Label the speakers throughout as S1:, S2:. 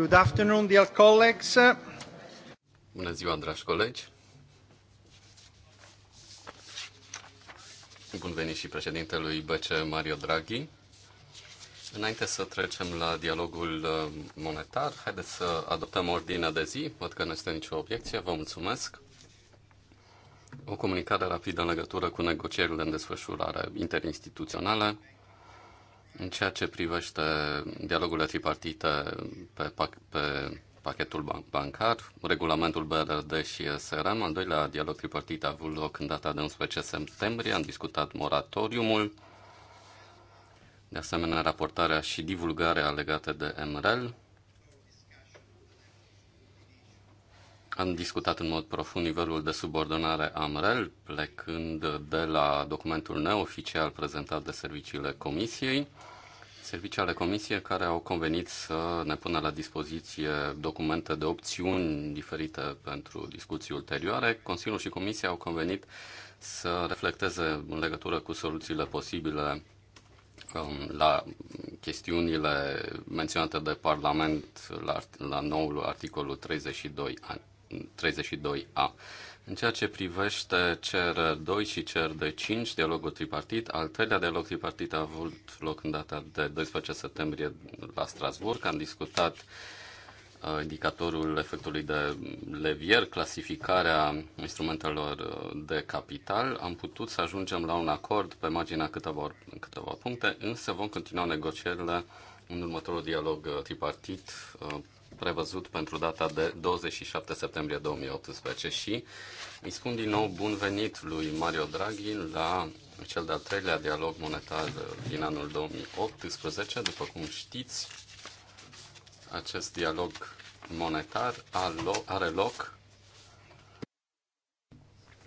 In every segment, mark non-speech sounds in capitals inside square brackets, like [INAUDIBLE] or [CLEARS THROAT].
S1: Good afternoon, dear colleagues.
S2: Bună ziua, dragi colegi. Bun venit și președintelui BC Mario Draghi. Înainte să trecem la dialogul uh, monetar, haideți să adoptăm ordinea de zi. Văd că nu este nicio obiecție. Vă mulțumesc. O comunicare rapidă în legătură cu negocierile în desfășurare interinstituționale. În ceea ce privește dialogurile tripartite pe, pac- pe pachetul ban- bancar, regulamentul BRD și SRM, al doilea dialog tripartit a avut loc în data de 11 septembrie, am discutat moratoriumul, de asemenea raportarea și divulgarea legate de MREL, Am discutat în mod profund nivelul de subordonare AMREL, plecând de la documentul neoficial prezentat de serviciile Comisiei. Serviciile Comisiei care au convenit să ne pună la dispoziție documente de opțiuni diferite pentru discuții ulterioare. Consiliul și Comisia au convenit să reflecteze în legătură cu soluțiile posibile um, la chestiunile menționate de Parlament la, la noul articolul 32 ani. 32A. În ceea ce privește CR2 și cr de 5 dialogul tripartit, al treilea dialog tripartit a avut loc în data de 12 septembrie la Strasburg. Am discutat uh, indicatorul efectului de levier, clasificarea instrumentelor uh, de capital. Am putut să ajungem la un acord pe marginea câteva, câteva puncte, însă vom continua negocierile în următorul dialog uh, tripartit prevăzut pentru data de 27 septembrie 2018 și îi spun din nou bun venit lui Mario Draghi la cel de-al treilea dialog monetar din anul 2018. După cum știți, acest dialog monetar are loc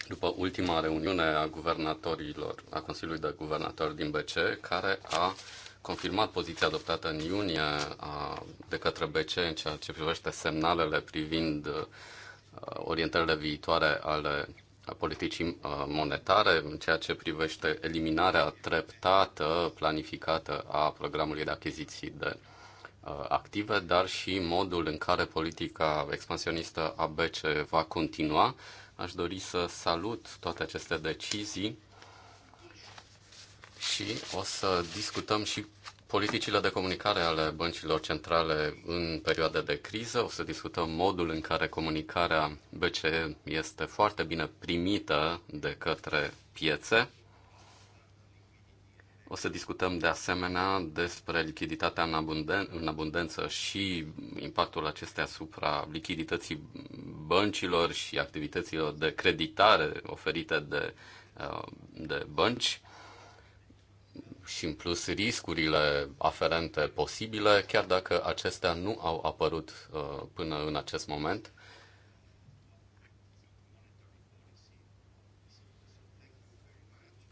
S2: după ultima reuniune a guvernatorilor, a Consiliului de Guvernatori din BC, care a confirmat poziția adoptată în iunie a, de către BC în ceea ce privește semnalele privind uh, orientările viitoare ale politicii uh, monetare, în ceea ce privește eliminarea treptată, planificată a programului de achiziții de uh, active, dar și modul în care politica expansionistă a BCE va continua. Aș dori să salut toate aceste decizii și o să discutăm și politicile de comunicare ale băncilor centrale în perioada de criză. O să discutăm modul în care comunicarea BCE este foarte bine primită de către piețe. O să discutăm de asemenea despre lichiditatea în, abunden- în abundență și impactul acestea asupra lichidității băncilor și activităților de creditare oferite de, uh, de bănci și în plus riscurile aferente posibile, chiar dacă acestea nu au apărut uh, până în acest moment.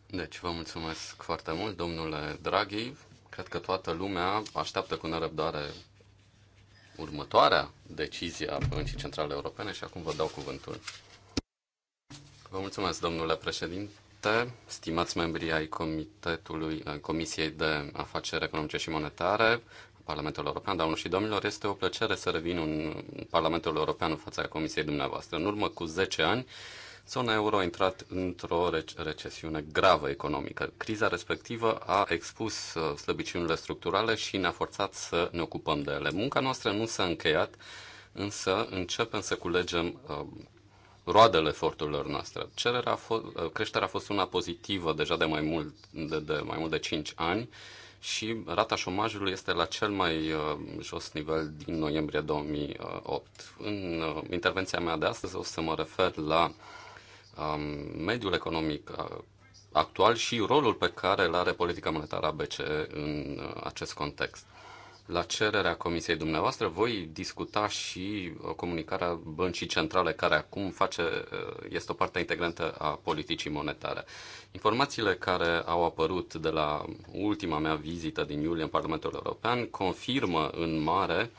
S2: Deci vă mulțumesc foarte mult, domnule Draghi. Cred că toată lumea așteaptă cu nerăbdare următoarea decizie a Băncii Centrale Europene și acum vă dau cuvântul. Vă mulțumesc, domnule președinte departe, stimați membrii ai Comitetului, Comisiei de Afaceri Economice și Monetare, Parlamentul European, doamnelor și domnilor, este o plăcere să revin în Parlamentul European în fața Comisiei dumneavoastră. În urmă cu 10 ani, zona euro a intrat într-o recesiune gravă economică. Criza respectivă a expus uh, slăbiciunile structurale și ne-a forțat să ne ocupăm de ele. Munca noastră nu s-a încheiat, însă începem să culegem uh, roadele eforturilor noastre. Cererea a fost, uh, creșterea a fost una pozitivă deja de mai mult de, de, mai mult de 5 ani și rata șomajului este la cel mai uh, jos nivel din noiembrie 2008. În uh, intervenția mea de astăzi o să mă refer la um, mediul economic uh, actual și rolul pe care îl are politica monetară a BCE în uh, acest context la cererea comisiei dumneavoastră, voi discuta și uh, comunicarea băncii centrale, care acum face, uh, este o parte integrantă a politicii monetare. Informațiile care au apărut de la ultima mea vizită din iulie în Parlamentul European confirmă în mare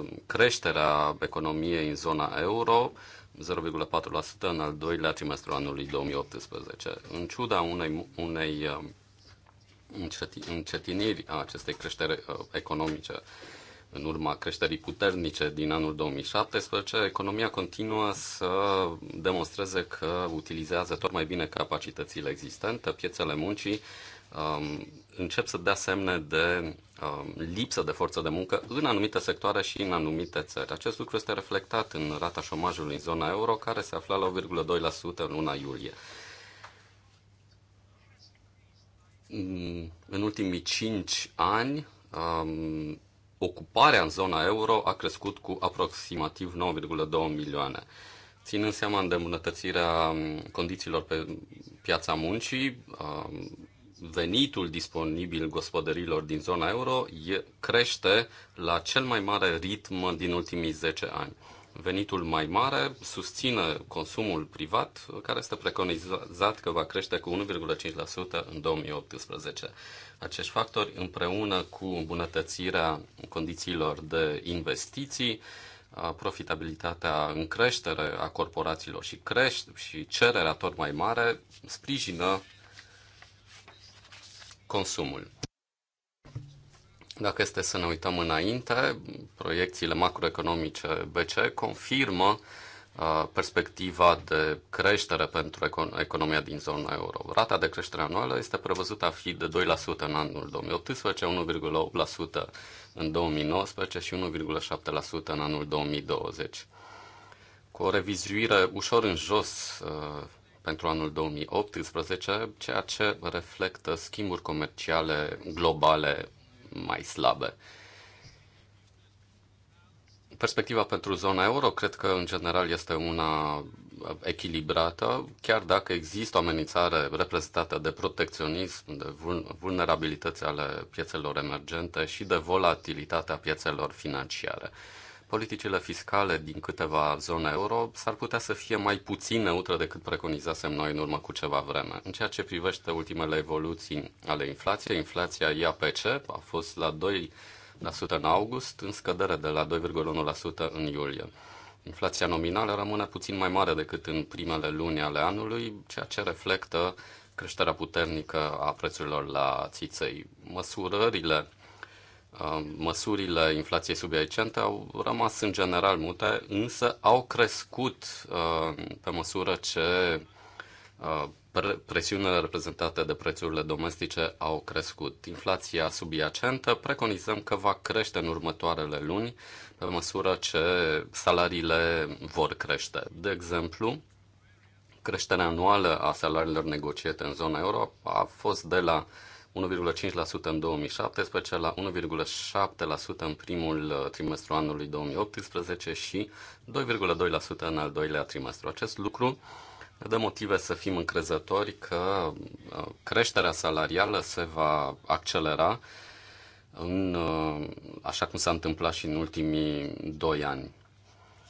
S2: uh, creșterea economiei în zona euro, 0,4% în al doilea trimestru anului 2018. În ciuda unei, unei încetiniri a acestei creșteri uh, economice. În urma creșterii puternice din anul 2017, economia continuă să demonstreze că utilizează tot mai bine capacitățile existente, piețele muncii um, încep să dea semne de um, lipsă de forță de muncă în anumite sectoare și în anumite țări. Acest lucru este reflectat în rata șomajului în zona euro, care se afla la 8,2% în luna iulie. în ultimii 5 ani, um, ocuparea în zona euro a crescut cu aproximativ 9,2 milioane. Ținând seama de îmbunătățirea condițiilor pe piața muncii, um, venitul disponibil gospodărilor din zona euro crește la cel mai mare ritm din ultimii 10 ani venitul mai mare susține consumul privat, care este preconizat că va crește cu 1,5% în 2018. Acești factori, împreună cu îmbunătățirea condițiilor de investiții, profitabilitatea în creștere a corporațiilor și, crește, și cererea tot mai mare sprijină consumul. Dacă este să ne uităm înainte, proiecțiile macroeconomice BCE confirmă uh, perspectiva de creștere pentru economia din zona euro. Rata de creștere anuală este prevăzută a fi de 2% în anul 2018, 1,8% în 2019 și 1,7% în anul 2020. Cu o revizuire ușor în jos uh, pentru anul 2018, ceea ce reflectă schimburi comerciale globale mai slabe. Perspectiva pentru zona euro cred că în general este una echilibrată, chiar dacă există o amenințare reprezentată de protecționism, de vulnerabilități ale piețelor emergente și de volatilitatea piețelor financiare politicile fiscale din câteva zone euro s-ar putea să fie mai puțin neutre decât preconizasem noi în urmă cu ceva vreme. În ceea ce privește ultimele evoluții ale inflației, inflația IAPC a fost la 2% în august, în scădere de la 2,1% în iulie. Inflația nominală rămâne puțin mai mare decât în primele luni ale anului, ceea ce reflectă creșterea puternică a prețurilor la țiței. Măsurările Uh, măsurile inflației subiacente au rămas în general mute, însă au crescut uh, pe măsură ce uh, presiunile reprezentate de prețurile domestice au crescut. Inflația subiacentă preconizăm că va crește în următoarele luni pe măsură ce salariile vor crește. De exemplu, creșterea anuală a salariilor negociate în zona euro a fost de la 1,5% în 2017, la 1,7% în primul uh, trimestru anului 2018 și 2,2% în al doilea trimestru. Acest lucru ne dă motive să fim încrezători că uh, creșterea salarială se va accelera în, uh, așa cum s-a întâmplat și în ultimii doi ani.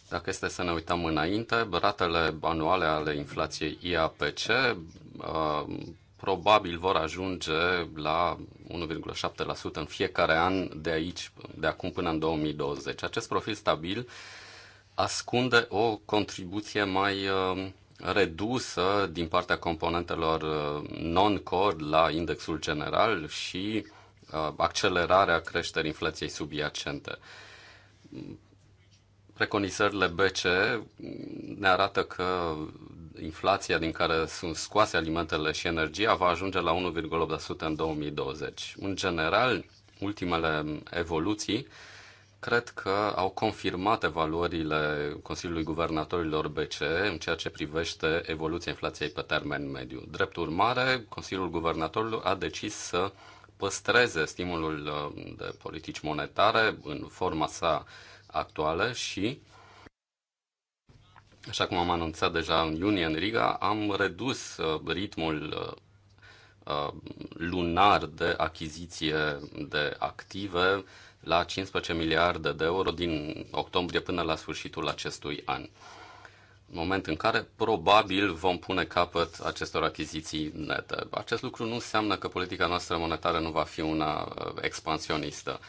S2: Dacă este să ne uităm înainte, ratele anuale ale inflației IAPC probabil vor ajunge la 1,7% în fiecare an de aici, de acum până în 2020. Acest profil stabil ascunde o contribuție mai uh, redusă din partea componentelor uh, non-core la indexul general și uh, accelerarea creșterii inflației subiacente preconizările BCE ne arată că inflația din care sunt scoase alimentele și energia va ajunge la 1,8% în 2020. În general, ultimele evoluții cred că au confirmat evaluările Consiliului Guvernatorilor BCE în ceea ce privește evoluția inflației pe termen mediu. Drept urmare, Consiliul Guvernatorilor a decis să păstreze stimulul uh, de politici monetare în forma sa actuală și Așa cum am anunțat deja în iunie în Riga, am redus uh, ritmul uh, uh, lunar de achiziție de active la 15 miliarde de euro din octombrie până la sfârșitul acestui an. Moment în care probabil vom pune capăt acestor achiziții nete. Acest lucru nu înseamnă că politica noastră monetară nu va fi una expansionistă.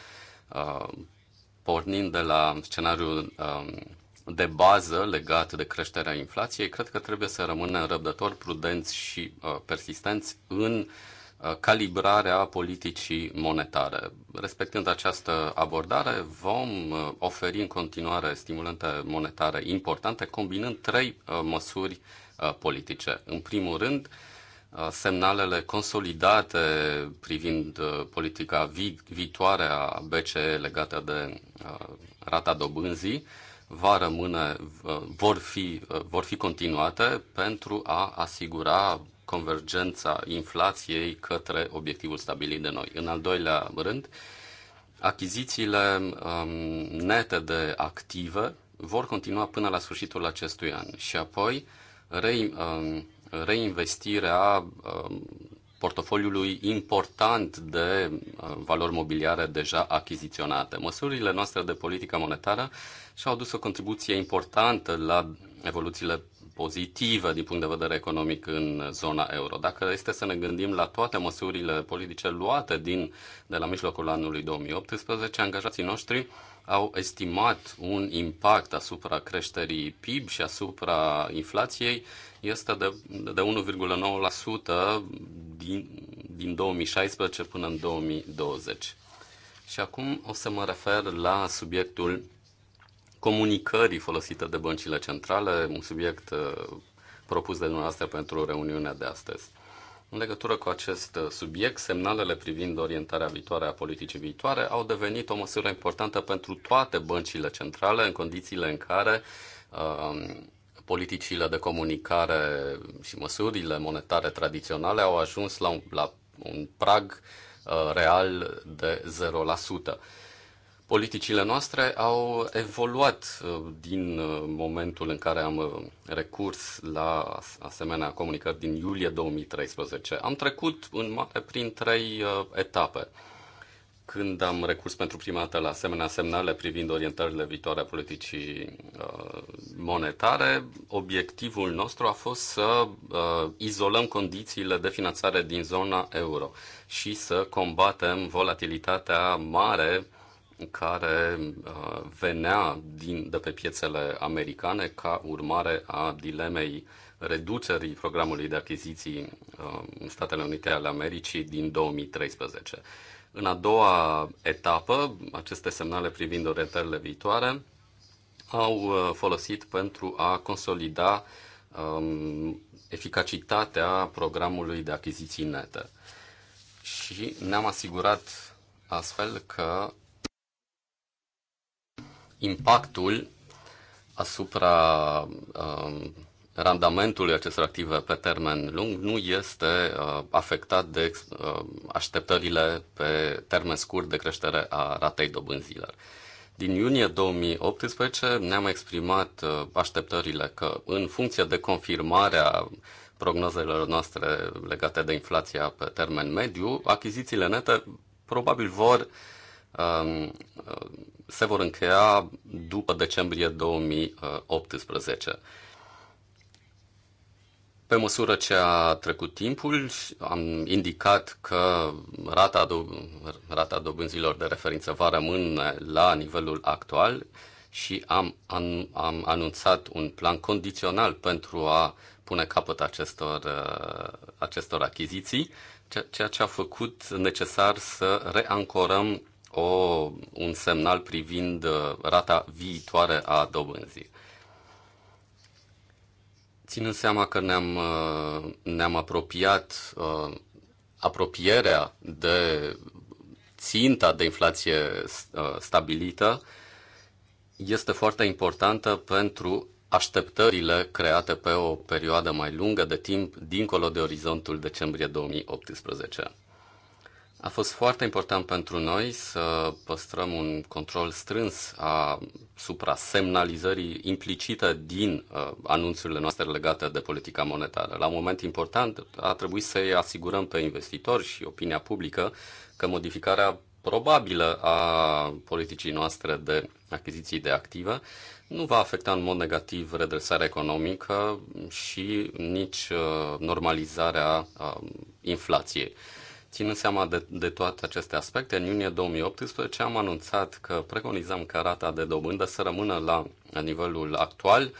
S2: Pornind de la scenariul um, de bază legat de creșterea inflației, cred că trebuie să rămână răbdători, prudenți și uh, persistenți în uh, calibrarea politicii monetare. Respectând această abordare, vom uh, oferi în continuare stimulente monetare importante, combinând trei uh, măsuri politice. În primul rând, semnalele consolidate privind politica viitoare a BCE legată de rata dobânzii, va rămâne, vor fi, vor fi continuate pentru a asigura convergența inflației către obiectivul stabilit de noi. În al doilea rând, achizițiile um, nete de active vor continua până la sfârșitul acestui an și apoi re, um, reinvestirea um, portofoliului important de uh, valori mobiliare deja achiziționate. Măsurile noastre de politică monetară și-au adus o contribuție importantă la evoluțiile pozitive din punct de vedere economic în zona euro. Dacă este să ne gândim la toate măsurile politice luate din, de la mijlocul anului 2018, angajații noștri au estimat un impact asupra creșterii PIB și asupra inflației este de, de 1,9% din, din 2016 până în 2020. Și acum o să mă refer la subiectul comunicării folosite de băncile centrale, un subiect uh, propus de dumneavoastră pentru reuniunea de astăzi. În legătură cu acest uh, subiect, semnalele privind orientarea viitoare a politicii viitoare au devenit o măsură importantă pentru toate băncile centrale, în condițiile în care uh, politicile de comunicare și măsurile monetare tradiționale au ajuns la un, la un prag uh, real de 0%. Politicile noastre au evoluat uh, din uh, momentul în care am uh, recurs la asemenea comunicări din iulie 2013. Am trecut în mare prin trei etape. Când am recurs pentru prima dată la asemenea semnale privind orientările viitoare a politicii monetare, obiectivul nostru a fost să izolăm condițiile de finanțare din zona euro și să combatem volatilitatea mare care uh, venea din, de pe piețele americane ca urmare a dilemei reducerii programului de achiziții uh, în Statele Unite ale Americii din 2013. În a doua etapă, aceste semnale privind orientările viitoare au uh, folosit pentru a consolida um, eficacitatea programului de achiziții nete. Și ne-am asigurat astfel că impactul asupra uh, randamentului acestor active pe termen lung nu este uh, afectat de uh, așteptările pe termen scurt de creștere a ratei dobânzilor. Din iunie 2018 ne-am exprimat uh, așteptările că în funcție de confirmarea prognozelor noastre legate de inflația pe termen mediu, achizițiile nete probabil vor um, se vor încheia după decembrie 2018. Pe măsură ce a trecut timpul, am indicat că rata, do- rata dobânzilor de referință va rămâne la nivelul actual și am, an- am anunțat un plan condițional pentru a pune capăt acestor, acestor achiziții, ceea ce a făcut necesar să reancorăm o, un semnal privind uh, rata viitoare a dobânzii. Ținând seama că ne-am, uh, ne-am apropiat uh, apropierea de ținta de inflație stabilită, este foarte importantă pentru așteptările create pe o perioadă mai lungă de timp dincolo de orizontul decembrie 2018. A fost foarte important pentru noi să păstrăm un control strâns asupra semnalizării implicită din uh, anunțurile noastre legate de politica monetară. La un moment important a trebuit să-i asigurăm pe investitori și opinia publică că modificarea probabilă a politicii noastre de achiziții de active nu va afecta în mod negativ redresarea economică și nici uh, normalizarea uh, inflației. Ținând seama de, de toate aceste aspecte, în iunie 2018 am anunțat că preconizăm ca rata de dobândă să rămână la nivelul actual,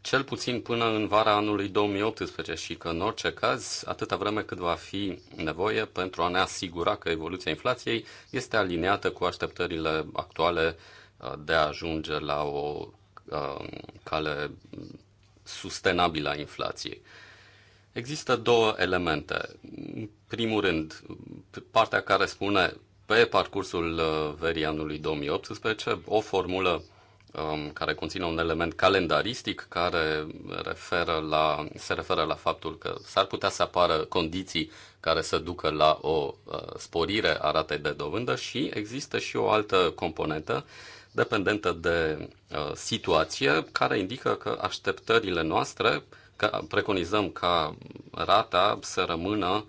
S2: cel puțin până în vara anului 2018 și că în orice caz, atâta vreme cât va fi nevoie pentru a ne asigura că evoluția inflației este aliniată cu așteptările actuale uh, de a ajunge la o uh, cale sustenabilă a inflației. Există două elemente. În primul rând, partea care spune pe parcursul uh, verii anului 2018 o formulă um, care conține un element calendaristic care referă la, se referă la faptul că s-ar putea să apară condiții care să ducă la o uh, sporire a ratei de dovândă și există și o altă componentă dependentă de uh, situație care indică că așteptările noastre uh, ca, preconizăm ca rata să rămână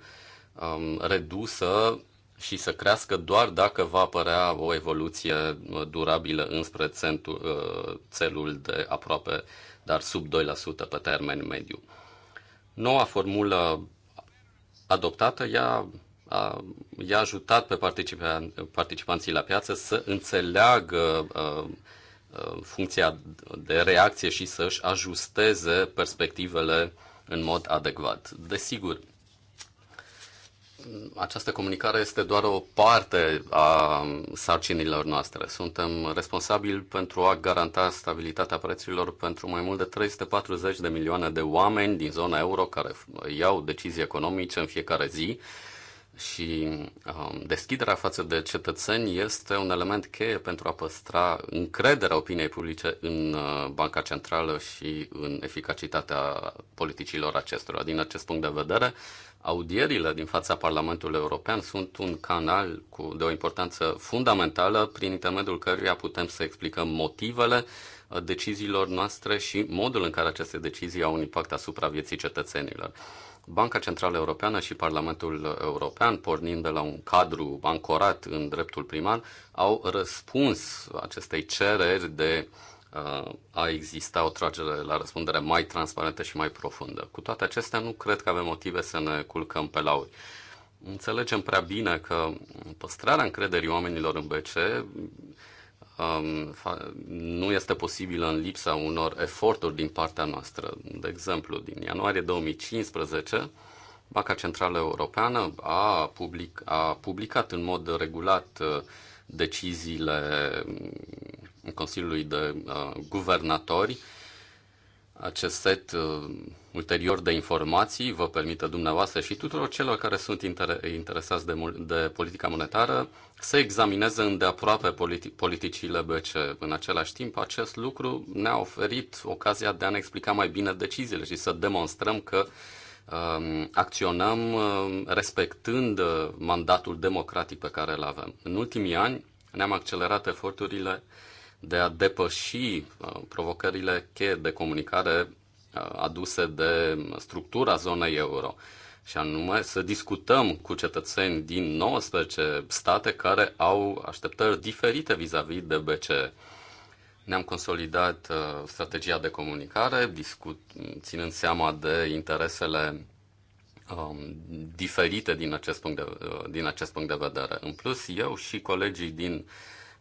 S2: um, redusă și să crească doar dacă va apărea o evoluție uh, durabilă înspre țentul, uh, țelul de aproape, dar sub 2% pe termen mediu. Noua formulă adoptată i-a, a, i-a ajutat pe participanții la piață să înțeleagă uh, funcția de reacție și să-și ajusteze perspectivele în mod adecvat. Desigur, această comunicare este doar o parte a sarcinilor noastre. Suntem responsabili pentru a garanta stabilitatea prețurilor pentru mai mult de 340 de milioane de oameni din zona euro care iau decizii economice în fiecare zi și um, deschiderea față de cetățeni este un element cheie pentru a păstra încrederea opiniei publice în uh, Banca Centrală și în eficacitatea politicilor acestora. Din acest punct de vedere, audierile din fața Parlamentului European sunt un canal cu, de o importanță fundamentală prin intermediul căruia putem să explicăm motivele uh, deciziilor noastre și modul în care aceste decizii au un impact asupra vieții cetățenilor. Banca Centrală Europeană și Parlamentul European, pornind de la un cadru ancorat în dreptul primar, au răspuns acestei cereri de uh, a exista o tragere la răspundere mai transparentă și mai profundă. Cu toate acestea, nu cred că avem motive să ne culcăm pe lauri. Înțelegem prea bine că păstrarea încrederii oamenilor în BCE um, nu este posibilă în lipsa unor eforturi din partea noastră. De exemplu, din ianuarie 2015, Banca Centrală Europeană a, public, a publicat în mod regulat uh, deciziile um, Consiliului de uh, Guvernatori acest set uh, ulterior de informații vă permite dumneavoastră și tuturor celor care sunt inter- interesați de, de politica monetară să examineze îndeaproape politi- politicile BC. În același timp, acest lucru ne-a oferit ocazia de a ne explica mai bine deciziile și să demonstrăm că um, acționăm um, respectând uh, mandatul democratic pe care îl avem. În ultimii ani ne-am accelerat eforturile de a depăși uh, provocările cheie de comunicare uh, aduse de structura zonei euro. Și anume să discutăm cu cetățeni din 19 state care au așteptări diferite vis-a-vis -vis de BCE. Ne-am consolidat uh, strategia de comunicare, discut, ținând seama de interesele um, diferite din acest, punct de, din acest punct de vedere. În plus, eu și colegii din uh,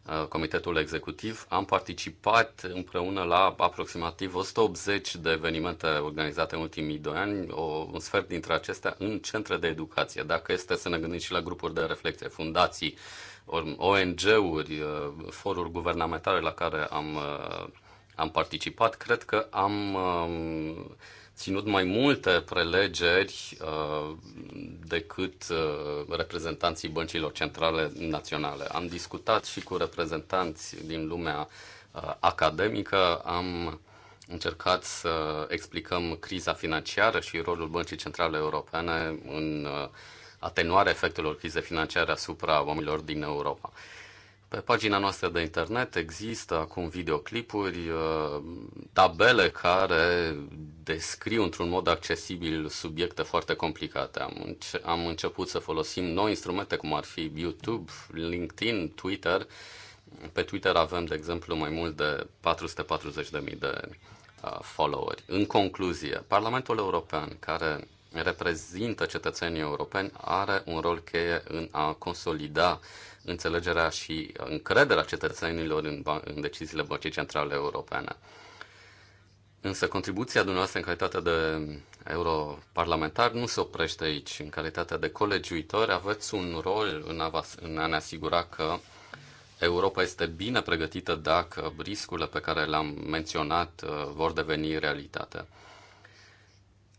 S2: Uh, comitetul Executiv, am participat împreună la aproximativ 180 de evenimente organizate în ultimii doi ani, o, un sfert dintre acestea în centre de educație. Dacă este să ne gândim și la grupuri de reflexie, fundații, ONG-uri, uh, foruri guvernamentale la care am, uh, am participat, cred că am um, ținut mai multe prelegeri uh, decât uh, reprezentanții băncilor centrale naționale. Am discutat și cu reprezentanți din lumea uh, academică, am încercat să explicăm criza financiară și rolul Băncii Centrale Europene în uh, atenuarea efectelor crizei financiare asupra oamenilor din Europa. Pe pagina noastră de internet există acum videoclipuri, uh, tabele care descriu într-un mod accesibil subiecte foarte complicate. Am, înce- am început să folosim noi instrumente cum ar fi YouTube, LinkedIn, Twitter. Pe Twitter avem, de exemplu, mai mult de 440.000 de uh, followeri. În concluzie, Parlamentul European, care reprezintă cetățenii europeni, are un rol cheie în a consolida uh, înțelegerea și încrederea cetățenilor în, în deciziile Băncii Centrale Europene. Însă contribuția dumneavoastră în calitate de europarlamentar nu se oprește aici. În calitate de colegiuitor aveți un rol în a, în a ne asigura că Europa este bine pregătită dacă riscurile pe care le-am menționat uh, vor deveni realitate.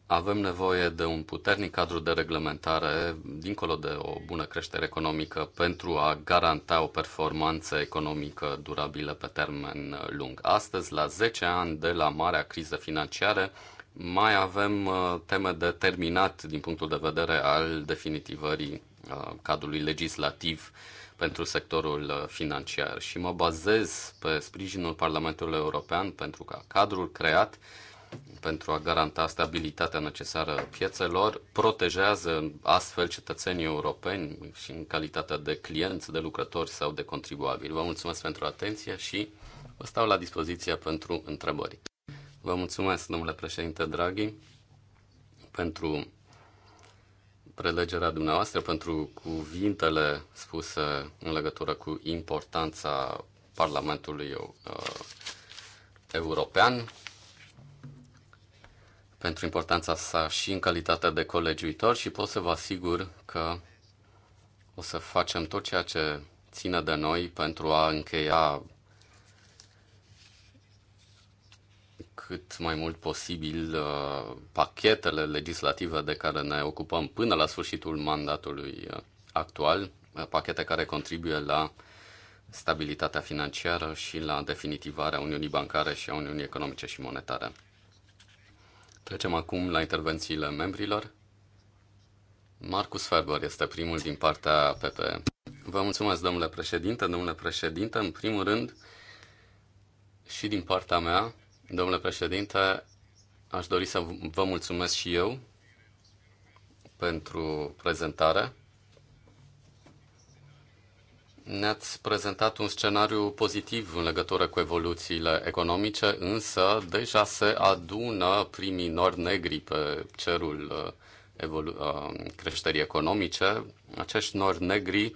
S2: Avem nevoie de un puternic cadru de reglementare, dincolo de o bună creștere economică, pentru a garanta o performanță economică durabilă pe termen lung. Astăzi, la 10 ani de la marea criză financiară, mai avem uh, teme de terminat din punctul de vedere al definitivării uh, cadrului legislativ pentru sectorul uh, financiar și mă bazez pe sprijinul Parlamentului European pentru ca cadrul creat pentru a garanta stabilitatea necesară piețelor, protejează astfel cetățenii europeni și în calitatea de clienți, de lucrători sau de contribuabili. Vă mulțumesc pentru atenție și vă stau la dispoziție pentru întrebări. Vă mulțumesc, domnule președinte Draghi, pentru prelegerea dumneavoastră, pentru cuvintele spuse în legătură cu importanța Parlamentului uh, european pentru importanța sa și în calitate de colegiuitor și pot să vă asigur că o să facem tot ceea ce ține de noi pentru a încheia cât mai mult posibil uh, pachetele legislative de care ne ocupăm până la sfârșitul mandatului uh, actual, uh, pachete care contribuie la stabilitatea financiară și la definitivarea Uniunii Bancare și a Uniunii Economice și Monetare. Trecem acum la intervențiile membrilor. Marcus Ferber este primul din partea PPE. Vă mulțumesc, domnule președinte. Domnule președinte, în primul rând, și din partea mea, domnule președinte, aș dori să vă mulțumesc și eu pentru prezentare. Ne-ați prezentat un scenariu pozitiv în legătură cu evoluțiile economice, însă deja se adună primii nori negri pe cerul uh, uh, creșterii economice. Acești nori negri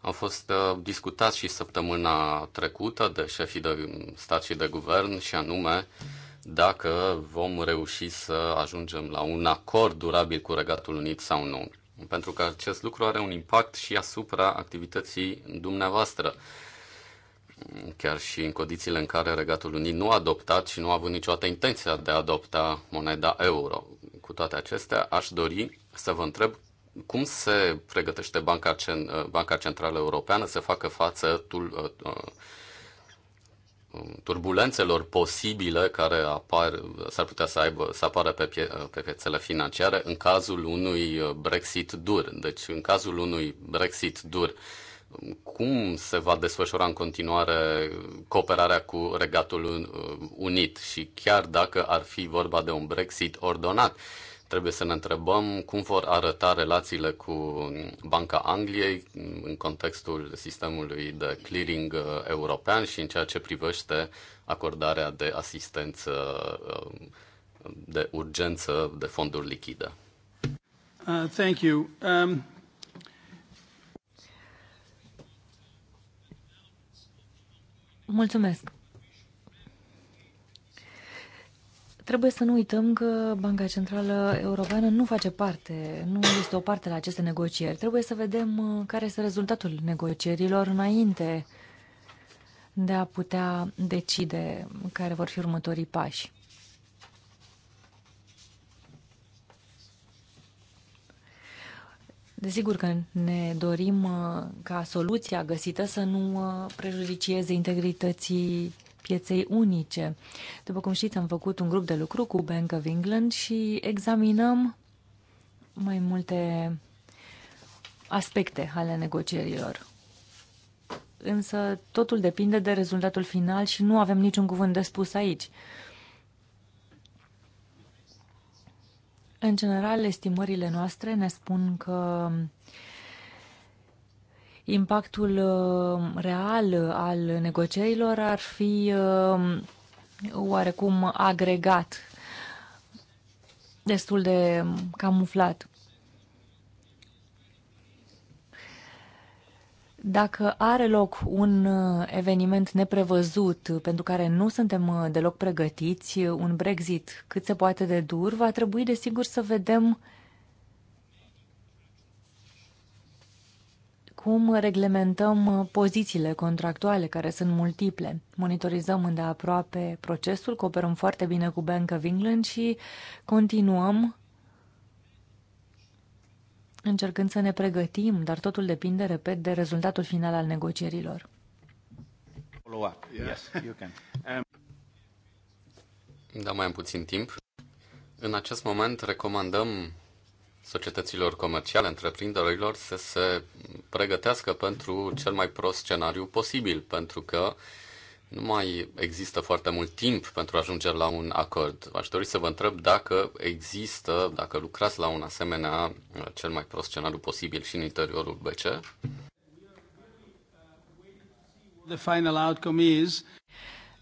S2: au fost uh, discutați și săptămâna trecută de șefii de stat și de guvern și anume dacă vom reuși să ajungem la un acord durabil cu Regatul Unit sau nu pentru că acest lucru are un impact și asupra activității dumneavoastră chiar și în condițiile în care Regatul Unit nu a adoptat și nu a avut niciodată intenția de a adopta moneda euro. Cu toate acestea, aș dori să vă întreb cum se pregătește Banca, Cen- Banca Centrală Europeană să facă față tul- ă, ă, Um, turbulențelor posibile care apar, s-ar putea să, aibă, să apară pe, pie, pe piețele financiare în cazul unui uh, Brexit dur. Deci, în cazul unui Brexit dur, um, cum se va desfășura în continuare cooperarea cu Regatul uh, Unit și chiar dacă ar fi vorba de un Brexit ordonat, Trebuie să ne întrebăm cum vor arăta relațiile cu Banca Angliei în contextul sistemului de clearing uh, european și în ceea ce privește acordarea de asistență uh, de urgență de fonduri lichide.
S1: Uh, thank you. Um...
S3: Mulțumesc. Trebuie să nu uităm că Banca Centrală Europeană nu face parte, nu este o parte la aceste negocieri. Trebuie să vedem uh, care este rezultatul negocierilor înainte de a putea decide care vor fi următorii pași. Desigur că ne dorim uh, ca soluția găsită să nu uh, prejudicieze integrității pieței unice. După cum știți, am făcut un grup de lucru cu Bank of England și examinăm mai multe aspecte ale negocierilor. Însă totul depinde de rezultatul final și nu avem niciun cuvânt de spus aici. În general, estimările noastre ne spun că uh, impactul uh, real uh, al negocierilor ar fi uh, oarecum agregat, destul de camuflat. Dacă are loc un eveniment neprevăzut pentru care nu suntem deloc pregătiți, un Brexit cât se poate de dur, va trebui desigur să vedem uh, cum reglementăm uh, pozițiile contractuale, care sunt multiple. Monitorizăm îndeaproape procesul, cooperăm foarte bine cu Bank of England și continuăm încercând să ne pregătim, dar totul depinde, repet, de rezultatul final al negocierilor.
S2: Da, mai am puțin timp. În acest moment recomandăm societăților comerciale, întreprinderilor să se pregătească pentru cel mai prost scenariu posibil, pentru că nu mai există foarte mult timp pentru a ajunge la un acord. Aș dori să vă întreb dacă există, dacă lucrați la un asemenea uh, cel mai prost scenariu posibil și în interiorul BC.
S1: The final outcome is...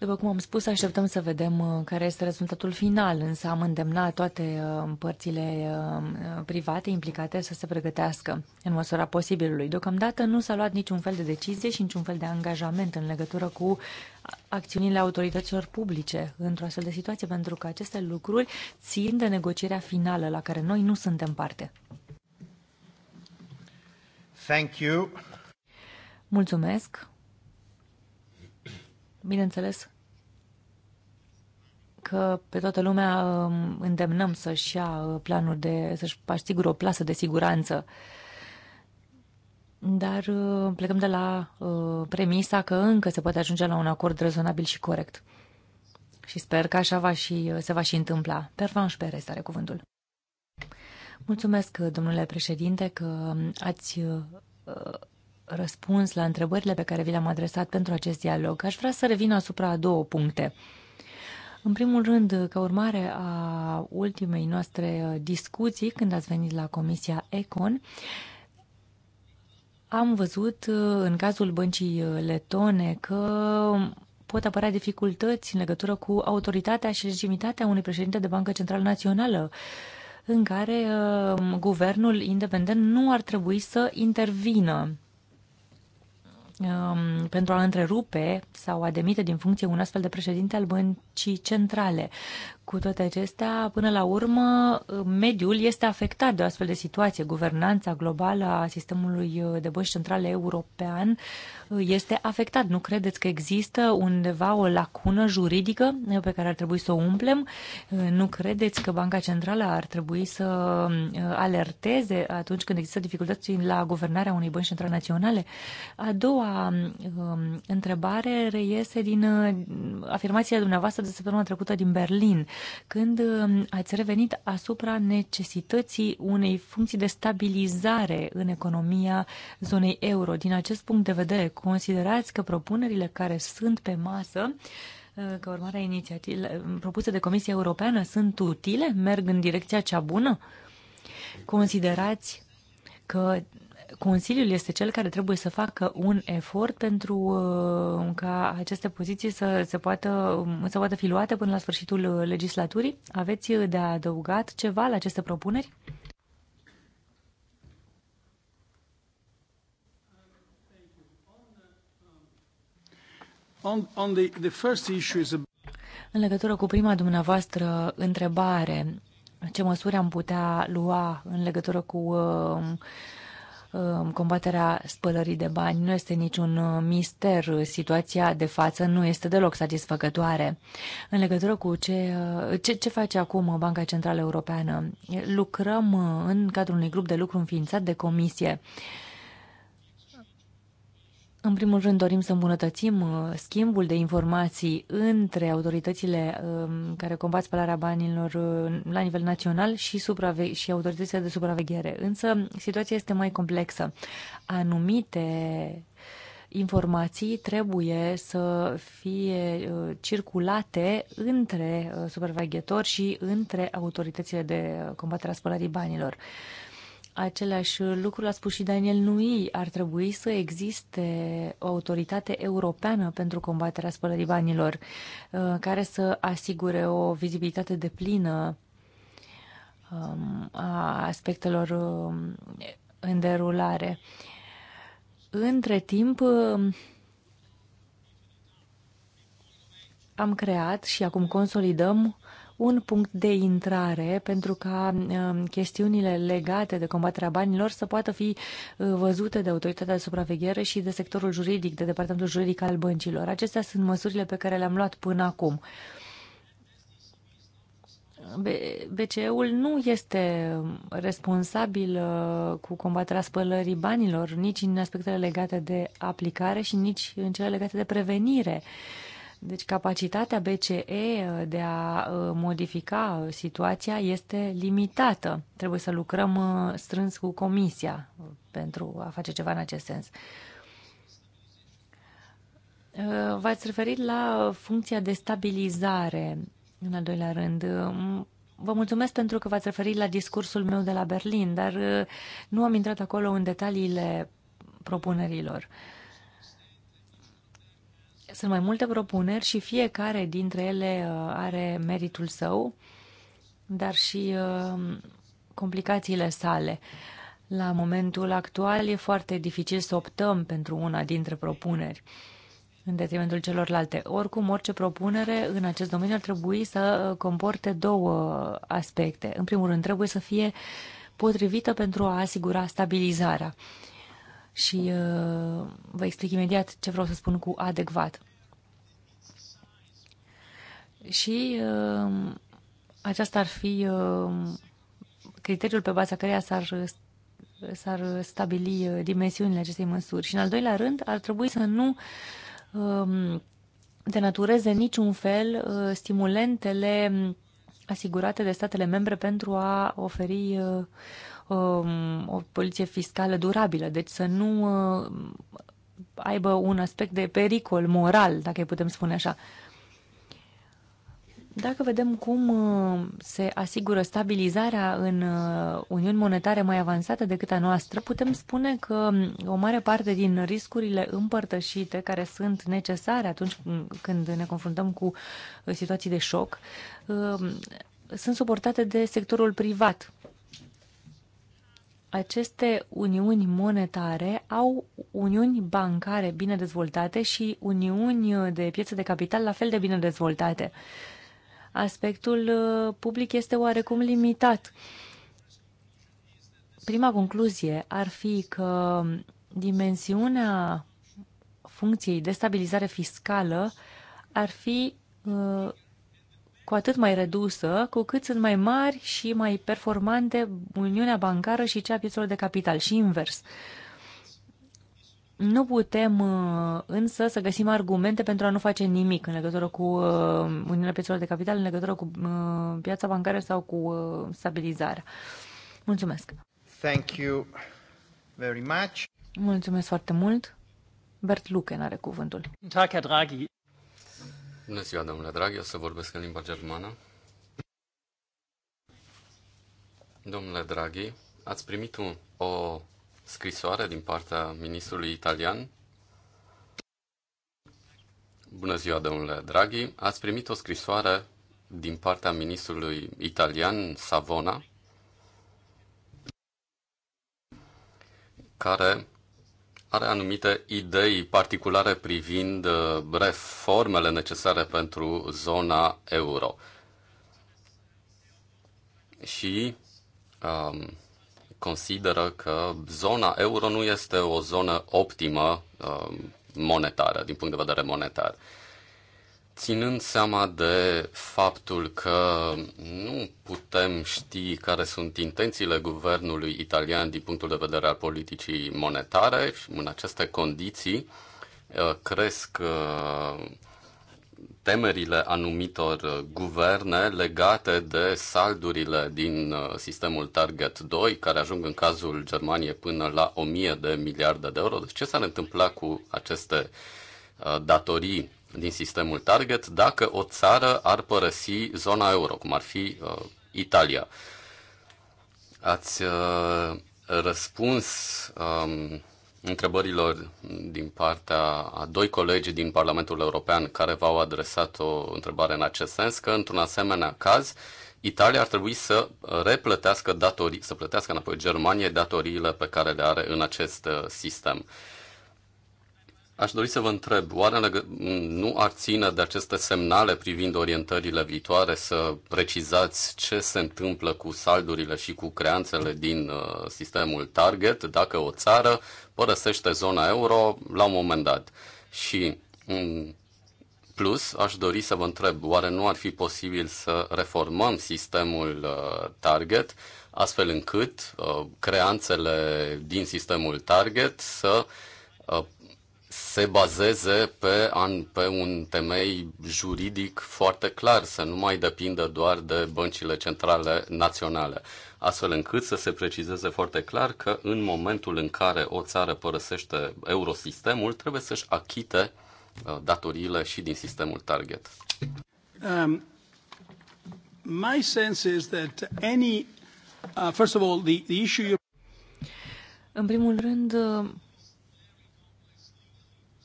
S3: După cum am spus, așteptăm să vedem uh, care este rezultatul final, însă am îndemnat toate uh, părțile uh, private implicate să se pregătească în măsura posibilului. Deocamdată nu s-a luat niciun fel de decizie și niciun fel de angajament în legătură cu acțiunile autorităților publice într-o astfel de situație, pentru că aceste lucruri țin de negocierea finală la care noi nu suntem parte.
S1: Thank you.
S3: Mulțumesc. Bineînțeles că pe toată lumea um, îndemnăm să-și ia uh, planuri de, să-și asigure o plasă de siguranță. Dar uh, plecăm de la uh, premisa că încă se poate ajunge la un acord rezonabil și corect. Și sper că așa va și, se va și întâmpla. Pervanș Perez are cuvântul. Mulțumesc, domnule președinte, că um, ați răspuns la întrebările pe care vi le-am adresat pentru acest dialog, aș vrea să revin asupra a două puncte. În primul rând, ca urmare a ultimei noastre uh, discuții, când ați venit la Comisia Econ, am văzut uh, în cazul băncii uh, letone că pot apărea dificultăți în legătură cu autoritatea și legitimitatea unui președinte de Bancă Centrală Națională în care uh, guvernul independent nu ar trebui să intervină um, pentru a întrerupe sau a demite din funcție un astfel de președinte al băncii centrale. Cu toate acestea, până la urmă, mediul este afectat de o astfel de situație. Guvernanța globală a sistemului de bănci centrale european este afectat. Nu credeți că există undeva o lacună juridică pe care ar trebui să o umplem? Nu credeți că Banca Centrală ar trebui să alerteze atunci când există dificultăți la guvernarea unei bănci centrale naționale? A doua um, întrebare reiese din uh, afirmația dumneavoastră de săptămâna trecută din Berlin când um, ați revenit asupra necesității unei funcții de stabilizare în economia zonei euro. Din acest punct de vedere, considerați că propunerile care sunt pe masă uh, că urmarea inițiativă inițiativei um, propuse de Comisia Europeană sunt utile? Merg în direcția cea bună? Considerați că Consiliul este cel care trebuie să facă un efort pentru uh, ca aceste poziții să se poată, um, să poată fi luate până la sfârșitul uh, legislaturii. Aveți de adăugat ceva la aceste propuneri?
S1: On, on the, the first issue is a...
S3: În legătură cu prima dumneavoastră întrebare, ce măsuri am putea lua în legătură cu uh, Um, combaterea spălării de bani. Nu este niciun uh, mister. Situația de față nu este deloc satisfăcătoare. În legătură cu ce, uh, ce, ce face acum Banca Centrală Europeană, lucrăm uh, în cadrul unui grup de lucru înființat de comisie. În primul rând dorim să îmbunătățim uh, schimbul de informații între autoritățile um, care combat spălarea banilor uh, la nivel național și, suprave- și autoritățile de supraveghere. Însă situația este mai complexă. Anumite informații trebuie să fie uh, circulate între supraveghetori și între autoritățile de combatere a spălării banilor. Același lucru a spus și Daniel Nui. Ar trebui să existe o autoritate europeană pentru combaterea spălării banilor, uh, care să asigure o vizibilitate de plină um, a aspectelor um, în derulare. Între timp, um, am creat și acum consolidăm un punct de intrare pentru ca um, chestiunile legate de combaterea banilor să poată fi uh, văzute de autoritatea de supraveghere și de sectorul juridic, de departamentul juridic al băncilor. Acestea sunt măsurile pe care le-am luat până acum. BCE-ul nu este responsabil uh, cu combaterea spălării banilor, nici în aspectele legate de aplicare și nici în cele legate de prevenire. Deci capacitatea BCE uh, de a uh, modifica uh, situația este limitată. Trebuie să lucrăm strâns cu Comisia pentru a face ceva în acest sens. V-ați referit la funcția de stabilizare, în al doilea rând. Vă mulțumesc pentru că v-ați referit la discursul meu de la Berlin, dar nu am intrat acolo în detaliile propunerilor. Uh, sunt mai multe propuneri și fiecare dintre ele uh, are meritul său, dar și uh, complicațiile sale. La momentul actual e foarte dificil să optăm pentru una dintre propuneri în detrimentul celorlalte. Oricum, orice propunere în acest domeniu ar trebui să uh, comporte două aspecte. În primul rând, trebuie să fie potrivită pentru a asigura stabilizarea. Uh, și uh, vă explic imediat ce vreau să spun cu adecvat. Și uh, aceasta ar fi uh, criteriul pe baza căreia s-ar, s-ar stabili uh, dimensiunile acestei măsuri. Și în al doilea rând ar trebui să nu uh, denatureze niciun fel uh, stimulentele asigurate de statele membre pentru a oferi uh, um, o poliție fiscală durabilă, deci să nu uh, aibă un aspect de pericol moral, dacă putem spune așa. Dacă vedem cum uh, se asigură stabilizarea în uh, uniuni monetare mai avansată decât a noastră, putem spune că um, o mare parte din riscurile împărtășite care sunt necesare atunci când ne confruntăm cu uh, situații de șoc sunt suportate de sectorul privat aceste uniuni monetare au uniuni bancare bine dezvoltate și uniuni de piețe de capital la fel de bine dezvoltate. Aspectul uh, public este oarecum limitat. Prima concluzie ar fi că dimensiunea funcției de stabilizare fiscală ar fi uh, cu atât mai redusă, cu cât sunt mai mari și mai performante Uniunea Bancară și cea piețelor de capital și invers. Nu putem uh, însă să găsim argumente pentru a nu face nimic în legătură cu uh, Uniunea Piețelor de Capital, în legătură cu uh, piața bancară sau cu stabilizarea. Mulțumesc!
S1: Thank you very much.
S3: Mulțumesc foarte mult! Bert Luken are cuvântul.
S2: Tag, Herr Draghi. Bună ziua, domnule drag, eu să vorbesc în limba germană. Domnule Draghi, ați primit un, o scrisoare din partea ministrului italian? Bună ziua, domnule Draghi. Ați primit o scrisoare din partea ministrului italian Savona, care are anumite idei particulare privind uh, reformele necesare pentru zona euro. Și um, consideră că zona euro nu este o zonă optimă um, monetară, din punct de vedere monetar. Uh, ținând seama de faptul că nu putem ști care sunt intențiile guvernului italian din punctul de vedere al politicii monetare și în aceste condiții uh, cresc uh, temerile anumitor guverne legate de saldurile din uh, sistemul Target 2, care ajung în cazul Germaniei până la 1000 de miliarde de euro. Deci ce s-ar întâmpla cu aceste datorii din sistemul target dacă o țară ar părăsi zona euro, cum ar fi uh, Italia. Ați uh, răspuns um, întrebărilor din partea a doi colegi din Parlamentul European care v-au adresat o întrebare în acest sens, că într-un asemenea caz Italia ar trebui să replătească datorii, să plătească înapoi Germaniei datoriile pe care le are în acest uh, sistem. Uh, Aș dori să vă întreb, oare nu ar ține de aceste semnale privind orientările viitoare să precizați ce se întâmplă cu saldurile și cu creanțele din uh, sistemul target dacă o țară părăsește zona euro la un moment dat? Și în plus, aș dori să vă întreb, oare nu ar fi posibil să reformăm sistemul uh, target astfel încât uh, creanțele din sistemul target să se bazeze pe, an, pe un temei juridic foarte clar, să nu mai depindă doar de băncile centrale naționale, astfel încât să se precizeze foarte clar că în momentul în care o țară părăsește eurosistemul, trebuie să-și achite uh, datoriile și din sistemul target.
S1: Um, my sense is that any, uh, first of all, the, the issue.
S3: În primul rând, uh,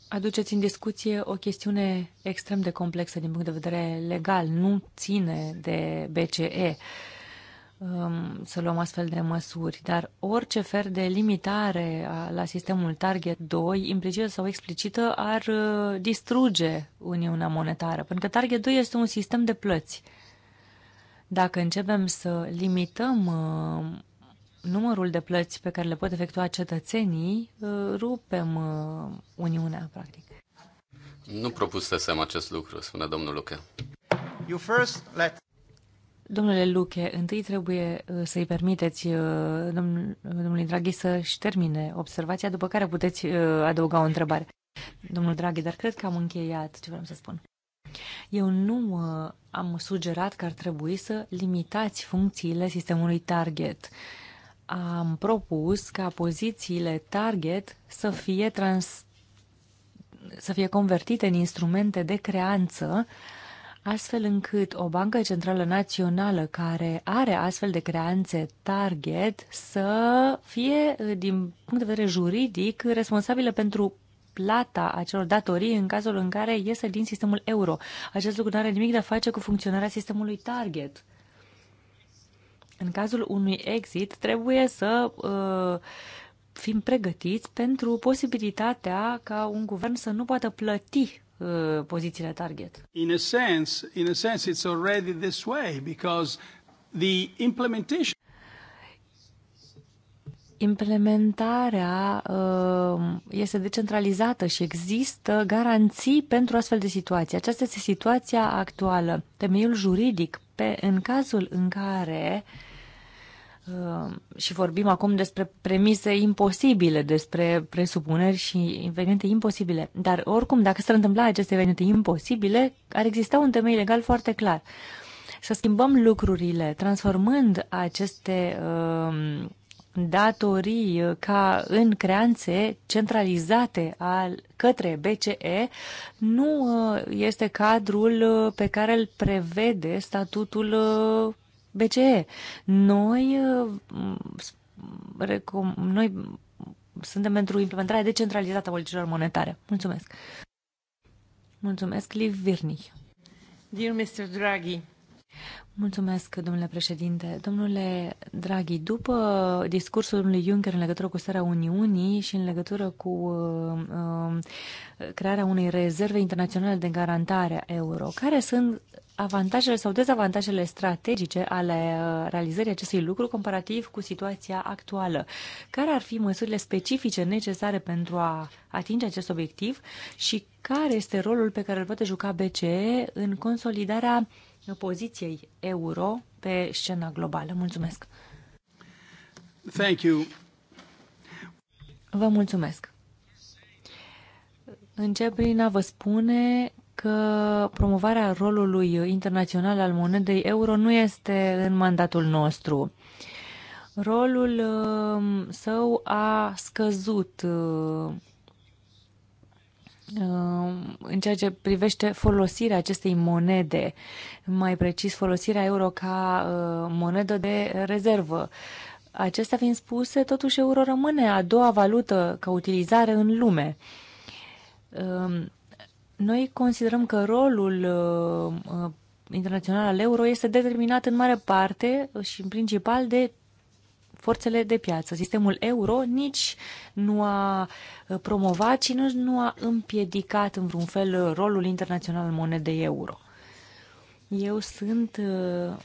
S3: aduceți în discuție o chestiune extrem de complexă din punct de vedere legal. Nu ține de BCE um, să luăm astfel de măsuri, dar orice fel de limitare la sistemul Target 2, implicită sau explicită, ar uh, distruge Uniunea Monetară, pentru că Target 2 este un sistem de plăți. Dacă începem să limităm uh, numărul de plăți pe care le pot efectua cetățenii, uh, rupem uh, Uniunea, practic.
S2: Nu propusesem acest lucru, spune domnul Luche. You first let...
S3: Domnule Luche, întâi trebuie uh, să-i permiteți domnului Draghi să-și termine observația, după care puteți adăuga o întrebare. Domnul Draghi, dar cred că am încheiat ce vreau să spun. Eu nu am sugerat că ar trebui să limitați funcțiile sistemului target. Uh, am propus ca pozițiile target să fie, trans, să fie convertite în instrumente de creanță, astfel încât o bancă centrală națională care are astfel de creanțe target să fie, din punct de vedere juridic, responsabilă pentru plata acelor datorii în cazul în care iese din sistemul euro. Acest lucru nu are nimic de a face cu funcționarea sistemului target. În cazul unui exit, trebuie să uh, fim pregătiți pentru posibilitatea ca un guvern să nu poată plăti uh, pozițiile target.
S1: In a sense, in a sense it's already this way because the implementation
S3: implementarea uh, este decentralizată și există garanții pentru astfel de situații. Aceasta este situația actuală. Temeiul juridic, pe, în cazul în care uh, Uh, și vorbim acum despre premise imposibile, despre presupuneri și evenimente imposibile. Dar oricum, dacă s-ar întâmpla aceste evenimente imposibile, ar exista un temei legal foarte clar. Să schimbăm lucrurile, transformând aceste uh, datorii ca în creanțe centralizate al, către BCE nu uh, este cadrul uh, pe care îl prevede statutul BCE. Noi, uh, noi suntem pentru implementarea decentralizată a politicilor monetare. Mulțumesc. Mulțumesc, Liv Virni. Dear Mr. Draghi, Mulțumesc, domnule președinte. Domnule Draghi, după discursul lui Juncker în legătură cu starea Uniunii și în legătură cu uh, uh, crearea unei rezerve internaționale de garantare a euro, care sunt avantajele sau dezavantajele strategice ale uh, realizării acestui lucru comparativ cu situația actuală? Care ar fi măsurile specifice necesare pentru a atinge acest obiectiv și care este rolul pe care îl poate juca BCE în consolidarea poziției euro pe scena globală? Mulțumesc! Thank you. Vă mulțumesc! Încep prin a vă spune că promovarea rolului internațional al monedei euro nu este în mandatul nostru. Rolul um, său a scăzut um, în ceea ce privește folosirea acestei monede, mai precis folosirea euro ca uh, monedă de rezervă. Acestea fiind spuse, totuși euro rămâne a doua valută ca utilizare în lume. Um, noi considerăm că rolul uh, uh, internațional al euro este determinat în mare parte și în principal de forțele de piață. Sistemul euro nici nu a uh, promovat și nici nu a împiedicat în vreun fel rolul internațional al monedei euro. Eu sunt uh,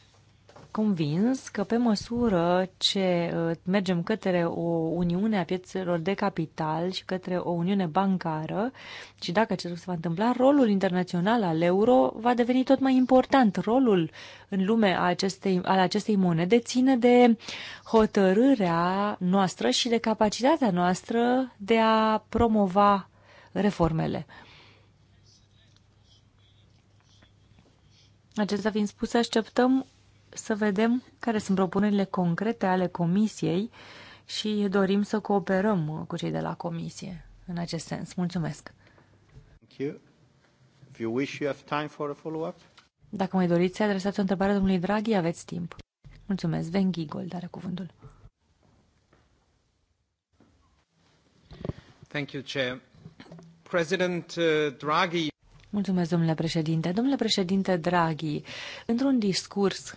S3: convins că pe măsură ce uh, mergem către o uniune a piețelor de capital și către o uniune bancară, și dacă acest lucru se va întâmpla, rolul internațional al euro va deveni tot mai important. Rolul în lume a acestei, al acestei monede ține de hotărârea noastră și de capacitatea noastră de a promova reformele. Acesta fiind spus, așteptăm să vedem care sunt propunerile concrete ale Comisiei și dorim să cooperăm cu cei de la Comisie în acest sens. Mulțumesc! Dacă mai doriți să adresați o întrebare domnului Draghi, aveți timp. Mulțumesc. Ven Gigol are cuvântul.
S1: Thank you, Chair. President uh, Draghi
S3: Mulțumesc, domnule președinte. Domnule președinte Draghi, într-un discurs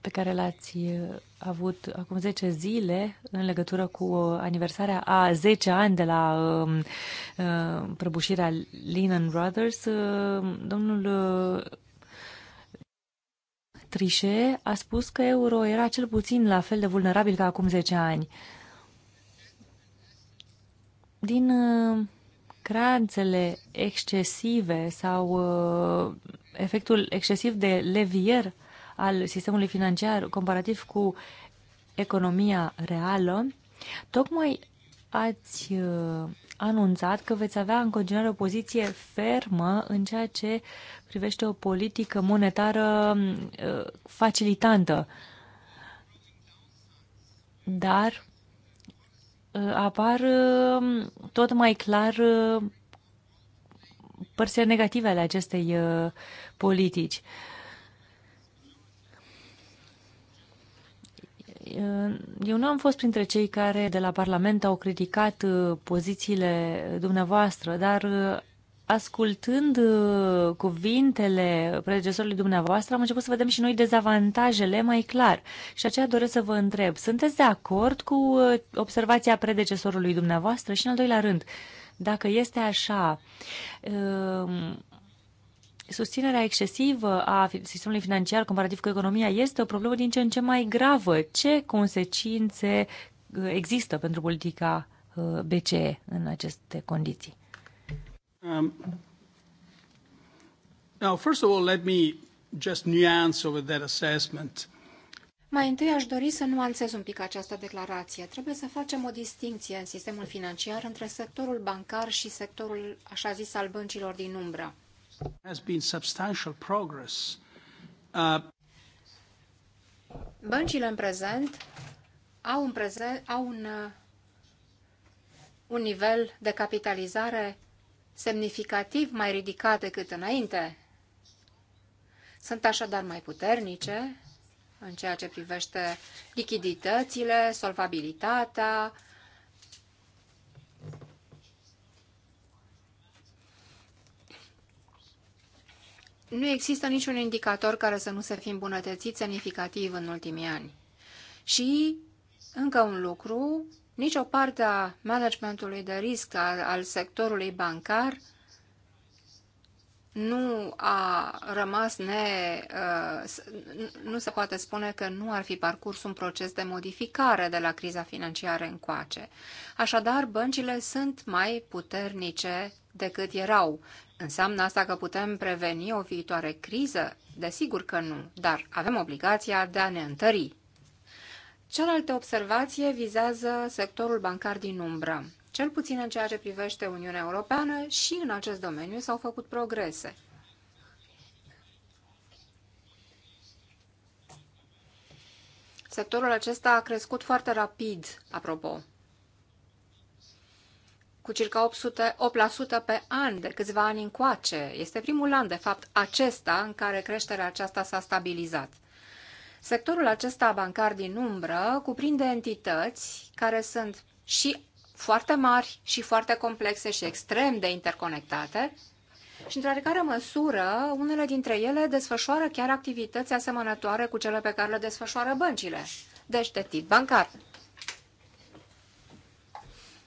S3: pe care l-ați uh, avut acum 10 zile în legătură cu uh, aniversarea a 10 ani de la um, uh, prăbușirea Lehman Brothers, domnul Trișe a spus că euro era cel puțin la fel de vulnerabil ca acum 10 ani. Din creanțele excesive sau efectul excesiv de levier al sistemului financiar comparativ cu economia reală, tocmai ați uh, anunțat că veți avea în continuare o poziție fermă în ceea ce privește o politică monetară uh, facilitantă. Dar uh, apar tot mai clar părțile negative ale acestei uh, politici. Eu nu am fost printre cei care de la Parlament au criticat uh, pozițiile dumneavoastră, dar uh, ascultând cuvintele predecesorului dumneavoastră, am început să vedem și noi dezavantajele mai clar. Și aceea doresc să vă întreb, sunteți de acord cu observația predecesorului dumneavoastră? Și în al doilea rând, dacă este așa, um, susținerea excesivă a sistemului financiar comparativ cu economia este o problemă din ce în ce mai gravă. Ce consecințe uh, există pentru politica uh, BCE în aceste condiții?
S1: Um, now, first of all, let me just nuance over that assessment.
S4: Mai întâi aș dori să nuanțez un pic această declarație. Trebuie să facem o distinție în sistemul financiar între sectorul bancar și sectorul, așa zis, al băncilor din umbră. Uh, Băncile în prezent au, în prezent, au un, uh, un nivel de capitalizare semnificativ mai ridicat decât înainte. Sunt așadar mai puternice, în ceea ce privește lichiditățile, solvabilitatea, Nu există niciun indicator care să nu se fi îmbunătățit semnificativ în ultimii ani. Și, încă un lucru, nicio parte a managementului de risc al, al sectorului bancar nu a rămas ne... Uh, nu se poate spune că nu ar fi parcurs un proces de modificare de la criza financiară încoace. Așadar, băncile sunt mai puternice decât erau. Înseamnă asta că putem preveni o viitoare criză? Desigur că nu, dar avem obligația de a ne întări. Cealaltă observație vizează sectorul bancar din umbră. Cel puțin în ceea ce privește Uniunea Europeană și în acest domeniu s-au făcut progrese. Sectorul acesta a crescut foarte rapid, apropo, cu circa 800, 8% pe an, de câțiva ani încoace. Este primul an, de fapt, acesta în care creșterea aceasta s-a stabilizat. Sectorul acesta bancar din umbră cuprinde entități care sunt și foarte mari și foarte complexe și extrem de interconectate și, într-o oarecare măsură, unele dintre ele desfășoară chiar activități asemănătoare cu cele pe care le desfășoară băncile, deci de tip bancar.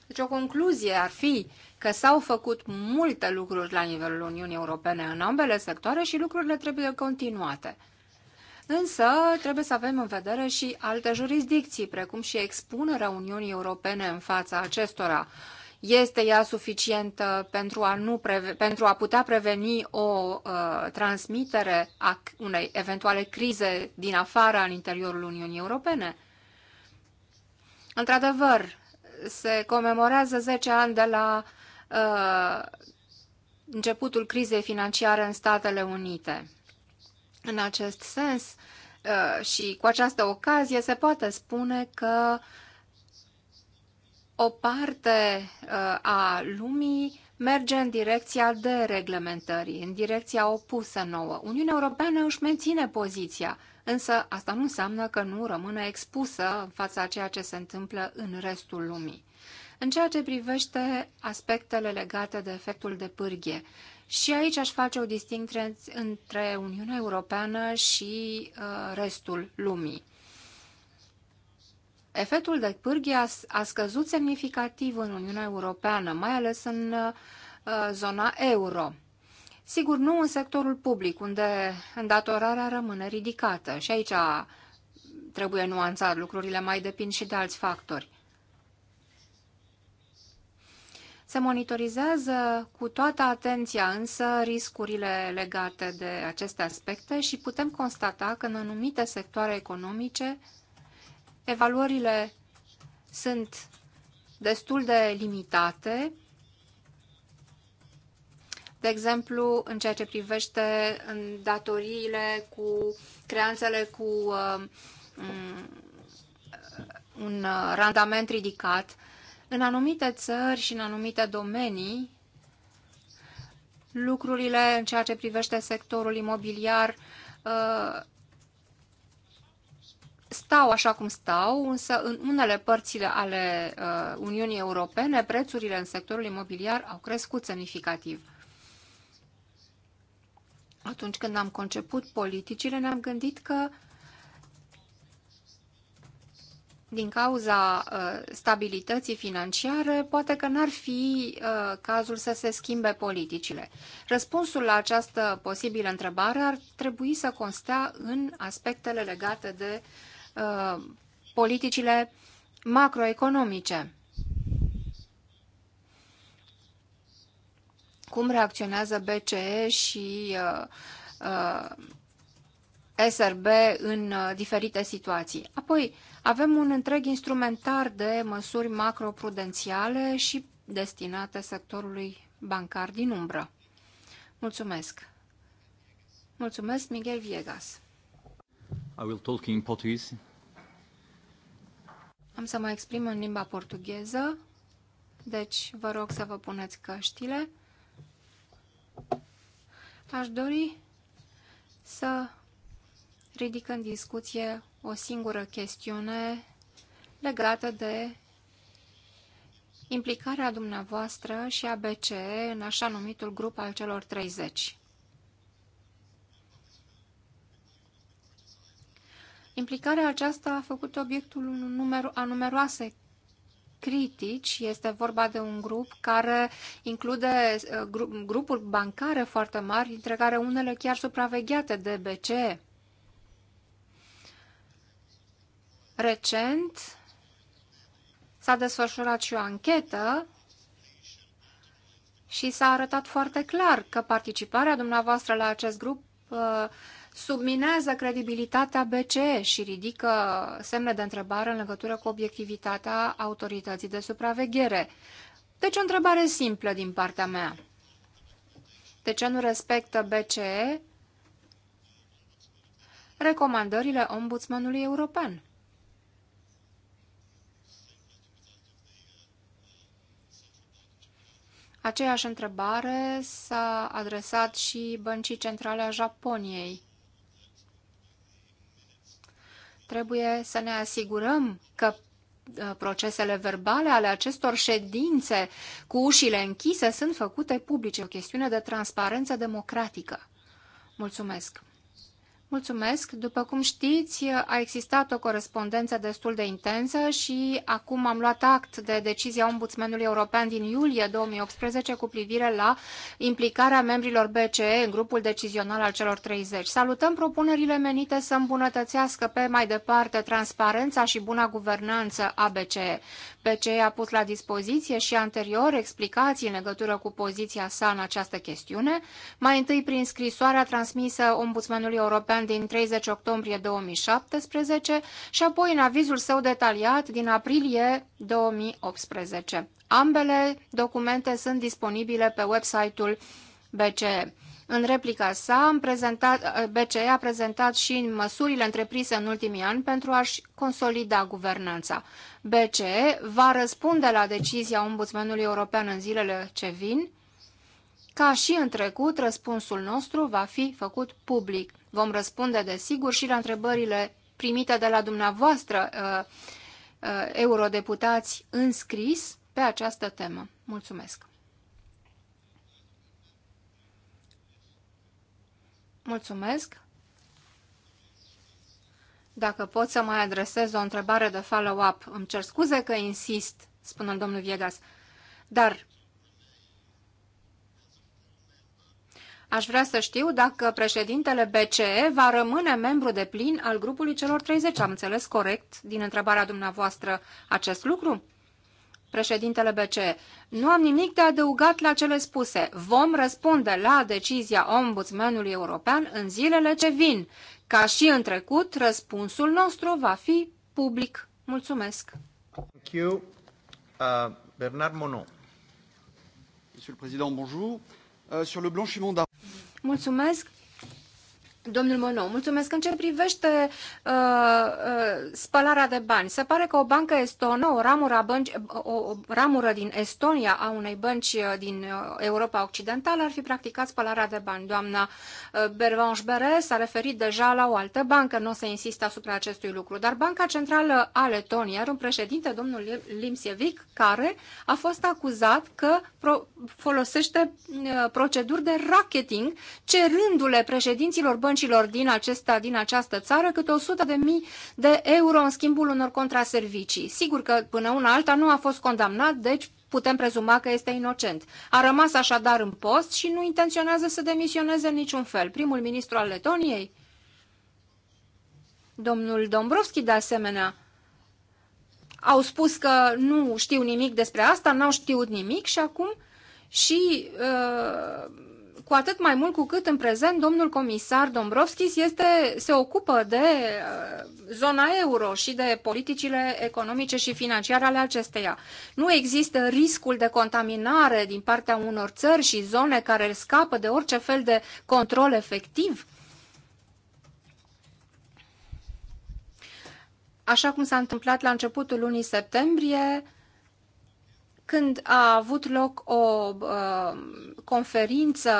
S4: Deci o concluzie ar fi că s-au făcut multe lucruri la nivelul Uniunii Europene în ambele sectoare și lucrurile trebuie continuate. Însă trebuie să avem în vedere și alte jurisdicții, precum și expunerea Uniunii Europene în fața acestora. Este ea suficientă pentru a, nu preve- pentru a putea preveni o uh, transmitere a unei eventuale crize din afara în interiorul Uniunii Europene? Într-adevăr, se comemorează 10 ani de la uh, începutul crizei financiare în Statele Unite. În acest sens uh, și cu această ocazie se poate spune că o parte uh, a lumii merge în direcția dereglementării, în direcția opusă nouă. Uniunea Europeană își menține poziția, însă asta nu înseamnă că nu rămâne expusă în fața ceea ce se întâmplă în restul lumii. În ceea ce privește aspectele legate de efectul de pârghie, și aici aș face o distincție între Uniunea Europeană și uh, restul lumii. Efectul de pârghie a, scăzut semnificativ în Uniunea Europeană, mai ales în uh, zona euro. Sigur, nu în sectorul public, unde îndatorarea rămâne ridicată. Și aici trebuie nuanțat, lucrurile mai depind și de alți factori. Se monitorizează cu toată atenția însă riscurile legate de aceste aspecte și putem constata că în anumite sectoare economice evaluările sunt destul de limitate, de exemplu, în ceea ce privește datoriile cu creanțele cu um, uh, un randament ridicat, în anumite țări și în anumite domenii, lucrurile în ceea ce privește sectorul imobiliar uh, stau așa cum stau, însă în unele părțile ale uh, Uniunii Europene, prețurile în sectorul imobiliar au crescut semnificativ. Atunci când am conceput politicile, ne-am gândit că din cauza uh, stabilității financiare, poate că n-ar fi uh, cazul să se schimbe politicile. Răspunsul la această posibilă întrebare ar trebui să constea în aspectele legate de uh, politicile macroeconomice. Cum reacționează BCE și uh, uh, SRB în uh, diferite situații. Apoi avem un întreg instrumentar de măsuri macroprudențiale și destinate sectorului bancar din umbră. Mulțumesc! Mulțumesc, Miguel Viegas!
S2: I will talk in Portuguese.
S4: Am să mă exprim în limba portugheză, deci vă rog să vă puneți căștile. Aș dori să ridic în discuție o singură chestiune legată de implicarea dumneavoastră și a BCE în așa numitul grup al celor 30. Implicarea aceasta a făcut obiectul numero a numeroase critici. Este vorba de un grup care include eh, grupuri bancare foarte mari, dintre care unele chiar supravegheate de BCE. Recent s-a desfășurat și o anchetă și s-a arătat foarte clar că participarea dumneavoastră la acest grup uh, subminează credibilitatea BCE și ridică semne de întrebare în legătură cu obiectivitatea autorității de supraveghere. Deci o întrebare simplă din partea mea. De ce nu respectă BCE recomandările ombudsmanului european? Aceeași întrebare s-a adresat și Băncii Centrale a Japoniei. Trebuie să ne asigurăm că uh, procesele verbale ale acestor ședințe cu ușile închise sunt făcute publice. O chestiune de transparență democratică. Mulțumesc! Mulțumesc. După cum știți, a existat o corespondență destul de intensă și acum am luat act de decizia Ombudsmanului European din iulie 2018 cu privire la implicarea membrilor BCE în grupul decizional al celor 30. Salutăm propunerile menite să îmbunătățească pe mai departe transparența și buna guvernanță a BCE. BCE a pus la dispoziție și anterior explicații în legătură cu poziția sa în această chestiune, mai întâi prin scrisoarea transmisă Ombudsmanului European European din 30 octombrie 2017 și apoi în avizul său detaliat din aprilie 2018. Ambele documente sunt disponibile pe website-ul BCE. În replica sa, am prezentat, BCE a prezentat și măsurile întreprise în ultimii ani pentru a-și consolida guvernanța. BCE va răspunde la decizia Ombudsmanului European în zilele ce vin. Ca și în trecut, răspunsul nostru va fi făcut public. Vom răspunde, desigur, și la întrebările primite de la dumneavoastră, uh, uh, eurodeputați, înscris pe această temă. Mulțumesc! Mulțumesc! Dacă pot să mai adresez o întrebare de follow-up, îmi cer scuze că insist, spune domnul Viegas, dar Aș vrea să știu dacă președintele BCE va rămâne membru de plin al grupului celor 30. Am înțeles corect din întrebarea dumneavoastră acest lucru? Președintele BCE, nu am nimic de adăugat la cele spuse. Vom răspunde la decizia ombudsmanului european în zilele ce vin. Ca și în trecut, răspunsul nostru va fi public. Mulțumesc.
S1: Thank you. Uh, Bernard Monod. Monsieur le Président,
S4: bonjour. Euh, sur le blanchiment d'argent. Mulțumesc! Domnul Monou, mulțumesc. În ce privește uh, uh, spălarea de bani, se pare că o bancă estonă, o ramură, bănci, o, o ramură din Estonia a unei bănci uh, din uh, Europa Occidentală ar fi practicat spălarea de bani. Doamna uh, Bervanche Bere s-a referit deja la o altă bancă, nu o să insist asupra acestui lucru, dar Banca Centrală a Letoniei are un președinte, domnul Limsevic, care a fost acuzat că pro folosește uh, proceduri de racketing, cerându-le președinților băncii băncilor din, acesta, din această țară câte 100 de mii de euro în schimbul unor contraservicii. Sigur că până una alta nu a fost condamnat, deci putem prezuma că este inocent. A rămas așadar în post și nu intenționează să demisioneze în niciun fel. Primul ministru al Letoniei, domnul Dombrovski, de asemenea, au spus că nu știu nimic despre asta, n-au știut nimic și acum și uh, cu atât mai mult cu cât în prezent domnul comisar Dombrovskis este, se ocupă de uh, zona euro și de politicile economice și financiare ale acesteia. Nu există riscul de contaminare din partea unor țări și zone care scapă de orice fel de control efectiv? Așa cum s-a întâmplat la începutul lunii septembrie, când a avut loc o uh, conferință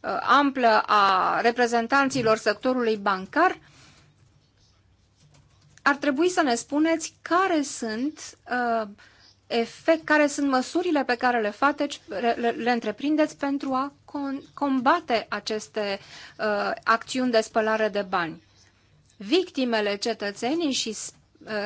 S4: uh, amplă a reprezentanților sectorului bancar, ar trebui să ne spuneți care sunt uh, efect, care sunt măsurile pe care le faceți, le, le întreprindeți pentru a con, combate aceste uh, acțiuni de spălare de bani. Victimele, cetățenii și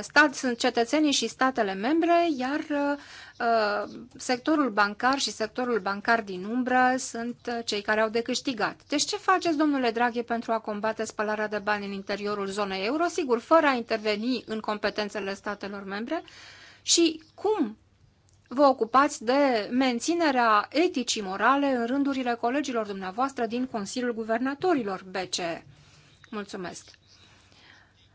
S4: stat, sunt cetățenii și statele membre, iar uh, sectorul bancar și sectorul bancar din umbră sunt uh, cei care au de câștigat. Deci ce faceți, domnule Draghi, pentru a combate spălarea de bani în interiorul zonei euro, sigur, fără a interveni în competențele statelor membre? Și cum vă ocupați de menținerea eticii morale în rândurile colegilor dumneavoastră din Consiliul Guvernatorilor BCE? Mulțumesc!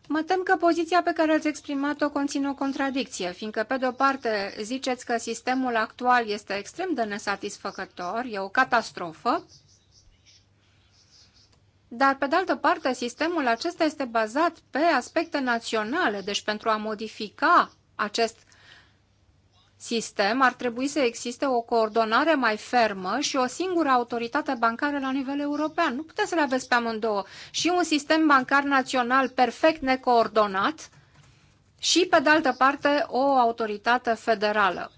S4: Mă tem că poziția pe care ați exprimat-o conține o contradicție, fiindcă, pe de-o parte, ziceți că sistemul actual este extrem de nesatisfăcător, e o catastrofă, dar, pe de altă parte, sistemul acesta este bazat pe aspecte naționale, deci pentru a modifica acest sistem ar trebui să existe o coordonare mai fermă și o singură autoritate bancară la nivel european. Nu puteți să le aveți pe amândouă. Și un sistem bancar național perfect necoordonat și, pe de altă parte, o autoritate federală.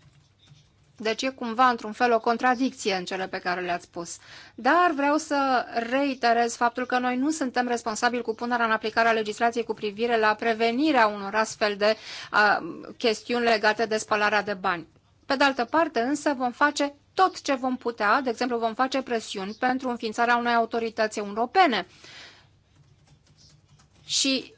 S4: Deci e cumva, într-un fel, o contradicție în cele pe care le-ați spus. Dar vreau să reiterez faptul că noi nu suntem responsabili cu punerea în aplicare a legislației cu privire la prevenirea unor astfel de a, chestiuni legate de spălarea de bani. Pe de altă parte, însă, vom face tot ce vom putea, de exemplu, vom face presiuni pentru înființarea unei autorități europene. Și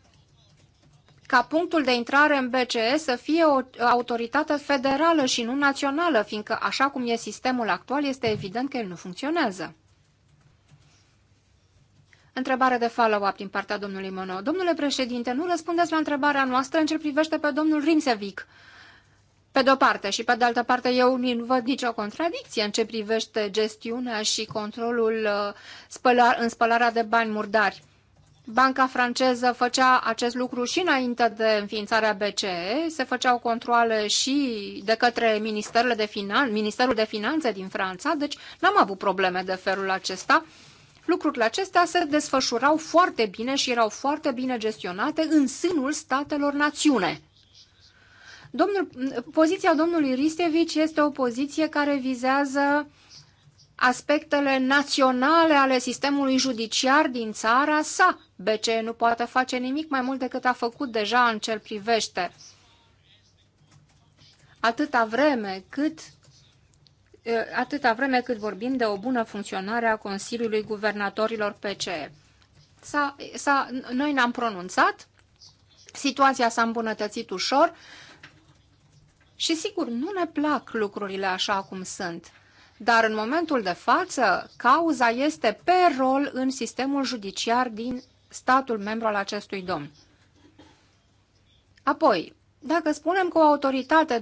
S4: ca punctul de intrare în BCE să fie o autoritate federală și nu națională, fiindcă așa cum e sistemul actual, este evident că el nu funcționează. Întrebare de follow-up din partea domnului Mono. Domnule președinte, nu răspundeți la întrebarea noastră în ce privește pe domnul Rimsevic. Pe de-o parte și pe de altă parte eu nu văd nicio contradicție în ce privește gestiunea și controlul uh, spălar, în spălarea de bani murdari. Banca franceză făcea acest lucru și înainte de înființarea BCE, se făceau controle și de către Ministerul de, Finan- Ministerul de Finanțe din Franța, deci n-am avut probleme de felul acesta. Lucrurile acestea se desfășurau foarte bine și erau foarte bine gestionate în sânul statelor națiune. Domnul, poziția domnului Ristevici este o poziție care vizează aspectele naționale ale sistemului judiciar din țara sa. BCE nu poate face nimic mai mult decât a făcut deja în cel privește. Atâta vreme cât atâta vreme cât vorbim de o bună funcționare a Consiliului Guvernatorilor PCE. S -a, s -a, noi ne-am pronunțat, situația s-a îmbunătățit ușor și sigur nu ne plac lucrurile așa cum sunt dar în momentul de față cauza este pe rol în sistemul judiciar din statul membru al acestui domn. Apoi, dacă spunem că o autoritate 2-3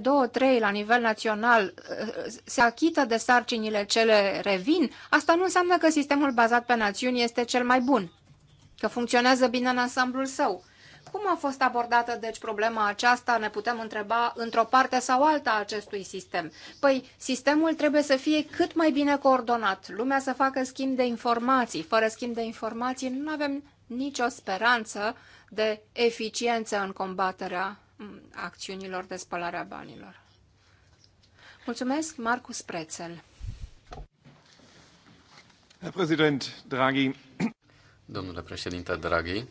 S4: la nivel național uh, se achită de sarcinile cele revin, asta nu înseamnă că sistemul bazat pe națiuni este cel mai bun, că funcționează bine în ansamblul său. Cum a fost abordată, deci, problema aceasta, ne putem întreba, într-o parte sau alta a acestui sistem? Păi, sistemul trebuie să fie cât mai bine coordonat, lumea să facă schimb de informații. Fără schimb de informații nu avem nicio speranță de eficiență în combaterea mm, acțiunilor de spălare a banilor. Mulțumesc, Marcus Prețel.
S2: Draghi. Domnule președinte Draghi,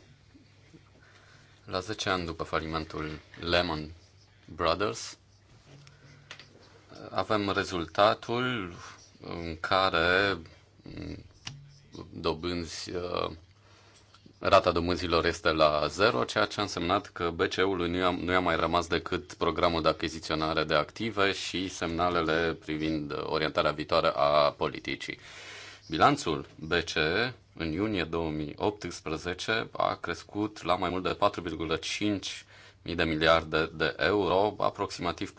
S2: la 10 ani după falimentul Lemon Brothers, avem rezultatul în care mm, dobânzi, uh, rata dobânzilor este la zero, ceea ce a însemnat că BCE-ului nu i-a, nu i-a mai rămas decât programul de achiziționare de active și semnalele privind orientarea viitoare a politicii. Bilanțul BCE în iunie 2018 a crescut la mai mult de 4,5 mii de miliarde de euro, aproximativ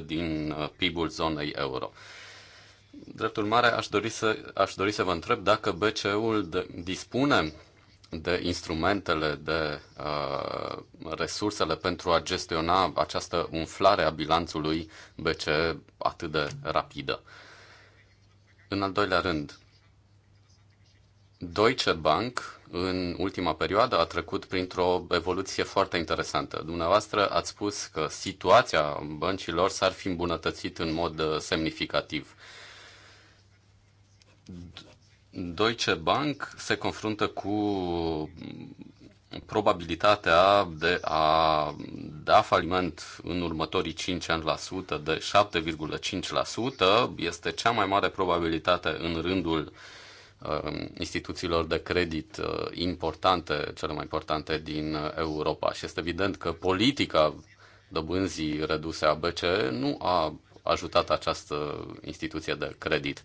S2: 41% din uh, PIB-ul zonei euro. Drept urmare, aș dori să, aș dori să vă întreb dacă BCE-ul de, dispune de instrumentele, de uh, resursele pentru a gestiona această umflare a bilanțului BCE atât de rapidă. În al doilea rând, Deutsche Bank în ultima perioadă a trecut printr-o evoluție foarte interesantă. Dumneavoastră ați spus că situația băncilor s-ar fi îmbunătățit în mod uh, semnificativ. Deutsche Bank se confruntă cu probabilitatea de a da faliment în următorii 5 ani la sută de 7,5% este cea mai mare probabilitate în rândul uh, Um, instituțiilor de credit uh, importante, cele mai importante din Europa. Și este evident că politica dobânzii reduse a BCE nu a ajutat această instituție de credit.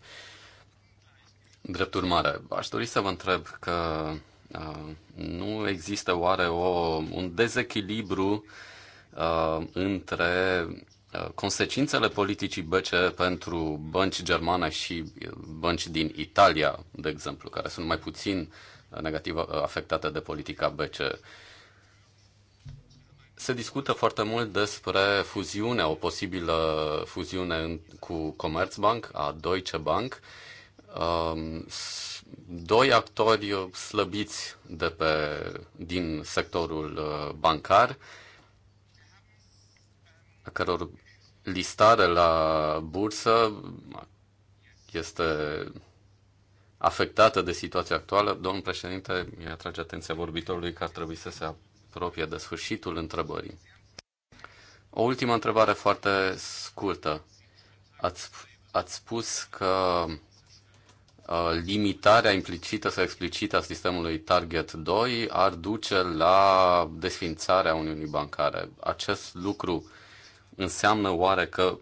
S2: Drept urmare, aș dori să vă întreb că uh, nu există oare o, un dezechilibru uh, între consecințele politicii BCE pentru bănci germane și bănci din Italia, de exemplu, care sunt mai puțin uh, negativ uh, afectate de politica BCE. Se discută foarte mult despre fuziune, o posibilă fuziune cu Commerzbank, a Deutsche Bank. Um, doi actori slăbiți de pe, din sectorul uh, bancar, a căror listare la bursă este afectată de situația actuală. Domnul președinte, îi atrage atenția vorbitorului că ar trebui să se apropie de sfârșitul întrebării. O ultimă întrebare foarte scurtă. Ați, ați spus că uh, limitarea implicită sau explicită a sistemului Target 2 ar duce la desfințarea Uniunii Bancare. Acest lucru Înseamnă oare că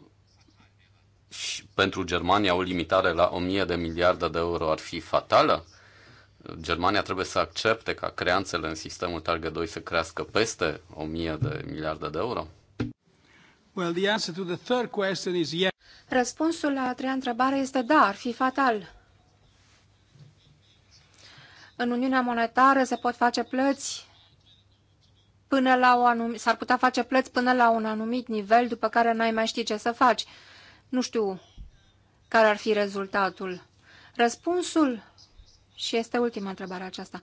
S2: și pentru Germania o limitare la 1000 de miliarde de euro ar fi fatală? Germania trebuie să accepte ca creanțele în sistemul Target 2 să crească peste 1000 de miliarde de euro?
S1: Well, the answer to the third question is yes.
S4: Răspunsul la a treia întrebare este da, ar fi fatal. În Uniunea Monetară se pot face plăți până la o anumit s-ar putea face plăți până la un anumit nivel, după care n-ai mai ști ce să faci. Nu știu care ar fi rezultatul. Răspunsul, și este ultima întrebare aceasta,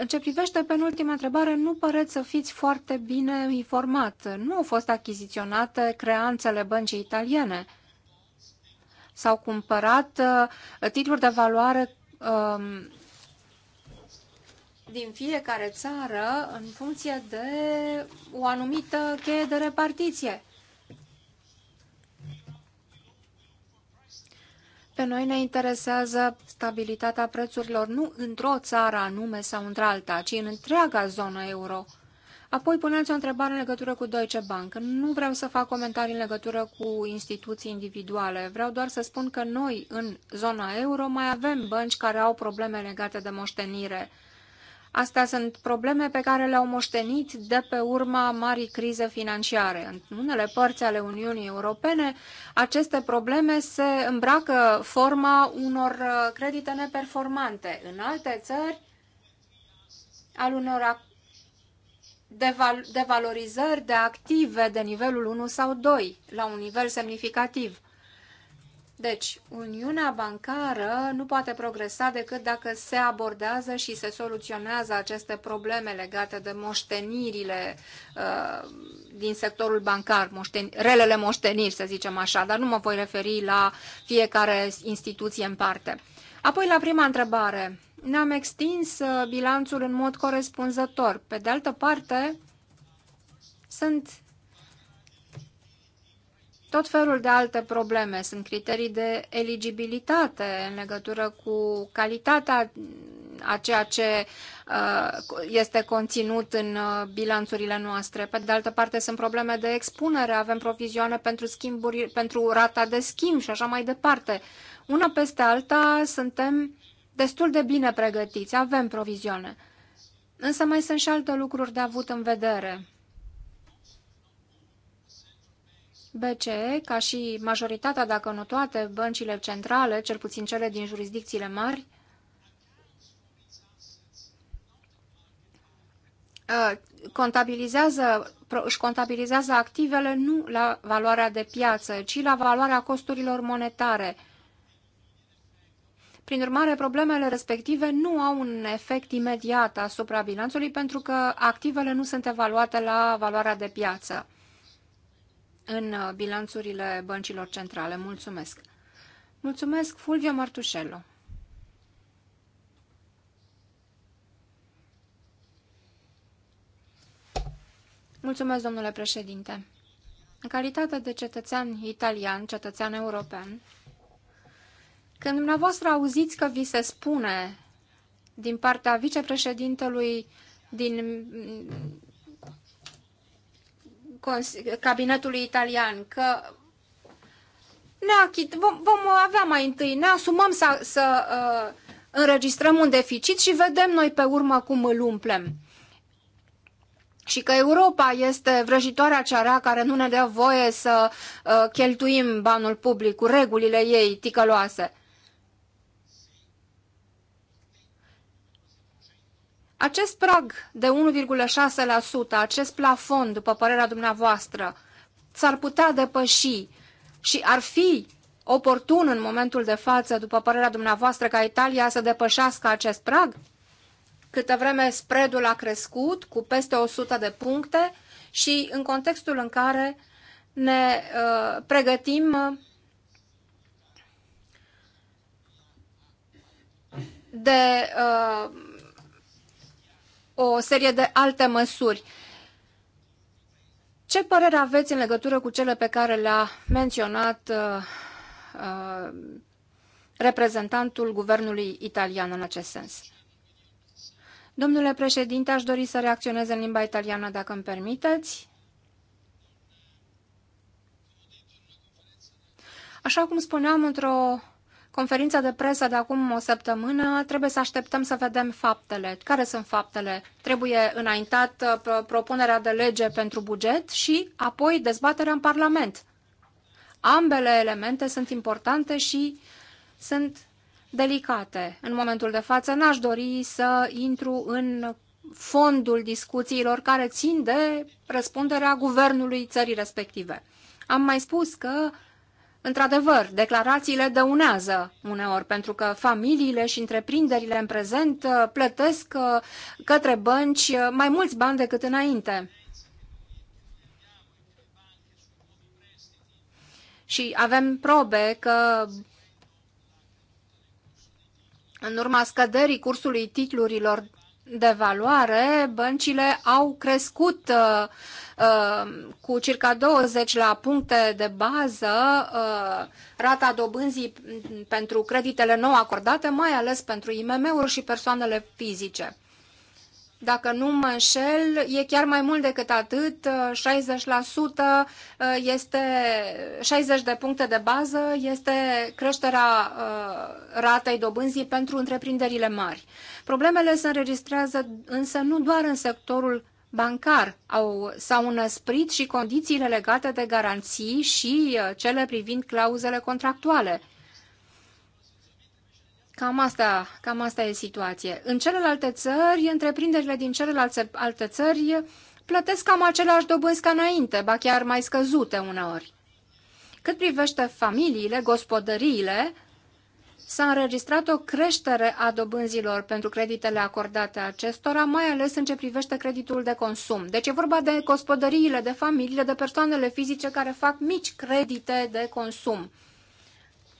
S4: în ce privește penultima întrebare, nu păreți să fiți foarte bine informat. Nu au fost achiziționate creanțele băncii italiene. S-au cumpărat uh, titluri de valoare um, din fiecare țară în funcție de o anumită cheie de repartiție. Pe noi ne interesează stabilitatea prețurilor nu într-o țară anume sau într-alta, ci în întreaga zonă euro. Apoi puneți o întrebare în legătură cu Deutsche Bank. Nu vreau să fac comentarii în legătură cu instituții individuale. Vreau doar să spun că noi, în zona euro, mai avem bănci care au probleme legate de moștenire. Astea sunt probleme pe care le-au moștenit de pe urma marii crize financiare. În unele părți ale Uniunii Europene, aceste probleme se îmbracă forma unor uh, credite neperformante. În alte țări, al unor devalorizări de active de nivelul 1 sau 2, la un nivel semnificativ. Deci, Uniunea Bancară nu poate progresa decât dacă se abordează și se soluționează aceste probleme legate de moștenirile uh, din sectorul bancar, moșteni, relele moșteniri, să zicem așa, dar nu mă voi referi la fiecare instituție în parte. Apoi, la prima întrebare, ne-am extins uh, bilanțul în mod corespunzător. Pe de altă parte, sunt tot felul de alte probleme. Sunt criterii de eligibilitate în legătură cu calitatea a ceea ce uh, este conținut în uh, bilanțurile noastre. Pe de altă parte, sunt probleme de expunere, avem provizioane pentru, schimburi, pentru rata de schimb și așa mai departe. Una peste alta, suntem destul de bine pregătiți, avem provizioane. Însă mai sunt și alte lucruri de avut în vedere. BCE, ca și majoritatea, dacă nu toate, băncile centrale, cel puțin cele din jurisdicțiile mari, contabilizează, își contabilizează activele nu la valoarea de piață, ci la valoarea costurilor monetare. Prin urmare, problemele respective nu au un efect imediat asupra bilanțului pentru că activele nu sunt evaluate la valoarea de piață în uh, bilanțurile băncilor centrale. Mulțumesc! Mulțumesc, Fulvio Martușello! Mulțumesc, domnule președinte! În calitate de cetățean italian, cetățean european, când dumneavoastră auziți că vi se spune din partea vicepreședintelui din cabinetului italian că ne achit, vom, vom avea mai întâi, ne asumăm să, să uh, înregistrăm un deficit și vedem noi pe urmă cum îl umplem. Și că Europa este vrăjitoarea cearea care nu ne dă voie să uh, cheltuim banul public cu regulile ei ticăloase. Acest prag de 1,6%, acest plafon, după părerea dumneavoastră, s-ar putea depăși și ar fi oportun în momentul de față, după părerea dumneavoastră, ca Italia să depășească acest prag? Câtă vreme spreadul a crescut cu peste 100 de puncte și în contextul în care ne uh, pregătim uh, de uh, o serie de alte măsuri. Ce părere aveți în legătură cu cele pe care le-a menționat uh, uh, reprezentantul guvernului italian în acest sens? Domnule președinte, aș dori să reacționez în limba italiană, dacă îmi permiteți. Așa cum spuneam într-o conferința de presă de acum o săptămână, trebuie să așteptăm să vedem faptele. Care sunt faptele? Trebuie înaintat uh, propunerea de lege pentru buget și apoi dezbaterea în Parlament. Ambele elemente sunt importante și sunt delicate. În momentul de față n-aș dori să intru în fondul discuțiilor care țin de răspunderea guvernului țării respective. Am mai spus că Într-adevăr, declarațiile dăunează uneori, pentru că familiile și întreprinderile în prezent uh, plătesc uh, către bănci uh, mai mulți bani decât înainte. Și avem probe că în urma scăderii cursului titlurilor de valoare, băncile au crescut uh, uh, cu circa 20 la puncte de bază uh, rata dobânzii pentru creditele nou acordate, mai ales pentru IMM-uri și persoanele fizice. Dacă nu mă înșel, e chiar mai mult decât atât, 60% uh, este, 60 de puncte de bază este creșterea uh, ratei dobânzii pentru întreprinderile mari. Problemele se înregistrează însă nu doar în sectorul bancar au, s-au înăsprit și condițiile legate de garanții și uh, cele privind clauzele contractuale. Cam asta, cam asta e situație. În celelalte țări, întreprinderile din celelalte alte țări plătesc cam același dobânzi ca înainte, ba chiar mai scăzute uneori. Cât privește familiile, gospodăriile, s-a înregistrat o creștere a dobânzilor pentru creditele acordate acestora, mai ales în ce privește creditul de consum. Deci e vorba de gospodăriile, de familiile, de persoanele fizice care fac mici credite de consum.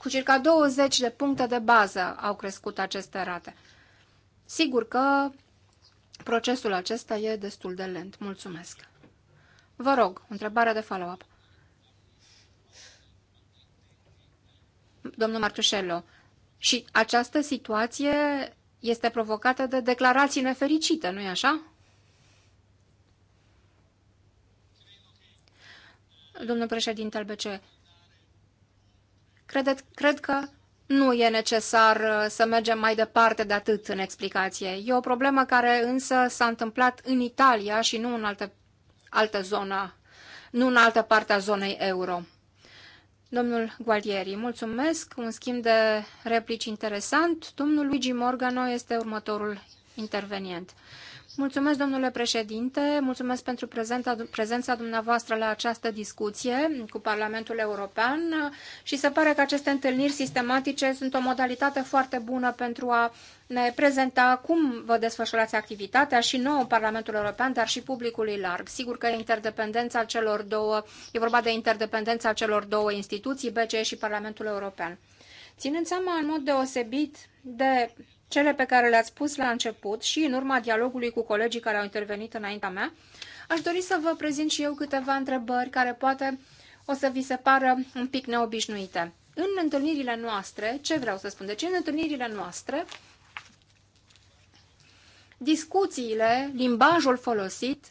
S4: Cu circa 20 de puncte de bază au crescut aceste rate. Sigur că procesul acesta e destul de lent. Mulțumesc. Vă rog, întrebarea de follow-up. Domnul Martușello, și această situație este provocată de declarații nefericite, nu-i așa? Domnul președinte al BCE, Credeți, cred că nu e necesar uh, să mergem mai departe de atât în explicație. E o problemă care însă s-a întâmplat în Italia și nu în altă, altă zonă, nu în altă parte a zonei euro. Domnul Gualieri, mulțumesc, un schimb de replici interesant. Domnul Luigi Morgano este următorul intervenient. Mulțumesc, domnule președinte, mulțumesc pentru prezenta, prezența dumneavoastră la această discuție cu Parlamentul European și se pare că aceste întâlniri sistematice sunt o modalitate foarte bună pentru a ne prezenta cum vă desfășurați activitatea și nouă în Parlamentul European, dar și publicului larg. Sigur că interdependența celor două, e vorba de interdependența celor două instituții, BCE și Parlamentul European. Ținând seama în mod deosebit de cele pe care le-ați spus la început și în urma dialogului cu colegii care au intervenit înaintea mea, aș dori să vă prezint și eu câteva întrebări care poate o să vi se pară un pic neobișnuite. În întâlnirile noastre, ce vreau să spun? Deci în întâlnirile noastre, discuțiile, limbajul folosit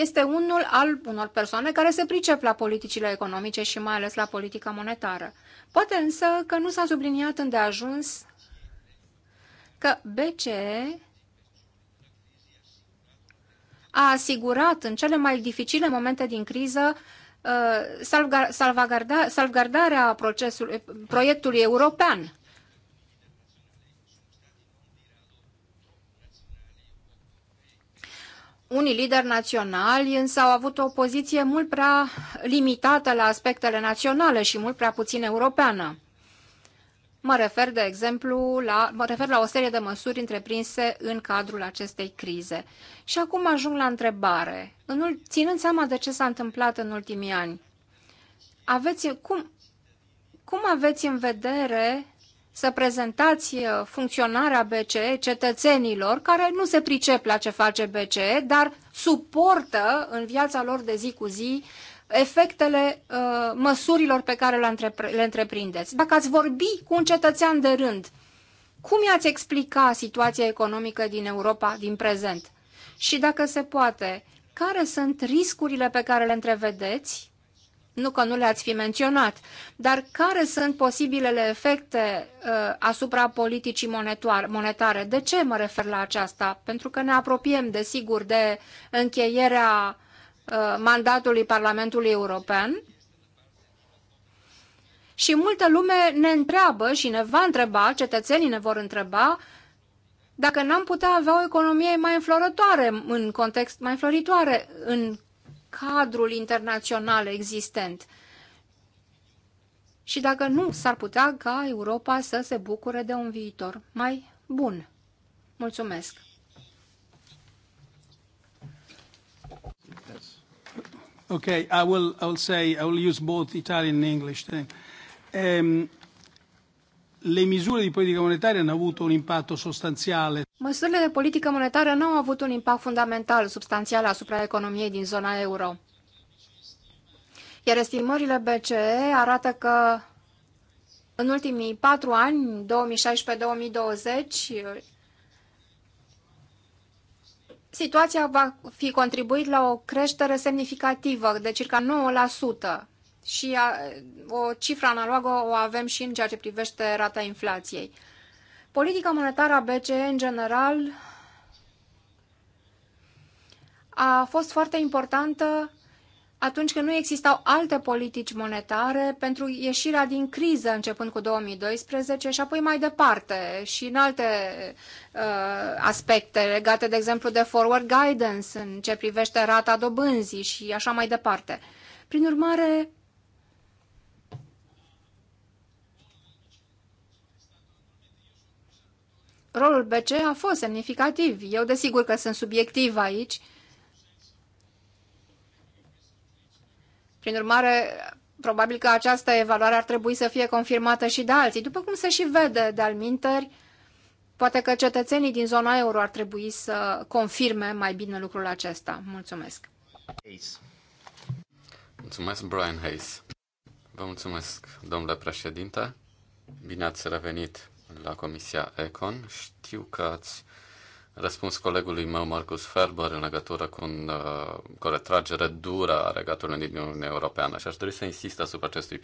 S4: este unul al unor persoane care se pricep la politicile economice și mai ales la politica monetară. Poate însă că nu s-a subliniat îndeajuns că BCE a asigurat în cele mai dificile momente din criză uh, salvgardarea procesului, proiectului european. unii lideri naționali însă au avut o poziție mult prea limitată la aspectele naționale și mult prea puțin europeană. Mă refer, de exemplu, la, mă refer la o serie de măsuri întreprinse în cadrul acestei crize. Și acum ajung la întrebare. În, ținând seama de ce s-a întâmplat în ultimii ani, aveți, cum, cum aveți în vedere să prezentați uh, funcționarea BCE cetățenilor care nu se pricep la ce face BCE, dar suportă în viața lor de zi cu zi efectele uh, măsurilor pe care le, întrepre le întreprindeți. Dacă ați vorbi cu un cetățean de rând, cum i-ați explica situația economică din Europa din prezent? Și dacă se poate, care sunt riscurile pe care le întrevedeți nu că nu le-ați fi menționat, dar care sunt posibilele efecte uh, asupra politicii monetare? De ce mă refer la aceasta? Pentru că ne apropiem, desigur, de încheierea uh, mandatului Parlamentului European și multă lume ne întreabă și ne va întreba, cetățenii ne vor întreba, dacă n-am putea avea o economie mai înflorătoare în context, mai înfloritoare în cadrul internațional existent. Și dacă nu, s-ar putea ca Europa să se bucure de un viitor mai bun. Mulțumesc!
S1: Okay, I will, I will say, I will use both Italian and English. Um, le misure di politica monetaria hanno avuto un impatto sostanziale.
S4: Măsurile de politică monetară nu au avut un impact fundamental, substanțial asupra economiei din zona euro. Iar estimările BCE arată că în ultimii patru ani, 2016-2020, situația va fi contribuit la o creștere semnificativă de circa 9% și a, o cifră analogă o avem și în ceea ce privește rata inflației. Politica monetară a BCE, în general, a fost foarte importantă atunci când nu existau alte politici monetare pentru ieșirea din criză începând cu 2012 și apoi mai departe și în alte uh, aspecte legate, de exemplu, de forward guidance în ce privește rata dobânzii și așa mai departe. Prin urmare, Rolul BC a fost semnificativ. Eu desigur că sunt subiectiv aici. Prin urmare, probabil că această evaluare ar trebui să fie confirmată și de alții. După cum se și vede de-al minteri, poate că cetățenii din zona euro ar trebui să confirme mai bine lucrul acesta. Mulțumesc.
S1: Hayes.
S2: Mulțumesc, Brian Hayes. Vă mulțumesc, domnule președinte. Bine ați revenit la Comisia Econ. Știu că ați răspuns colegului meu, Marcus Ferber, în legătură cu, un, uh, cu o retragere dură a Regatului din Uniunea Europeană. Și aș dori să insist asupra acestui,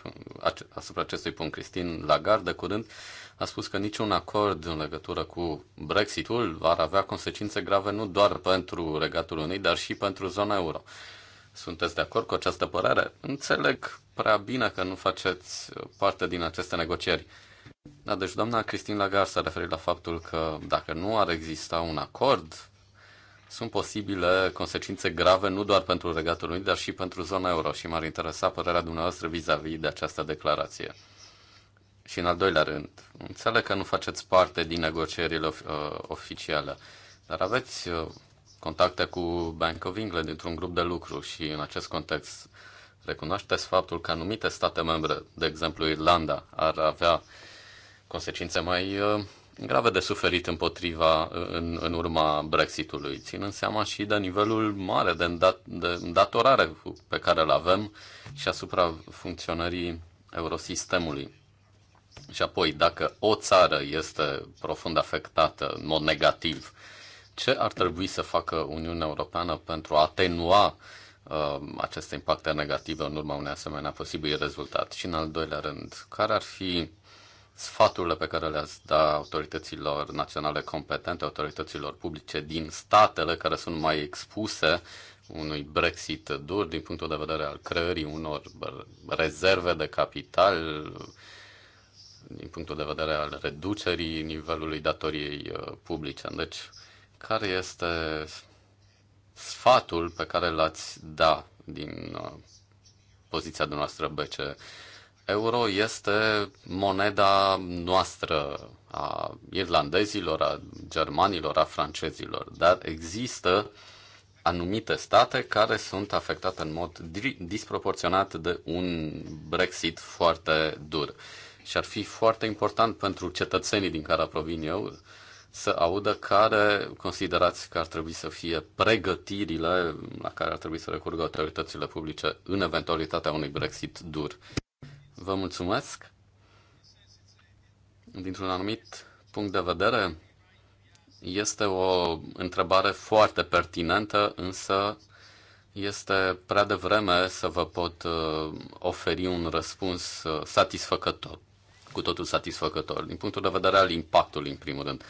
S2: asupra acestui punct. Cristin Lagarde, curând, a spus că niciun acord în legătură cu Brexitul ar avea consecințe grave nu doar pentru Regatul Unii, dar și pentru zona euro. Sunteți de acord cu această părere? Înțeleg prea bine că nu faceți parte din aceste negocieri. Da, deci doamna Cristin Lagar s-a referit la faptul că dacă nu ar exista un acord, sunt posibile consecințe grave nu doar pentru Regatul Unit, dar și pentru zona euro și m-ar interesa părerea dumneavoastră vis-a-vis -vis de această declarație. Și în al doilea rând, înțeleg că nu faceți parte din negocierile of- uh, oficiale, dar aveți uh, contacte cu Bank of England într-un grup de lucru și în acest context recunoașteți faptul că anumite state membre, de exemplu Irlanda, ar avea consecințe mai uh, grave de suferit împotriva uh, în, în urma Brexitului, ținând seama și de nivelul mare de, îndat, de îndatorare pe care îl avem și asupra funcționării eurosistemului. Și apoi, dacă o țară este profund afectată în mod negativ, ce ar trebui să facă Uniunea Europeană pentru a atenua uh, aceste impacte negative în urma unei asemenea posibil rezultat? Și în al doilea rând, care ar fi sfaturile pe care le-ați da autorităților naționale competente, autorităților publice din statele care sunt mai expuse unui Brexit dur din punctul de vedere al creării unor rezerve de capital, din punctul de vedere al reducerii nivelului datoriei uh, publice. Deci, care este sfatul pe care l-ați da din uh, poziția dumneavoastră BCE? euro este moneda noastră a irlandezilor, a germanilor, a francezilor, dar există anumite state care sunt afectate în mod disproporționat de un Brexit foarte dur. Și ar fi foarte important pentru cetățenii din care provin eu să audă care considerați că ar trebui să fie pregătirile la care ar trebui să recurgă autoritățile publice în eventualitatea unui Brexit dur. Vă mulțumesc. Dintr-un anumit punct de vedere, este o întrebare foarte pertinentă, însă este prea devreme să vă pot uh, oferi un răspuns uh, satisfăcător, cu totul satisfăcător, din punctul de vedere al impactului, în primul rând.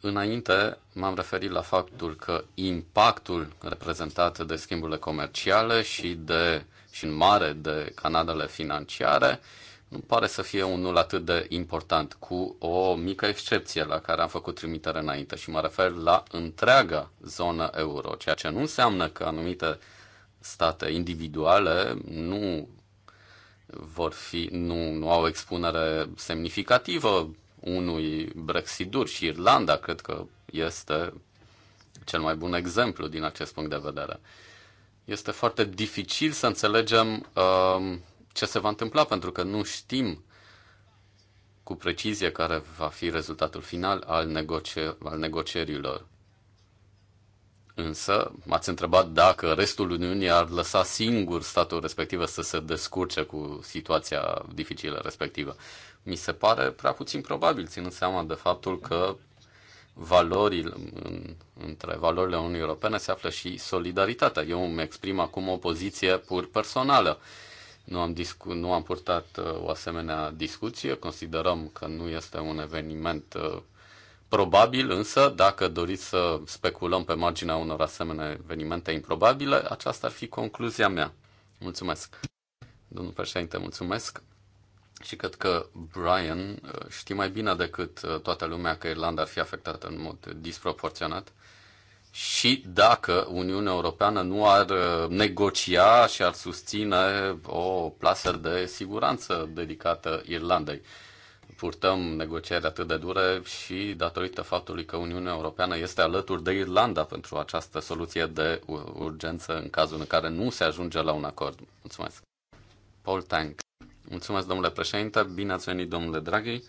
S2: Înainte m-am referit la faptul că impactul reprezentat de schimburile comerciale și de uh, și în mare de canalele financiare, nu pare să fie unul atât de important, cu o mică excepție la care am făcut trimitere înainte și mă refer la întreaga zonă euro, ceea ce nu înseamnă că anumite state individuale nu vor fi, nu, nu au expunere semnificativă unui Brexit dur și Irlanda cred că este cel mai bun exemplu din acest punct de vedere este foarte dificil să înțelegem uh, ce se va întâmpla, pentru că nu știm cu precizie care va fi rezultatul final al, negoci- al negocierilor. Însă, m-ați întrebat dacă restul Uniunii ar lăsa singur statul respectiv să se descurce cu situația dificilă respectivă. Mi se pare prea puțin probabil, ținând seama de faptul că valorile, între valorile Uniunii Europene se află și solidaritatea. Eu îmi exprim acum o poziție pur personală. Nu am, discu- nu am purtat uh, o asemenea discuție, considerăm că nu este un eveniment uh, probabil, însă dacă doriți să speculăm pe marginea unor asemenea evenimente improbabile, aceasta ar fi concluzia mea. Mulțumesc. Domnul președinte, mulțumesc și cred că Brian uh, știe mai bine decât uh, toată lumea că Irlanda ar fi afectată în mod disproporționat și dacă Uniunea Europeană nu ar uh, negocia și ar susține o plasă de siguranță dedicată Irlandei. Purtăm negocieri atât de dure și datorită faptului că Uniunea Europeană este alături de Irlanda pentru această soluție de urgență în cazul în care nu se ajunge la un acord. Mulțumesc. Paul Tank. Mulțumesc, domnule președinte. Bine ați venit, domnule Draghi.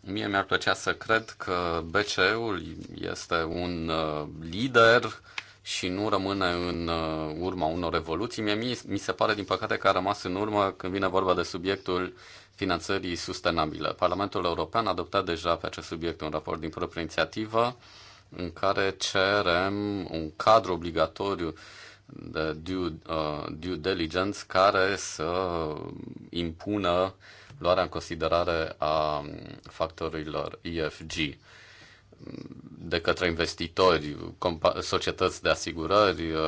S2: Mie mi-ar plăcea să cred că BCE-ul este un uh, lider și nu rămâne în uh, urma unor revoluții. Mie mi se pare, din păcate, că a rămas în urmă când vine vorba de subiectul finanțării sustenabile. Parlamentul European a adoptat deja pe acest subiect un raport din proprie inițiativă în care cerem un cadru obligatoriu uh, de due, uh, due diligence care să impună luarea în considerare a um, factorilor EFG de către investitori, societăți de asigurări, uh,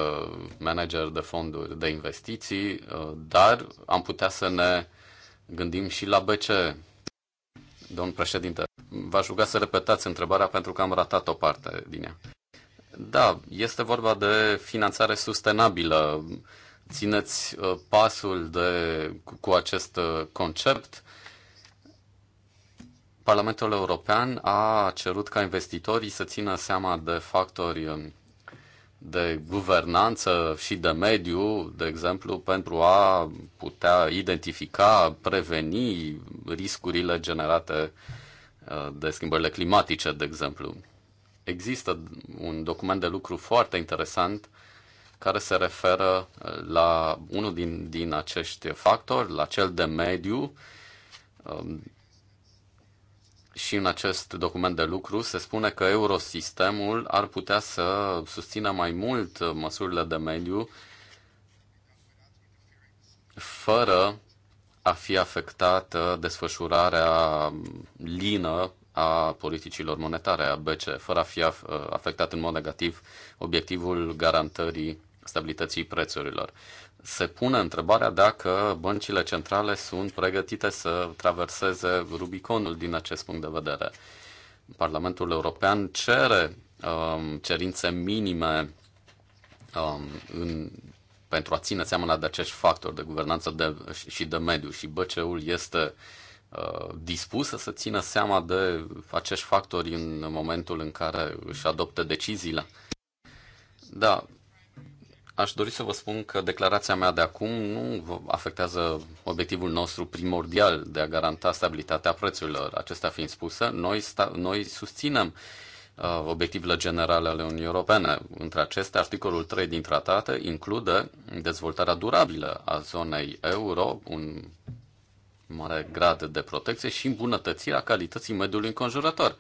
S2: manageri de fonduri de investiții, uh, dar am putea să ne gândim și la BC. Domn președinte, v-aș ruga să repetați întrebarea pentru că am ratat o parte din ea. Da, este vorba de finanțare sustenabilă. Țineți uh, pasul de, cu acest uh, concept. Parlamentul European a cerut ca investitorii să țină seama de factori um, de guvernanță și de mediu, de exemplu, pentru a putea identifica, preveni riscurile generate uh, de schimbările climatice, de exemplu există un document de lucru foarte interesant care se referă uh, la unul din, din acești factori, la cel de mediu. Um, și în acest document de lucru se spune că eurosistemul ar putea să susțină mai mult uh, măsurile de mediu fără a fi afectată desfășurarea um, lină a politicilor monetare, a BCE, fără a fi uh, afectat în mod negativ obiectivul garantării stabilității prețurilor. Se pune întrebarea dacă băncile centrale sunt pregătite să traverseze Rubiconul din acest punct de vedere. Parlamentul European cere um, cerințe minime um, în, pentru a ține seama de acești factori de guvernanță de, și de mediu și BCE-ul este uh, Uh, dispusă să țină seama de acești factori în momentul în care își adoptă deciziile? Da, aș dori să vă spun că declarația mea de acum nu afectează obiectivul nostru primordial de a garanta stabilitatea prețurilor. Acestea fiind spuse, noi, sta- noi susținem uh, obiectivele generale ale Uniunii Europene. Între acestea, articolul 3 din tratate include dezvoltarea durabilă a zonei euro, un mare grad de protecție și îmbunătățirea calității mediului înconjurător.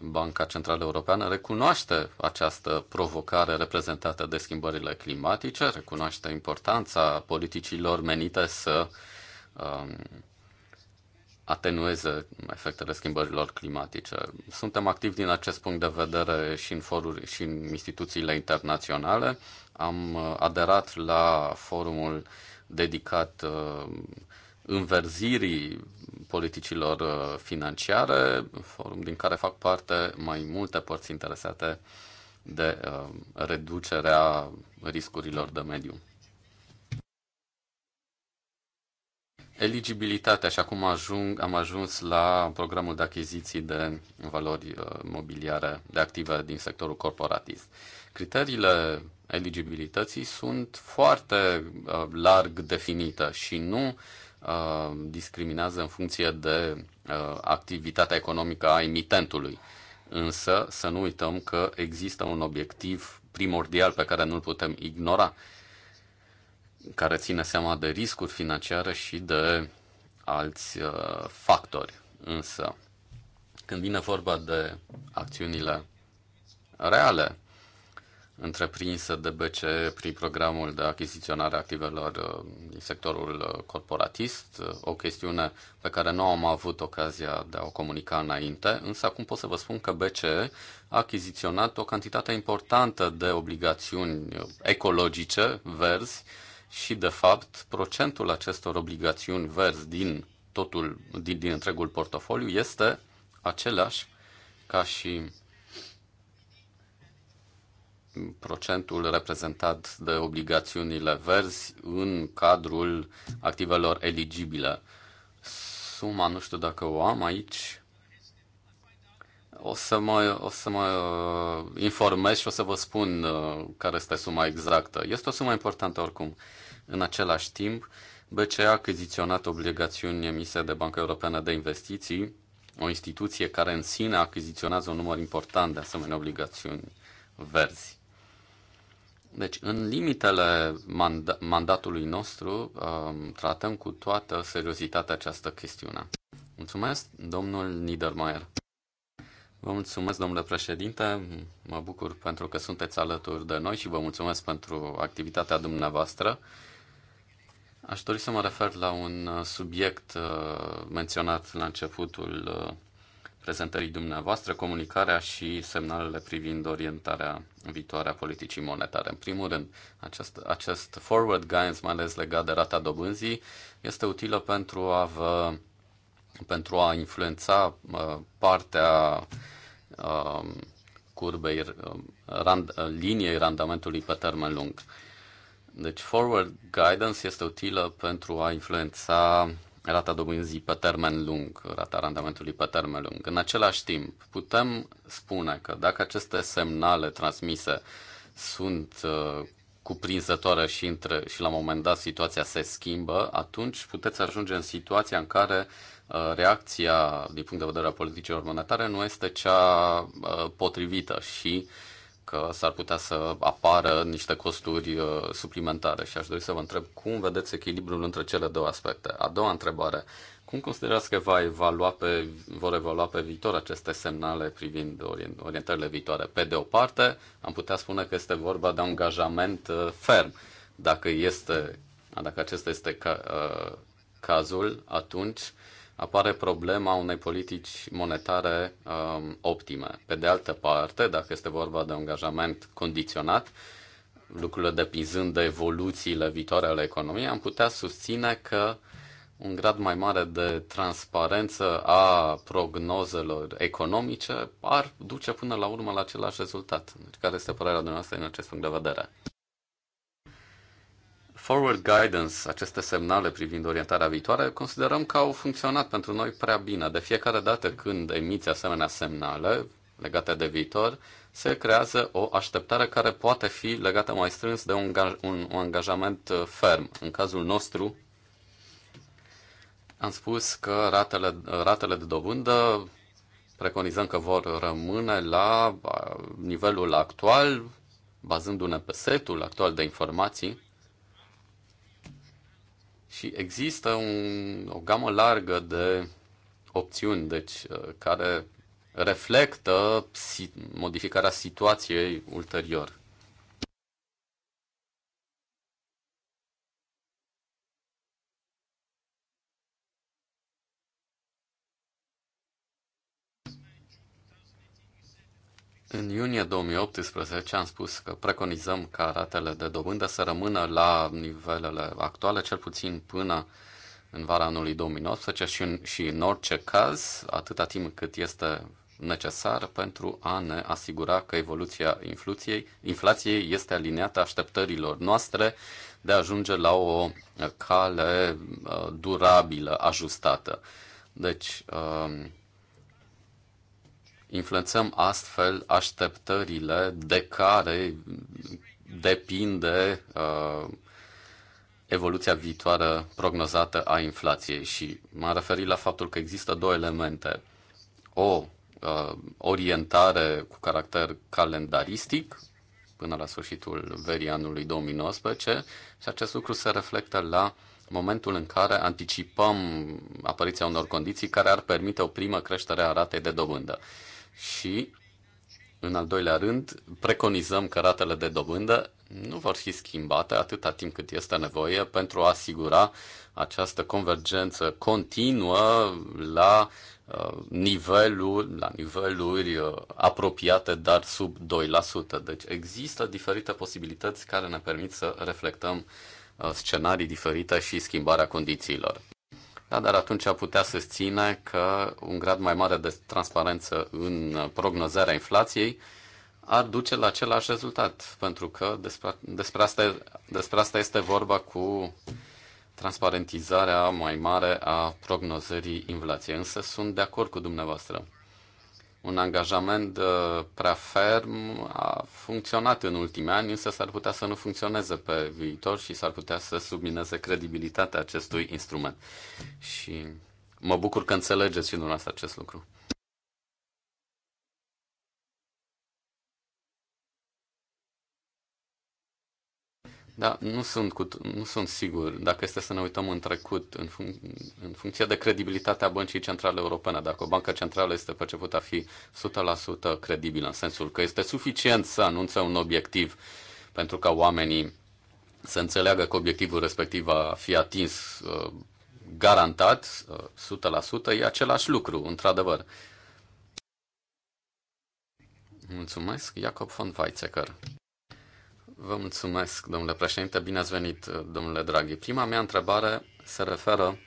S2: Banca Centrală Europeană recunoaște această provocare reprezentată de schimbările climatice, recunoaște importanța politicilor menite să um, atenueze efectele schimbărilor climatice. Suntem activi din acest punct de vedere și în foruri și în instituțiile internaționale. Am uh, aderat la forumul dedicat uh, înverzirii politicilor uh, financiare, forum din care fac parte mai multe părți interesate de uh, reducerea riscurilor de mediu. Eligibilitatea și acum ajung, am ajuns la programul de achiziții de valori uh, mobiliare de active din sectorul corporativ. Criteriile eligibilității sunt foarte larg definite și nu uh, Uh, discriminează în funcție de uh, activitatea economică a emitentului. Însă să nu uităm că există un obiectiv primordial pe care nu-l putem ignora, care ține seama de riscuri financiare și de alți uh, factori. Însă, când vine vorba de acțiunile reale întreprinsă de BCE prin programul de achiziționare a activelor uh, din sectorul uh, corporatist, o chestiune pe care nu am avut ocazia de a o comunica înainte, însă acum pot să vă spun că BCE a achiziționat o cantitate importantă de obligațiuni ecologice, verzi, și de fapt procentul acestor obligațiuni verzi din totul, din, din întregul portofoliu este același ca și procentul reprezentat de obligațiunile verzi în cadrul activelor eligibile. Suma, nu știu dacă o am aici, o să mă, o să mă uh, informez și o să vă spun uh, care este suma exactă. Este o sumă importantă oricum. În același timp, BCE a achiziționat obligațiuni emise de Banca Europeană de Investiții, o instituție care în sine achiziționează un număr important de asemenea obligațiuni verzi. Deci, în limitele mand- mandatului nostru, um, tratăm cu toată seriozitatea această chestiune. Mulțumesc, domnul Niedermayer. Vă mulțumesc, domnule președinte. Mă bucur pentru că sunteți alături de noi și vă mulțumesc pentru activitatea dumneavoastră. Aș dori să mă refer la un subiect uh, menționat la începutul uh, prezentării dumneavoastră, comunicarea și semnalele privind orientarea viitoare a politicii monetare. În primul rând, acest, acest forward guidance, mai ales legat de rata dobânzii, este utilă pentru a vă pentru a influența uh, partea uh, curbei, uh, rand, liniei randamentului pe termen lung. Deci forward guidance este utilă pentru a influența rata dobânzii pe termen lung, rata randamentului pe termen lung. În același timp, putem spune că dacă aceste semnale transmise sunt uh, cuprinzătoare și, între, și la un moment dat situația se schimbă, atunci puteți ajunge în situația în care uh, reacția din punct de vedere a politicilor monetare nu este cea uh, potrivită și că s-ar putea să apară niște costuri uh, suplimentare și aș dori să vă întreb cum vedeți echilibrul între cele două aspecte. A doua întrebare, cum considerați că va evalua pe, vor evalua pe viitor aceste semnale privind orientările viitoare? Pe de o parte, am putea spune că este vorba de un angajament uh, ferm. Dacă, este, dacă acesta este ca, uh, cazul, atunci uh, apare problema unei politici monetare um, optime. Pe de altă parte, dacă este vorba de angajament condiționat, lucrurile depinzând de evoluțiile viitoare ale economiei, am putea susține că un grad mai mare de transparență a prognozelor economice ar duce până la urmă la același rezultat. Deci care este părerea dumneavoastră în acest punct de vedere? forward guidance, aceste semnale privind orientarea viitoare, considerăm că au funcționat pentru noi prea bine. De fiecare dată când emiți asemenea semnale legate de viitor, se creează o așteptare care poate fi legată mai strâns de un, un, un angajament uh, ferm. În cazul nostru, am spus că ratele, ratele de dobândă preconizăm că vor rămâne la uh, nivelul actual, bazându-ne pe setul actual de informații, și există un, o gamă largă de opțiuni, deci uh, care reflectă modificarea situației ulterior. În iunie 2018 am spus că preconizăm ca ratele de dobândă să rămână la nivelele actuale, cel puțin până în vara anului 2019 și în, și în orice caz, atâta timp cât este necesar pentru a ne asigura că evoluția inflației, inflației este aliniată așteptărilor noastre de a ajunge la o cale uh, durabilă, ajustată. Deci, uh, Influențăm astfel așteptările de care depinde uh, evoluția viitoare prognozată a inflației și m-am referit la faptul că există două elemente. O uh, orientare cu caracter calendaristic până la sfârșitul verii anului 2019 și acest lucru se reflectă la momentul în care anticipăm apariția unor condiții care ar permite o primă creștere a ratei de dobândă. Uh, și, în al doilea rând, preconizăm că ratele de dobândă nu vor fi schimbate atâta timp cât este nevoie pentru a asigura această convergență continuă la uh, nivelul, la niveluri uh, apropiate, dar sub 2%. Deci există diferite posibilități care ne permit să reflectăm uh, scenarii diferite și schimbarea condițiilor. Da, dar atunci a putea să ține că un grad mai mare de transparență în prognozarea inflației ar duce la același rezultat, pentru că despre, despre, asta, despre asta este vorba cu transparentizarea mai mare a prognozării inflației. Însă sunt de acord cu dumneavoastră un angajament uh, prea ferm a funcționat în ultimii ani, însă s-ar putea să nu funcționeze pe viitor și s-ar putea să submineze credibilitatea acestui instrument. Și mă bucur că înțelegeți și dumneavoastră acest lucru. Da, nu sunt, cu, nu sunt sigur. Dacă este să ne uităm în trecut, în, func- în funcție de credibilitatea Băncii Centrale Europene, dacă o bancă centrală este percepută a fi 100% credibilă, în sensul că este suficient să anunțe un obiectiv pentru ca oamenii să înțeleagă că obiectivul respectiv va fi atins uh, garantat, uh, 100%, e același lucru, într-adevăr. Mulțumesc, Iacob von Weizsäcker. Vă mulțumesc, domnule președinte. Bine ați venit, domnule Draghi. Prima mea întrebare se referă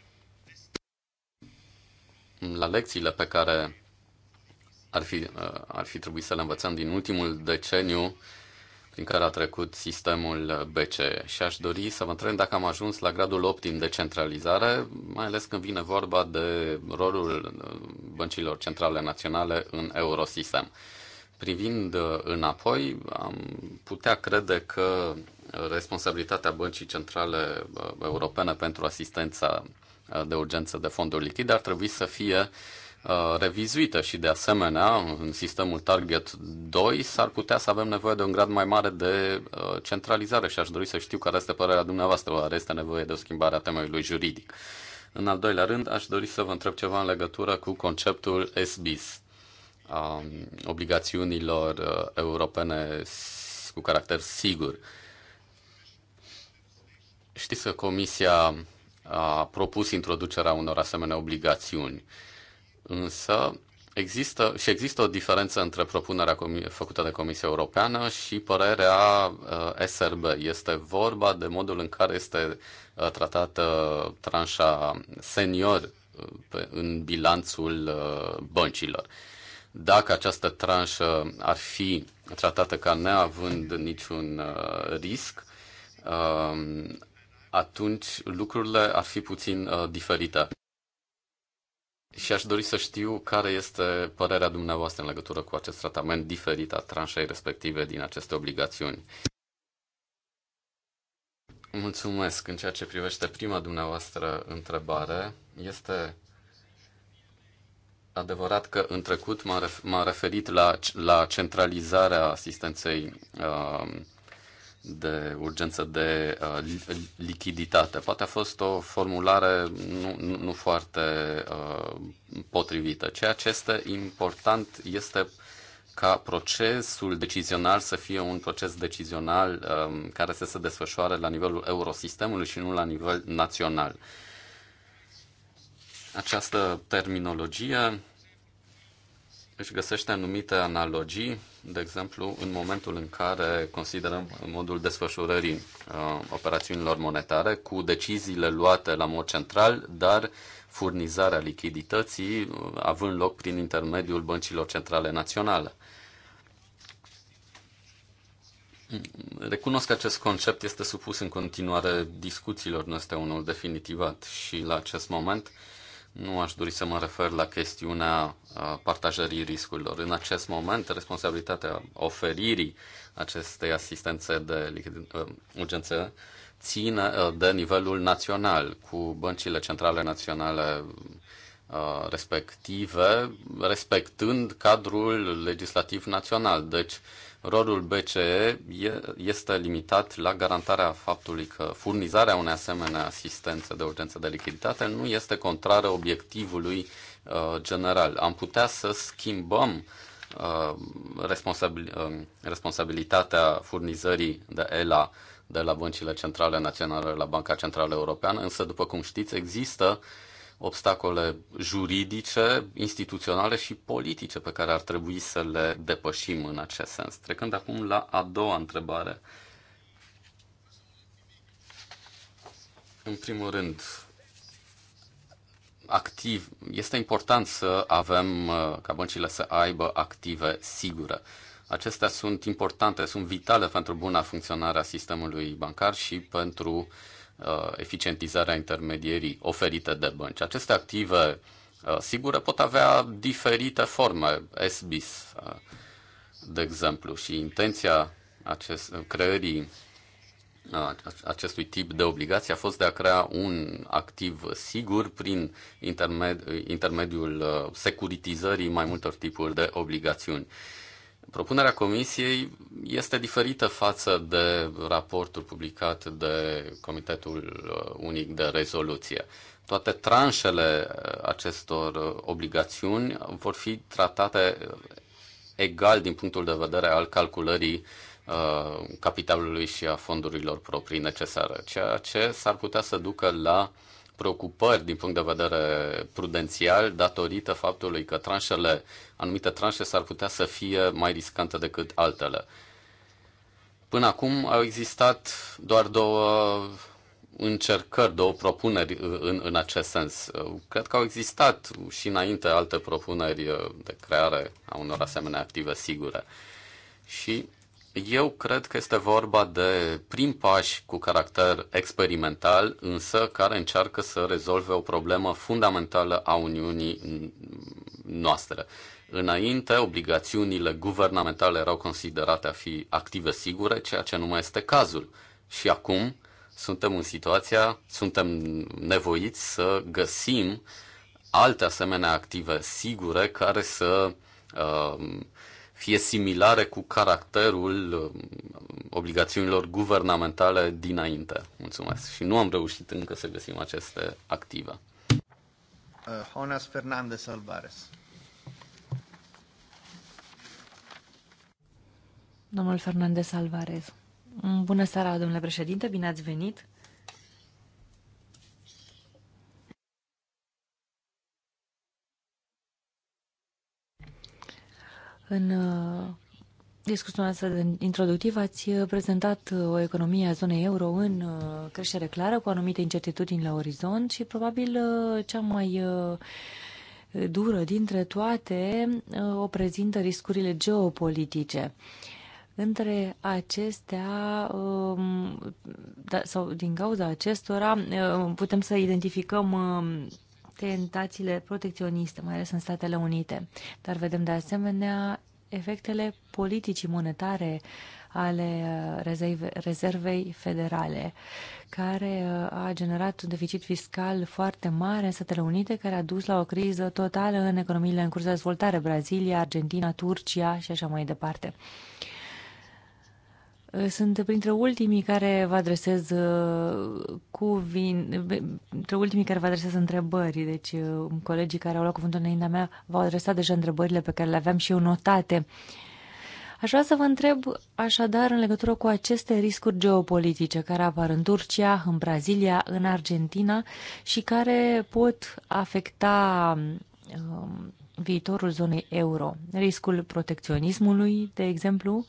S2: la lecțiile pe care ar fi, ar fi trebuit să le învățăm din ultimul deceniu prin care a trecut sistemul BCE. Și aș dori să vă întreb dacă am ajuns la gradul optim de centralizare, mai ales când vine vorba de rolul băncilor centrale naționale în eurosistem. Privind uh, înapoi, am putea crede că responsabilitatea Băncii Centrale uh, Europene pentru asistența uh, de urgență de fonduri lichide ar trebui să fie revizuită și de asemenea în sistemul Target 2 s-ar putea să avem nevoie de un grad mai mare de centralizare și aș dori să știu care este părerea dumneavoastră, oare este nevoie de o schimbare a temeiului juridic. În al doilea rând, aș dori să vă întreb ceva în legătură cu conceptul SBIS um, obligațiunilor uh, europene cu caracter sigur. Știți că Comisia a propus introducerea unor asemenea obligațiuni, însă Există și există o diferență între propunerea făcută de Comisia Europeană și părerea uh, SRB. Este vorba de modul în care este uh, tratată uh, tranșa senior uh, pe, în bilanțul uh, băncilor. Dacă această tranșă ar fi tratată ca neavând niciun uh, risc, um, atunci lucrurile ar fi puțin uh, diferite. Și aș dori să știu care este părerea dumneavoastră în legătură cu acest tratament diferit a tranșei respective din aceste obligațiuni. Mulțumesc. În ceea ce privește prima dumneavoastră întrebare, este adevărat că în trecut m-am, ref- referit la, la centralizarea asistenței uh, de urgență de uh, lichiditate. Poate a fost o formulare nu, nu, foarte uh, potrivită. Ceea ce este important este ca procesul decizional să fie un proces decizional um, care să se desfășoare la nivelul eurosistemului și nu la nivel național. Această terminologie își găsește anumite analogii, de exemplu, în momentul în care considerăm modul desfășurării uh, operațiunilor monetare cu deciziile luate la mod central, dar furnizarea lichidității uh, având loc prin intermediul băncilor centrale naționale. Recunosc că acest concept este supus în continuare discuțiilor, nu este unul definitivat și la acest moment uh, nu aș dori să mă refer la chestiunea partajării riscurilor. În acest moment, responsabilitatea oferirii acestei asistențe de urgență ține de nivelul național, cu băncile centrale naționale respective, respectând cadrul legislativ național. Deci, rolul BCE este limitat la garantarea faptului că furnizarea unei asemenea asistențe de urgență de lichiditate nu este contrară obiectivului uh, general. Am putea să schimbăm uh, uh, responsabilitatea furnizării de ELA de la băncile centrale naționale la Banca Centrală Europeană, însă, după cum știți, există obstacole juridice, instituționale și politice pe care ar trebui să le depășim în acest sens. Trecând acum la a doua întrebare. În primul rând, activ, este important să avem, uh, ca băncile să aibă active sigure. Acestea sunt importante, sunt vitale pentru buna funcționare a sistemului bancar și pentru uh, Uh, eficientizarea intermedierii oferite de bănci. Aceste active uh, sigure pot avea diferite forme, SBIS, uh, de exemplu, și intenția acest, creării acestui tip de obligație a fost de a crea un activ sigur prin intermed, intermediul securitizării mai multor tipuri de obligațiuni. Propunerea Comisiei este diferită față de raportul publicat de Comitetul uh, Unic de Rezoluție. Toate tranșele uh, acestor uh, obligațiuni vor fi tratate egal din punctul de vedere al calculării uh, capitalului și a fondurilor proprii necesare, ceea ce s-ar putea să ducă la preocupări din punct de vedere prudențial datorită faptului că tranșele, anumite tranșe s-ar putea să fie mai riscante decât altele. Până acum au existat doar două încercări, două propuneri uh, în, în acest sens. Uh, cred că au existat și înainte alte propuneri uh, de creare a unor asemenea active sigure. Și eu cred că este vorba de prim pași cu caracter experimental, însă care încearcă să rezolve o problemă fundamentală a Uniunii noastre. Înainte, obligațiunile guvernamentale erau considerate a fi active sigure, ceea ce nu mai este cazul. Și acum suntem în situația, suntem nevoiți să găsim alte asemenea active sigure care să uh, fie similare cu caracterul um, obligațiunilor guvernamentale dinainte. Mulțumesc. Și nu am reușit încă să găsim aceste active.
S1: Uh, Jonas Fernandez Alvarez.
S3: Domnul Fernandez Alvarez. Bună seara, domnule președinte, bine ați venit. În uh, discuția noastră introductivă ați uh, prezentat uh, o economie a zonei euro în creștere clară, cu anumite incertitudini la orizont și probabil cea mai dură dintre toate o prezintă riscurile geopolitice. Între acestea, um, da, sau din cauza acestora, putem să identificăm um, tentațiile protecționiste, mai ales în Statele Unite. Dar vedem de asemenea efectele politicii monetare ale uh, rezervei federale, care uh, a generat un deficit fiscal foarte mare în Statele Unite, care a dus la o criză totală în economiile în curs de dezvoltare, Brazilia, Argentina, Turcia și așa mai departe. Uh, sunt printre ultimii care vă adresez uh, cuvin, printre ultimii care vă adresez întrebări. Deci uh, colegii care au luat cuvântul înaintea mea v-au adresat deja întrebările pe care le aveam și eu notate. Aș vrea să vă întreb așadar în legătură cu aceste riscuri geopolitice care apar în Turcia, în Brazilia, în Argentina și care pot afecta um, viitorul zonei euro. Riscul protecționismului, de exemplu,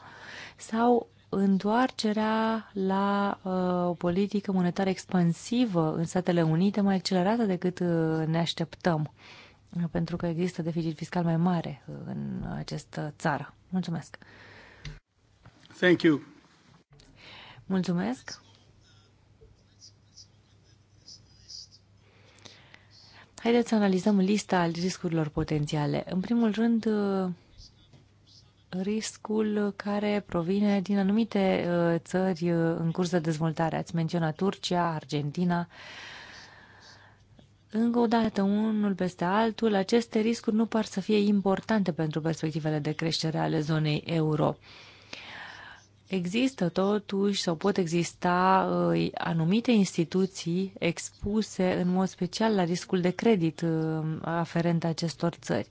S3: sau întoarcerea la uh, o politică monetară expansivă în Statele Unite mai accelerată decât uh, ne așteptăm, pentru că există deficit fiscal mai mare uh, în această țară. Mulțumesc! Thank you! Mulțumesc! Haideți să analizăm lista al riscurilor potențiale. În primul rând, uh, riscul care provine din anumite uh, țări uh, în curs de dezvoltare. Ați menționat Turcia, Argentina. Încă o dată, unul peste altul, aceste riscuri nu par să fie importante pentru perspectivele de creștere ale zonei euro. Există totuși sau pot exista uh, anumite instituții expuse în mod special la riscul de credit aferent acestor țări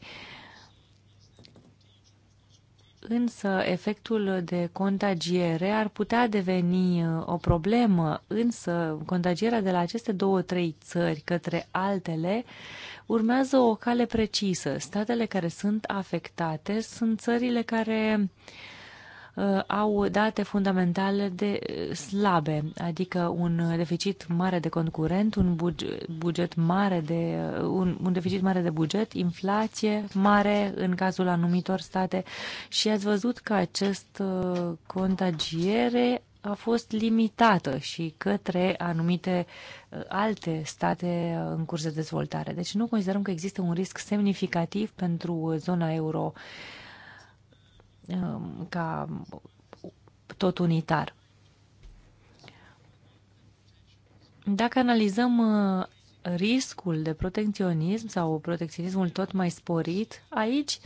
S3: însă efectul de contagiere ar putea deveni uh, o problemă, însă contagierea de la aceste două, trei țări către altele urmează o cale precisă. Statele care sunt afectate sunt țările care uh, Uh, au date fundamentale de uh, slabe, adică un deficit mare de concurent, un buget mare de uh, un, un deficit mare de buget, inflație mare în cazul anumitor state și ați văzut că acest contagiere a fost limitată și către anumite alte state în curs de dezvoltare. Deci nu considerăm că există un risc semnificativ pentru zona euro uh, Um, ca tot unitar. Dacă analizăm uh, riscul de protecționism sau protecționismul tot mai sporit, aici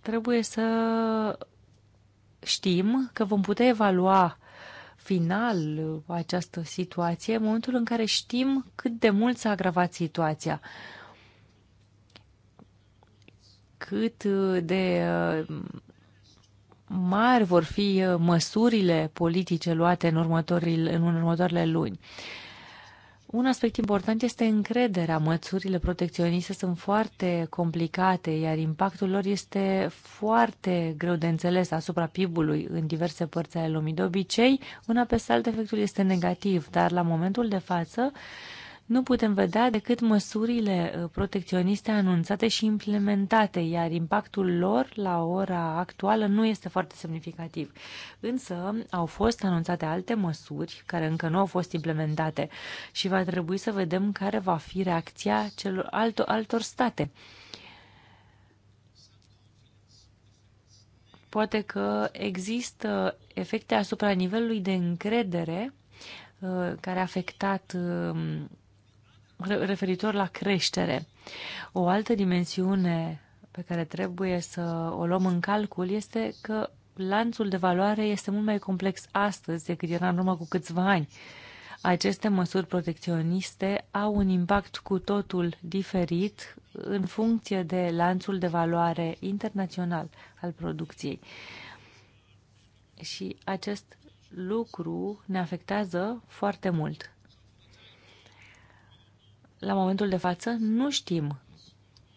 S3: trebuie să știm că vom putea evalua final această situație în momentul în care știm cât de mult s-a agravat situația cât uh, de uh, mari vor fi uh, măsurile politice luate în, în următoarele luni. Un aspect important este încrederea. Măsurile protecționiste sunt foarte complicate, iar impactul lor este foarte greu de înțeles asupra PIB-ului în diverse părți ale lumii. De obicei, una pe alt efectul este negativ, dar la momentul de față, uh, nu putem vedea decât măsurile uh, protecționiste anunțate și implementate, iar impactul lor la ora actuală nu este foarte semnificativ. Însă au fost anunțate alte măsuri care încă nu au fost implementate și va trebui să vedem care va fi reacția celor altor, altor state. Poate că există efecte asupra nivelului de încredere uh, care a afectat um, referitor la creștere. O altă dimensiune pe care trebuie să o luăm în calcul este că lanțul de valoare este mult mai complex astăzi decât era în urmă cu câțiva ani. Aceste măsuri protecționiste au un impact cu totul diferit în funcție de lanțul de valoare internațional al producției. Și acest lucru ne afectează foarte mult la momentul de față nu știm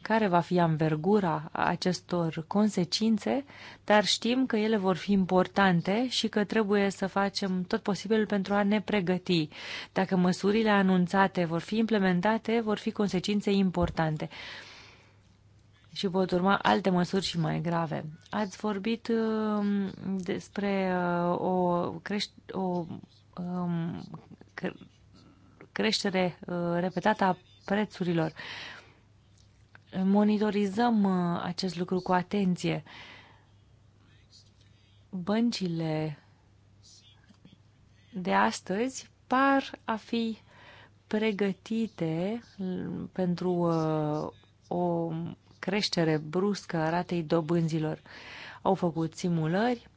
S3: care va fi amvergura acestor consecințe, dar știm că ele vor fi importante și că trebuie să facem tot posibilul pentru a ne pregăti. Dacă măsurile anunțate vor fi implementate, vor fi consecințe importante și pot urma alte măsuri și mai grave. Ați vorbit um, despre uh, o, creș- o um, creștere uh, repetată a prețurilor. Monitorizăm uh, acest lucru cu atenție. Băncile de astăzi par a fi pregătite uh, pentru o creștere bruscă a ratei dobânzilor. Au făcut simulări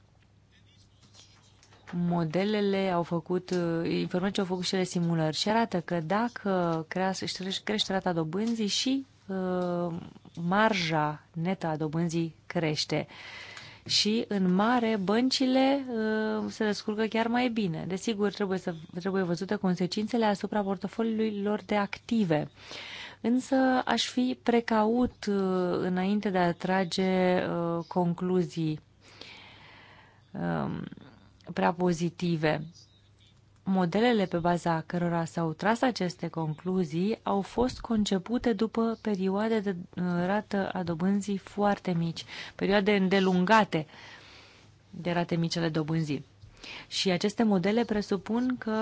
S3: modelele au făcut, uh, informații au făcut și ele simulări și arată că dacă crește rata dobânzii și uh, marja netă a dobânzii crește. Și în mare băncile uh, se descurcă chiar mai bine. Desigur, trebuie, să, trebuie văzute consecințele asupra portofoliului lor de active. Însă aș fi precaut uh, înainte de a trage uh, concluzii. Uh, prea pozitive. Modelele pe baza cărora s-au tras aceste concluzii au fost concepute după perioade de uh, rată a dobânzii foarte mici, perioade îndelungate de rate mici ale dobânzii. Și aceste modele presupun că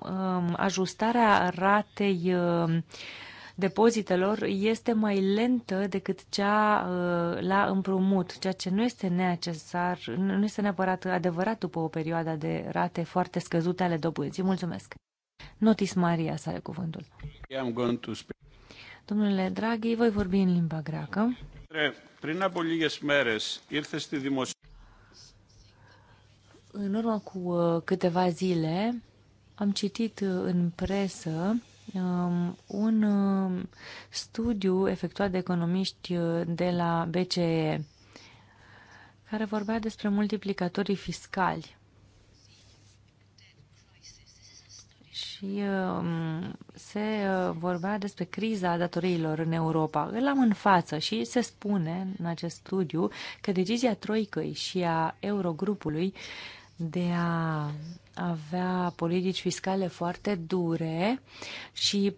S3: um, ajustarea ratei um, depozitelor este mai lentă decât cea uh, la împrumut, ceea ce nu este necesar, nu este neapărat adevărat după o perioadă de rate foarte scăzute ale dobânzii. Mulțumesc! Notis Maria să are cuvântul. Domnule Draghi, voi vorbi în limba greacă. Prin În urmă cu uh, câteva zile am citit uh, în presă un um, studiu efectuat de economiști uh, de la BCE care vorbea despre multiplicatorii fiscali. Și um, se uh, vorbea despre criza datoriilor în Europa. Îl am în față și se spune în acest studiu că decizia Troicăi și a Eurogrupului de a avea politici fiscale foarte dure și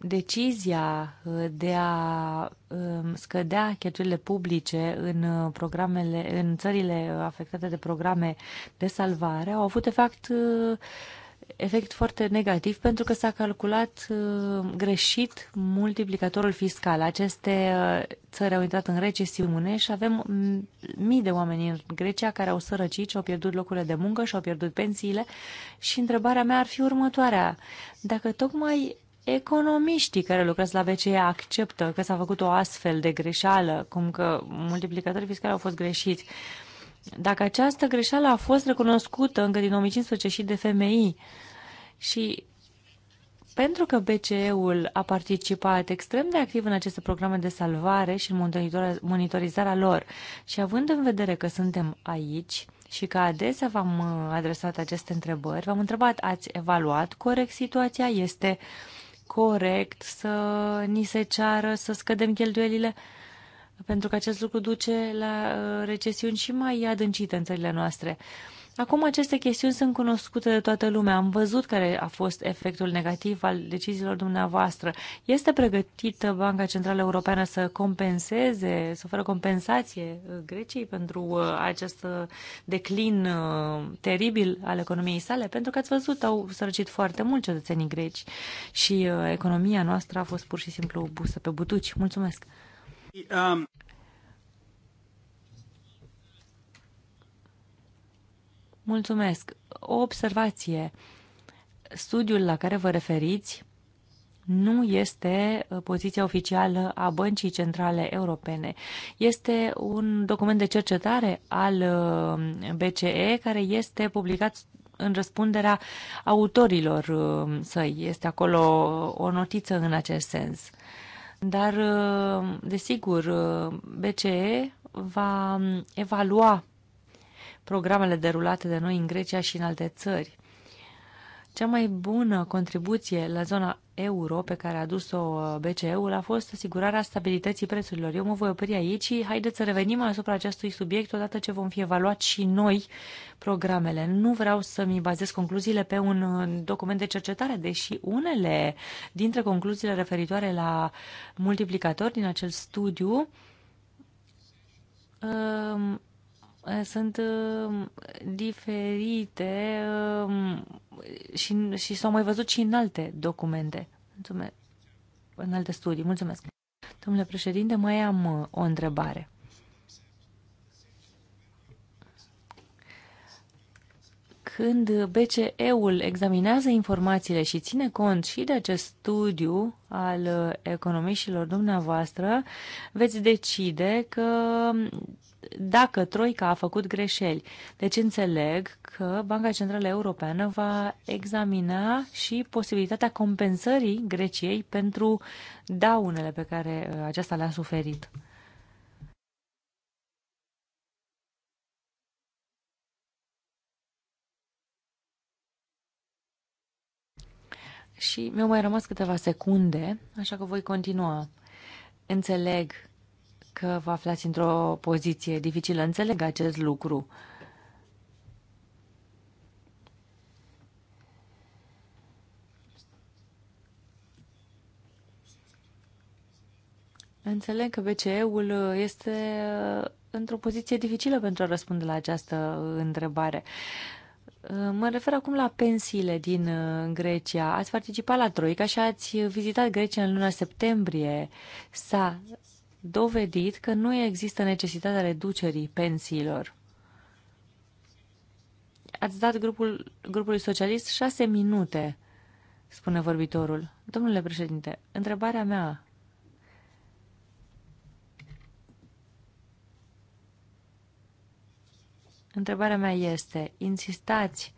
S3: decizia uh, de a um, scădea cheltuielile publice în, uh, programele, în țările afectate de programe de salvare au avut efect efect foarte negativ pentru că s-a calculat uh, greșit multiplicatorul fiscal. Aceste uh, țări au intrat în recesiune și avem mm, mii de oameni în Grecia care au sărăcit și au pierdut locurile de muncă și au pierdut pensiile. Și întrebarea mea ar fi următoarea. Dacă tocmai economiștii care lucrează la BCE acceptă că s-a făcut o astfel de greșeală, cum că multiplicatorul fiscal au fost greșiți, uh, dacă această greșeală a fost recunoscută încă din 2015 și de FMI și pentru că BCE-ul a participat extrem de activ în aceste programe de salvare și în monitorizarea lor și având în vedere că suntem aici și că adesea v-am uh, adresat aceste întrebări, v-am întrebat, ați evaluat corect situația? Este corect să ni se ceară să scădem cheltuielile? Uh, pentru că acest lucru duce la uh, recesiuni și mai adâncite în țările noastre. Acum aceste chestiuni sunt cunoscute de toată lumea. Am văzut care a fost efectul negativ al deciziilor dumneavoastră. Este pregătită Banca Centrală Europeană să compenseze, să oferă compensație uh, Greciei pentru uh, acest declin teribil al economiei sale? Pentru că ați văzut, au sărăcit foarte mult cetățenii greci și economia noastră a fost pur și simplu pusă pe butuci. Mulțumesc! Um... Mulțumesc. O observație. Studiul la care vă referiți nu este uh, poziția oficială a Băncii Centrale Europene. Este un document de cercetare al uh, BCE care este publicat în răspunderea autorilor uh, săi. Este acolo o notiță în acest sens. Dar, uh, desigur, uh, BCE va um, evalua programele derulate de noi în Grecia și în alte țări. Cea mai bună contribuție la zona euro pe care a dus o uh, BCE-ul a fost asigurarea stabilității prețurilor. Eu mă voi opri aici și haideți să revenim asupra acestui subiect odată ce vom fi evaluat și noi programele. Nu vreau să-mi bazez concluziile pe un uh, document de cercetare, deși unele dintre concluziile referitoare la multiplicatori din acel studiu uh, Eh, sunt ehm, diferite ehm, și, și s-au mai văzut și în alte documente, Mulțumesc. în alte studii. Mulțumesc. Domnule președinte, mai am uh, o întrebare. Când BCE-ul examinează informațiile și ține cont și de acest studiu al uh, economiștilor dumneavoastră, veți decide că dacă Troica a făcut greșeli. Deci înțeleg că Banca Centrală Europeană va examina și posibilitatea compensării Greciei pentru daunele pe care uh, aceasta le-a suferit. Și mi-au mai rămas câteva secunde, așa că voi continua. Înțeleg că vă aflați într-o poziție dificilă. Înțeleg acest lucru. Înțeleg că BCE-ul este uh, într-o poziție dificilă pentru a răspunde la această întrebare. Uh, mă refer acum la pensiile din uh, Grecia. Ați participat la Troica și ați vizitat Grecia în luna septembrie. S-a dovedit că nu există necesitatea reducerii pensiilor. Ați dat grupul, grupului socialist șase minute, spune vorbitorul. Domnule președinte, întrebarea mea Întrebarea mea este, insistați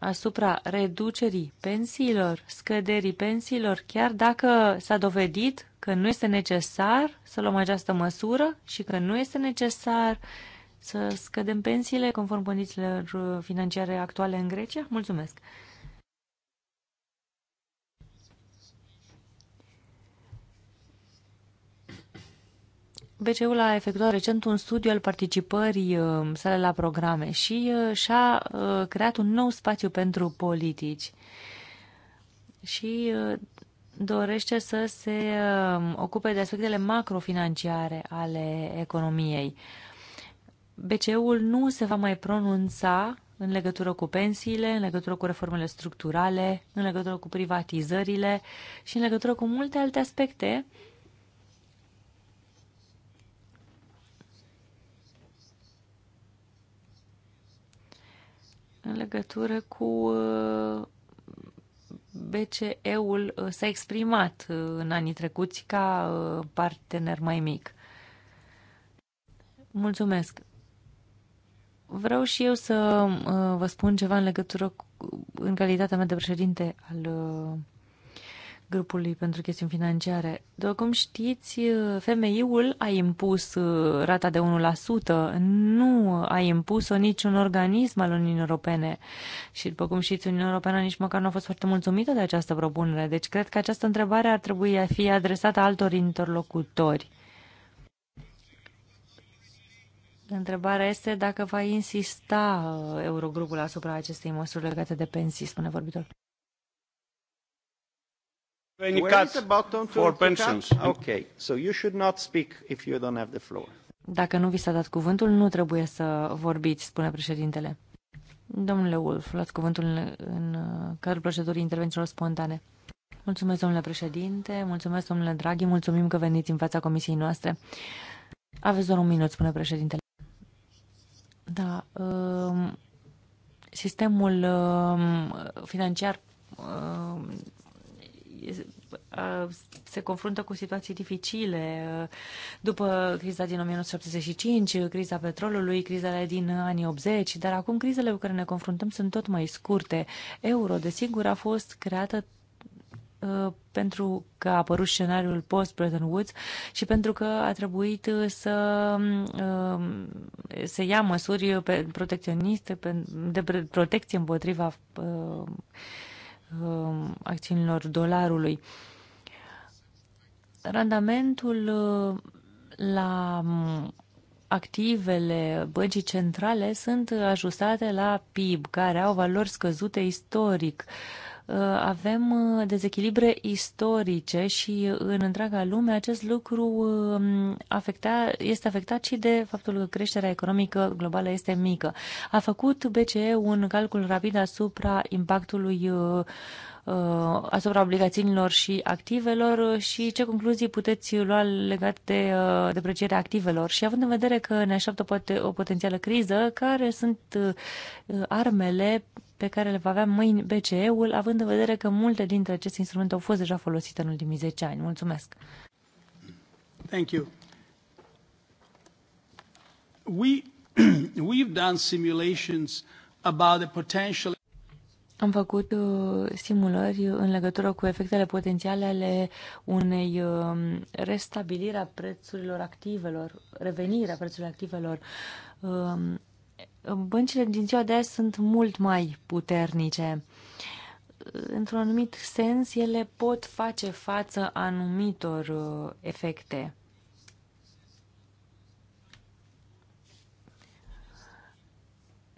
S3: asupra reducerii pensiilor, scăderii pensiilor, chiar dacă s-a dovedit că nu este necesar să luăm această măsură și că nu este necesar să scădem pensiile conform condițiilor financiare actuale în Grecia? Mulțumesc! BCU-ul a efectuat recent un studiu al participării uh, sale la programe și uh, și-a uh, creat un nou spațiu pentru politici și dorește să se ocupe de aspectele macrofinanciare ale economiei. BCE-ul nu se va mai pronunța în legătură cu pensiile, în legătură cu reformele structurale, în legătură cu privatizările și în legătură cu multe alte aspecte în legătură cu uh, BCE-ul uh, s-a exprimat uh, în anii trecuți ca partener mai mic. Mulțumesc. Vreau și eu să vă spun ceva în legătură cu, în calitatea mea de președinte al grupului pentru chestiuni financiare. După cum știți, FMI-ul a impus uh, rata de 1%, nu a impus-o niciun organism al Uniunii Europene. Și după cum știți, Uniunea Europeană nici măcar nu a fost foarte mulțumită de această propunere. Deci cred că această întrebare ar trebui a fi adresată altor interlocutori. Întrebarea este dacă va insista uh, Eurogrupul asupra acestei măsuri legate de pensii, spune vorbitorul.
S1: Any cuts for pensions. Okay, so you should not speak if you don't have the floor.
S3: Dacă nu vi s-a dat cuvântul, nu trebuie să vorbiți, spune președintele. Domnule Wolf, luați cuvântul în, în uh, cadrul procedurii intervențiilor spontane. Mulțumesc, domnule președinte, mulțumesc, domnule Draghi, mulțumim că veniți în fața comisiei noastre. Aveți doar un minut, spune președintele. Da, um, sistemul um, financiar um, Uh, se confruntă cu situații dificile uh, după criza din 1975, criza petrolului, crizele din anii 80, dar acum crizele cu care ne confruntăm sunt tot mai scurte. Euro, desigur, a fost creată uh, pentru că a apărut scenariul post-Bretton Woods și pentru că a trebuit să um, se ia măsuri protecționiste de protecție împotriva um, acțiunilor dolarului. Randamentul uh, la mm, activele băncii centrale sunt ajustate la PIB, care au valori scăzute istoric. Uh, avem uh, dezechilibre istorice și în întreaga lume acest lucru afecta, este afectat și de faptul că creșterea economică globală este mică. A făcut BCE un calcul rapid asupra impactului Uh, asupra obligațiunilor și activelor uh, și ce concluzii puteți lua legat de uh, deprecierea activelor. Și având în vedere că ne așteaptă poate o potențială criză, care sunt armele pe care le va avea mâini BCE-ul, având în vedere că multe dintre aceste instrumente au fost deja folosite în ultimii 10 ani. Mulțumesc!
S1: Thank you. We, [CLEARS THROAT] we've done simulations about the potential
S3: am făcut uh, simulări în legătură cu efectele potențiale ale unei um, restabilire a prețurilor activelor, revenirea prețurilor activelor. Um, băncile din ziua de azi sunt mult mai puternice. Într-un anumit sens, ele pot face față anumitor uh, efecte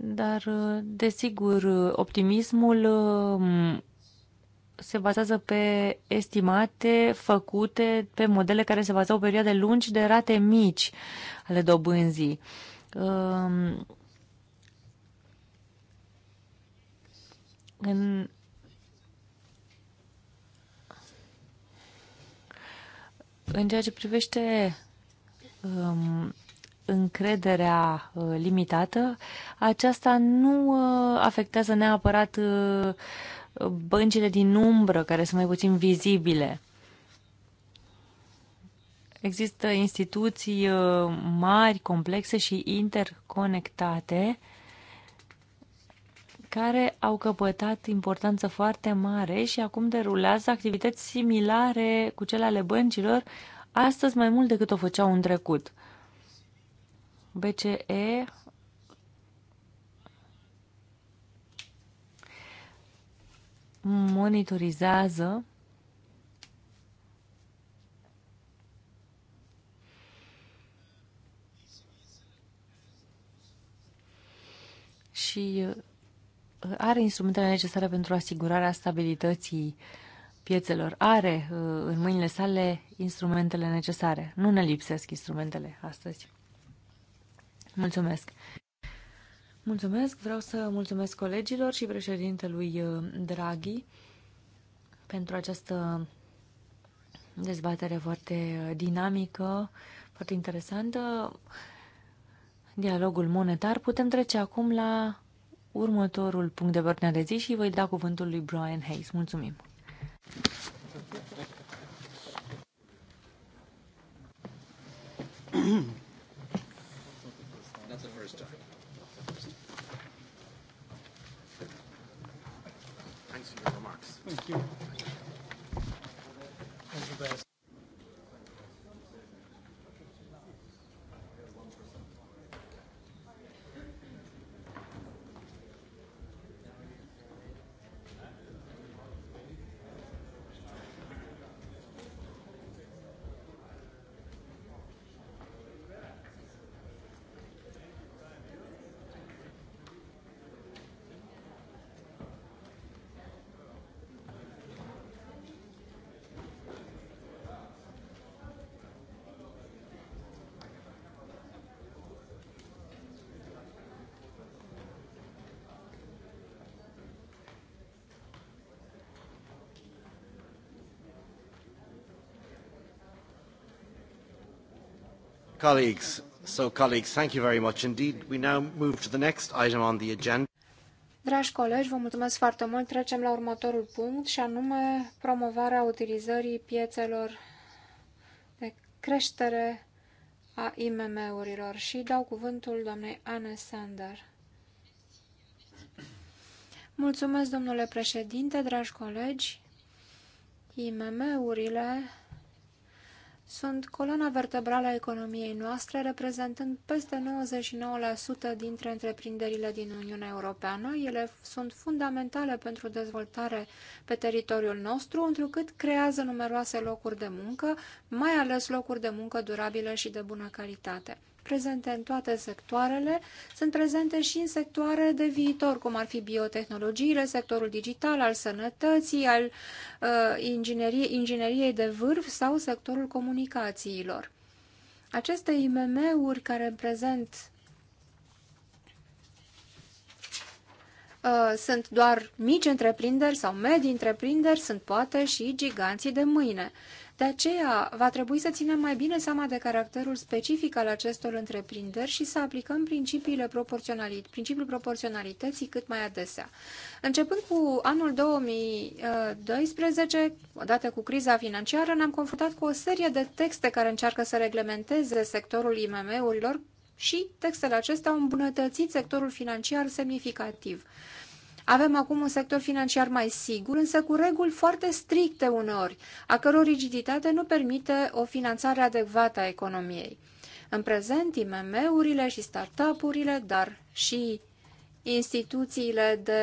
S3: Dar, uh, desigur, optimismul uh, se bazează pe estimate făcute pe modele care se bazau pe perioade lungi de rate mici ale dobânzii. Um, în în ceea ce privește um, încrederea uh, limitată, aceasta nu uh, afectează neapărat uh, băncile din umbră, care sunt mai puțin vizibile. Există instituții mari, complexe și interconectate care au căpătat importanță foarte mare și acum derulează activități similare cu cele ale băncilor, astăzi mai mult decât o făceau în trecut. BCE monitorizează și uh, are instrumentele necesare pentru asigurarea stabilității piețelor. Are uh, în mâinile sale instrumentele necesare. Nu ne lipsesc instrumentele astăzi. Mulțumesc! Mulțumesc! Vreau să mulțumesc colegilor și președintelui uh, Draghi pentru această dezbatere foarte uh, dinamică, foarte interesantă. Dialogul monetar. Putem trece acum la următorul punct de ordine de zi și voi da cuvântul lui Brian Hayes. Mulțumim!
S1: [CLEARS THROAT]
S2: Colleagues, so colleagues, thank you very much indeed. We now move to the next item on the agenda.
S4: Dragi colegi, vă mulțumesc foarte mult. Trecem la următorul punct și anume promovarea utilizării piețelor de creștere a IMM-urilor și dau cuvântul doamnei Anne Sander. Mulțumesc, domnule președinte, dragi colegi. IMM-urile sunt coloana vertebrală a economiei noastre, reprezentând peste 99% dintre întreprinderile din Uniunea Europeană. Ele sunt fundamentale pentru dezvoltare pe teritoriul nostru, întrucât creează numeroase locuri de muncă, mai ales locuri de muncă durabile și de bună calitate prezente în toate sectoarele, sunt prezente și în sectoare de viitor, cum ar fi biotehnologiile, sectorul digital, al sănătății, al uh, inginerie, ingineriei de vârf sau sectorul comunicațiilor. Aceste IMM-uri care în prezent uh, sunt doar mici întreprinderi sau medii întreprinderi, sunt poate și giganții de mâine. De aceea, va trebui să ținem mai bine seama de caracterul specific al acestor întreprinderi și să aplicăm principiile proporționali principiul proporționalității cât mai adesea. Începând cu anul 2012, uh, odată cu criza financiară, ne-am confruntat cu o serie de texte care încearcă să reglementeze sectorul IMM-urilor și textele acestea au îmbunătățit sectorul financiar semnificativ. Avem acum un sector financiar mai sigur, însă cu reguli foarte stricte uneori, a căror rigiditate nu permite o finanțare adecvată a economiei. În prezent, IMM-urile și startup-urile, dar și instituțiile de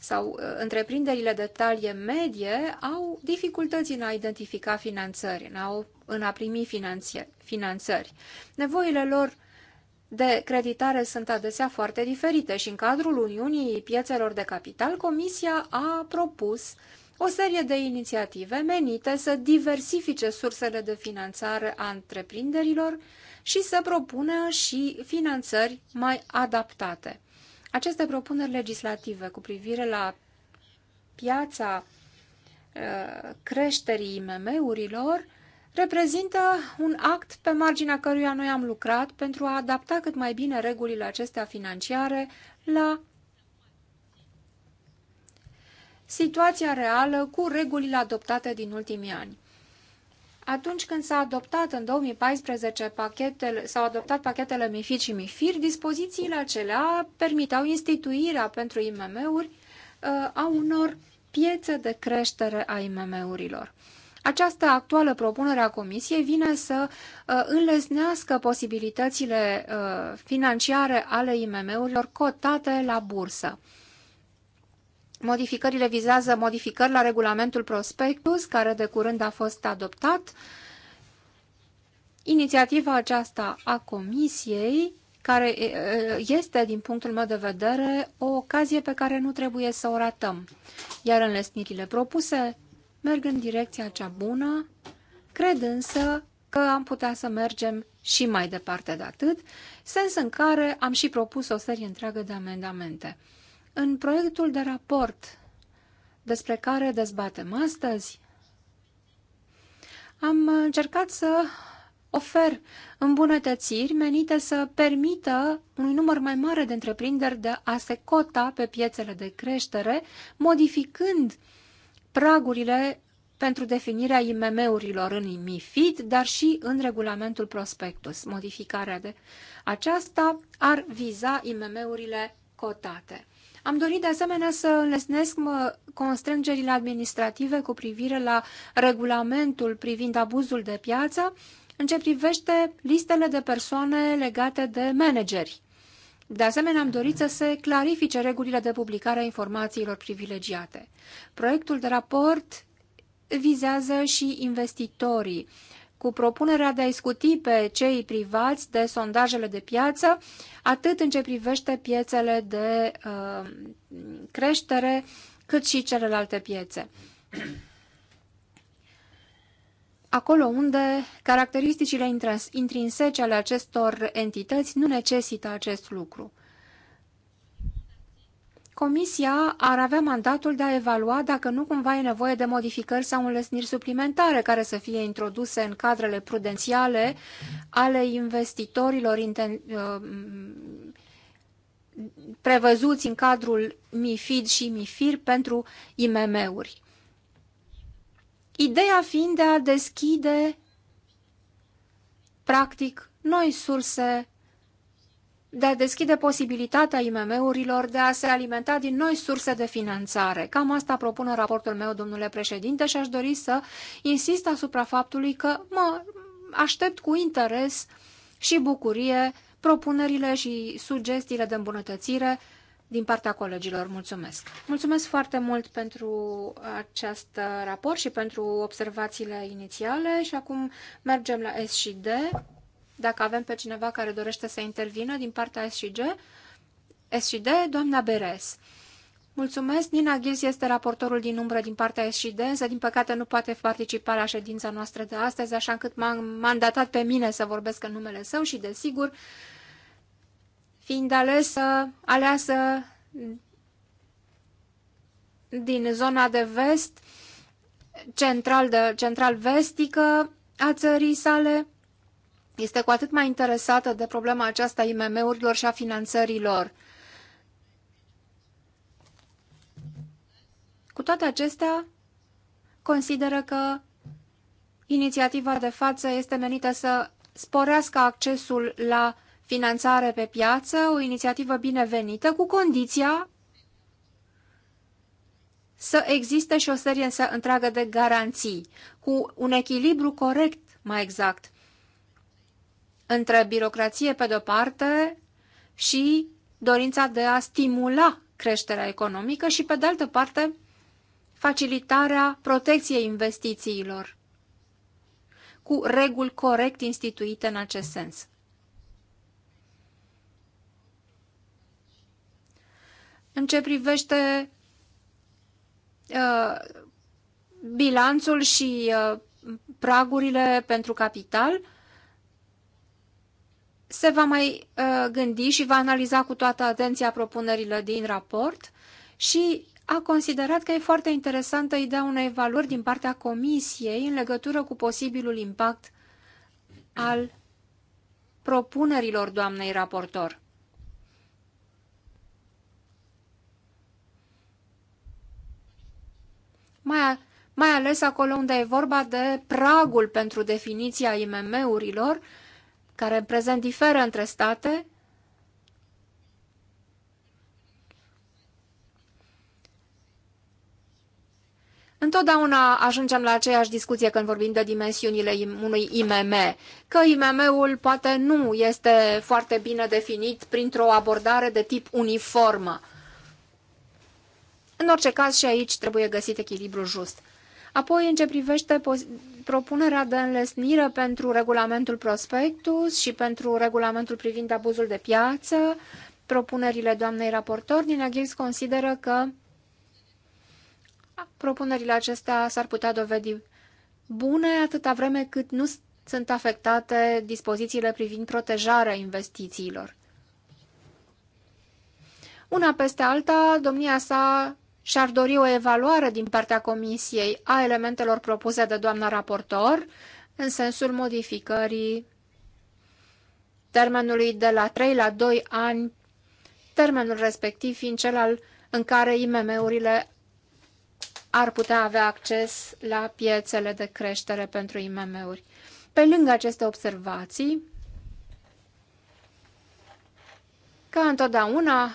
S4: sau ă, întreprinderile de talie medie au dificultăți în a identifica finanțări, în a, în a primi finanțări. Nevoile lor de creditare sunt adesea foarte diferite și în cadrul Uniunii Piețelor de Capital, Comisia a propus o serie de inițiative menite să diversifice sursele de finanțare a întreprinderilor și să propună și finanțări mai adaptate. Aceste propuneri legislative cu privire la piața uh, creșterii IMM-urilor reprezintă un act pe marginea căruia noi am lucrat pentru a adapta cât mai bine regulile acestea financiare la situația reală cu regulile adoptate din ultimii ani. Atunci când s-a adoptat în 2014 pachetele, s-au adoptat pachetele MIFID și MIFIR, dispozițiile acelea permiteau instituirea pentru IMM-uri uh, a unor piețe de creștere a IMM-urilor. Această actuală propunere a Comisiei vine să uh, înlesnească posibilitățile uh, financiare ale IMM-urilor cotate la bursă. Modificările vizează modificări la regulamentul prospectus, care de curând a fost adoptat. Inițiativa aceasta a Comisiei, care uh, este, din punctul meu de vedere, o ocazie pe care nu trebuie să o ratăm. Iar înlesnirile propuse merg în direcția cea bună, cred însă că am putea să mergem și mai departe de atât, sens în care am și propus o serie întreagă de amendamente. În proiectul de raport despre care dezbatem astăzi, am încercat să ofer îmbunătățiri menite să permită unui număr mai mare de întreprinderi de a se cota pe piețele de creștere, modificând uh, pragurile pentru definirea IMM-urilor în MIFID, dar și în regulamentul prospectus. Modificarea de aceasta ar viza IMM-urile cotate. Am dorit de asemenea să înlesnesc constrângerile administrative cu privire la regulamentul privind abuzul de piață în ce privește listele de persoane legate de manageri. De asemenea, am dorit să se clarifice regulile de publicare a informațiilor privilegiate. Proiectul de raport vizează și investitorii, cu propunerea de a discuti pe cei privați de sondajele de piață, atât în ce privește piețele de uh, creștere, cât și celelalte piețe acolo unde caracteristicile intrinsece ale acestor entități nu necesită acest lucru. Comisia ar avea mandatul de a evalua dacă nu cumva e nevoie de modificări sau înlesniri suplimentare care să fie introduse în cadrele prudențiale ale investitorilor uh, prevăzuți în cadrul MIFID și MIFIR pentru IMM-uri. Ideea fiind de a deschide, practic, noi surse, de a deschide posibilitatea IMM-urilor de a se alimenta din noi surse de finanțare. Cam asta propune raportul meu, domnule președinte, și aș dori să insist asupra faptului că mă aștept cu interes și bucurie propunerile și sugestiile de îmbunătățire din partea colegilor. Mulțumesc! Mulțumesc foarte mult pentru acest raport și pentru observațiile inițiale și acum mergem la S și D. Dacă avem pe cineva care dorește să intervină din partea S și G, S și D, doamna Beres. Mulțumesc, Nina Ghis este raportorul din umbră din partea SCD, însă din păcate nu poate participa la ședința noastră de astăzi, așa încât m-am mandatat pe mine să vorbesc în numele său și, desigur, fiind alesă, aleasă din zona de vest, central, de, central vestică a țării sale, este cu atât mai interesată de problema aceasta IMM-urilor și a finanțărilor. Cu toate acestea, consideră că inițiativa de față este menită să sporească accesul la uh, Finanțare pe piață, o inițiativă binevenită, cu condiția să existe și o serie însă întreagă de garanții, cu un echilibru corect, mai exact, între birocrație pe de-o parte și dorința de a stimula creșterea economică și, pe de altă parte, facilitarea protecției investițiilor, cu reguli corect instituite în acest sens. în ce privește uh, bilanțul și uh, pragurile pentru capital, se va mai uh, gândi și va analiza cu toată atenția propunerile din raport și a considerat că e foarte interesantă ideea unei valori din partea Comisiei în legătură cu posibilul impact al propunerilor doamnei raportor. mai, mai ales acolo unde e vorba de pragul pentru definiția IMM-urilor, care în prezent diferă între state, Întotdeauna ajungem la aceeași discuție când vorbim de dimensiunile unui IMM, că IMM-ul poate nu este foarte bine definit printr-o abordare de tip uniformă. În orice caz și aici trebuie găsit echilibru just. Apoi, în ce privește propunerea de înlesnire pentru regulamentul prospectus și pentru regulamentul privind abuzul de piață, propunerile doamnei raportor, din Aghils consideră că propunerile acestea s-ar putea dovedi bune atâta vreme cât nu sunt afectate dispozițiile privind protejarea investițiilor. Una peste alta, domnia sa și-ar dori o evaluare din partea Comisiei a elementelor propuse de doamna raportor în sensul modificării termenului de la 3 la 2 ani, termenul respectiv fiind cel al, în care IMM-urile ar putea avea acces la piețele de creștere pentru IMM-uri. Pe lângă aceste observații, ca întotdeauna,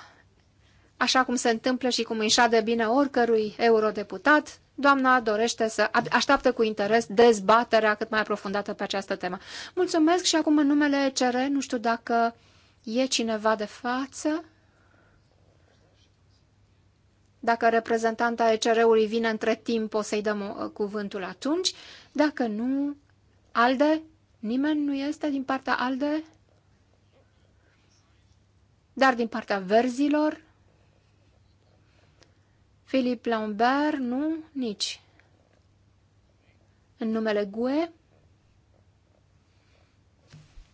S4: așa cum se întâmplă și cum îi de bine oricărui eurodeputat, doamna dorește să așteaptă cu interes dezbaterea cât mai aprofundată pe această temă. Mulțumesc și acum în numele CR, nu știu dacă e cineva de față. Dacă reprezentanta ECR-ului vine între timp, o să-i dăm uh, cuvântul atunci. Dacă nu, ALDE? Nimeni nu este din partea ALDE? Dar din partea verzilor? Philip Lambert, nu, nici. În numele GUE,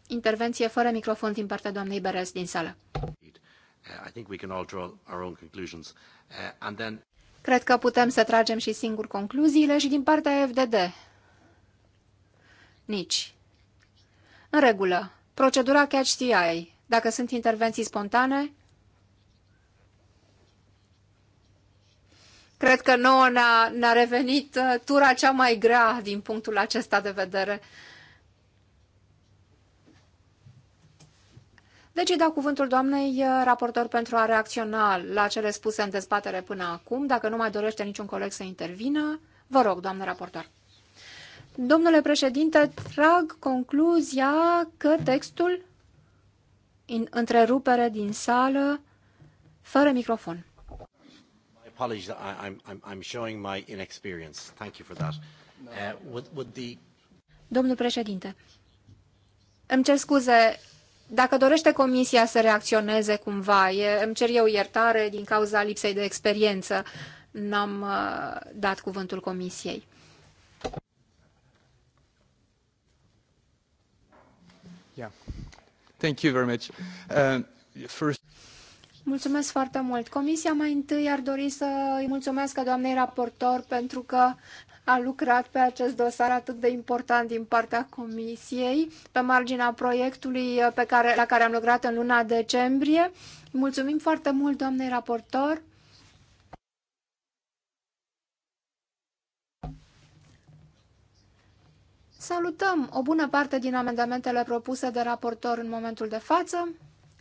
S4: intervenție fără microfon din partea doamnei Berez din sală.
S2: Uh, uh,
S4: Cred că putem să tragem și singur concluziile și din partea FDD. Nici. În regulă. Procedura catch-TI. Dacă sunt intervenții spontane, Cred că nouă ne-a, ne-a revenit uh, tura cea mai grea din punctul acesta de vedere. Deci îi dau cuvântul doamnei uh, raportor pentru a reacționa la cele spuse în dezbatere până acum. Dacă nu mai dorește niciun coleg să intervină, vă rog, doamnă raportor. Domnule președinte, trag concluzia că textul în întrerupere din sală fără microfon
S2: apologies, I, I'm, I'm, I'm showing my inexperience. Thank you for that. Uh, would, would the...
S4: Domnul președinte, îmi cer scuze, dacă dorește comisia să reacționeze cumva, e, îmi cer eu iertare din cauza lipsei de experiență. N-am uh, dat cuvântul comisiei.
S1: Yeah. Thank you very much. Uh, first...
S4: Mulțumesc foarte mult. Comisia mai întâi ar dori să îi mulțumesc doamnei raportor pentru că a lucrat pe acest dosar atât de important din partea Comisiei, pe marginea proiectului uh, pe care, la care am lucrat în luna decembrie. Mulțumim foarte mult, doamnei raportor. Salutăm o bună parte din amendamentele propuse de raportor în momentul de față.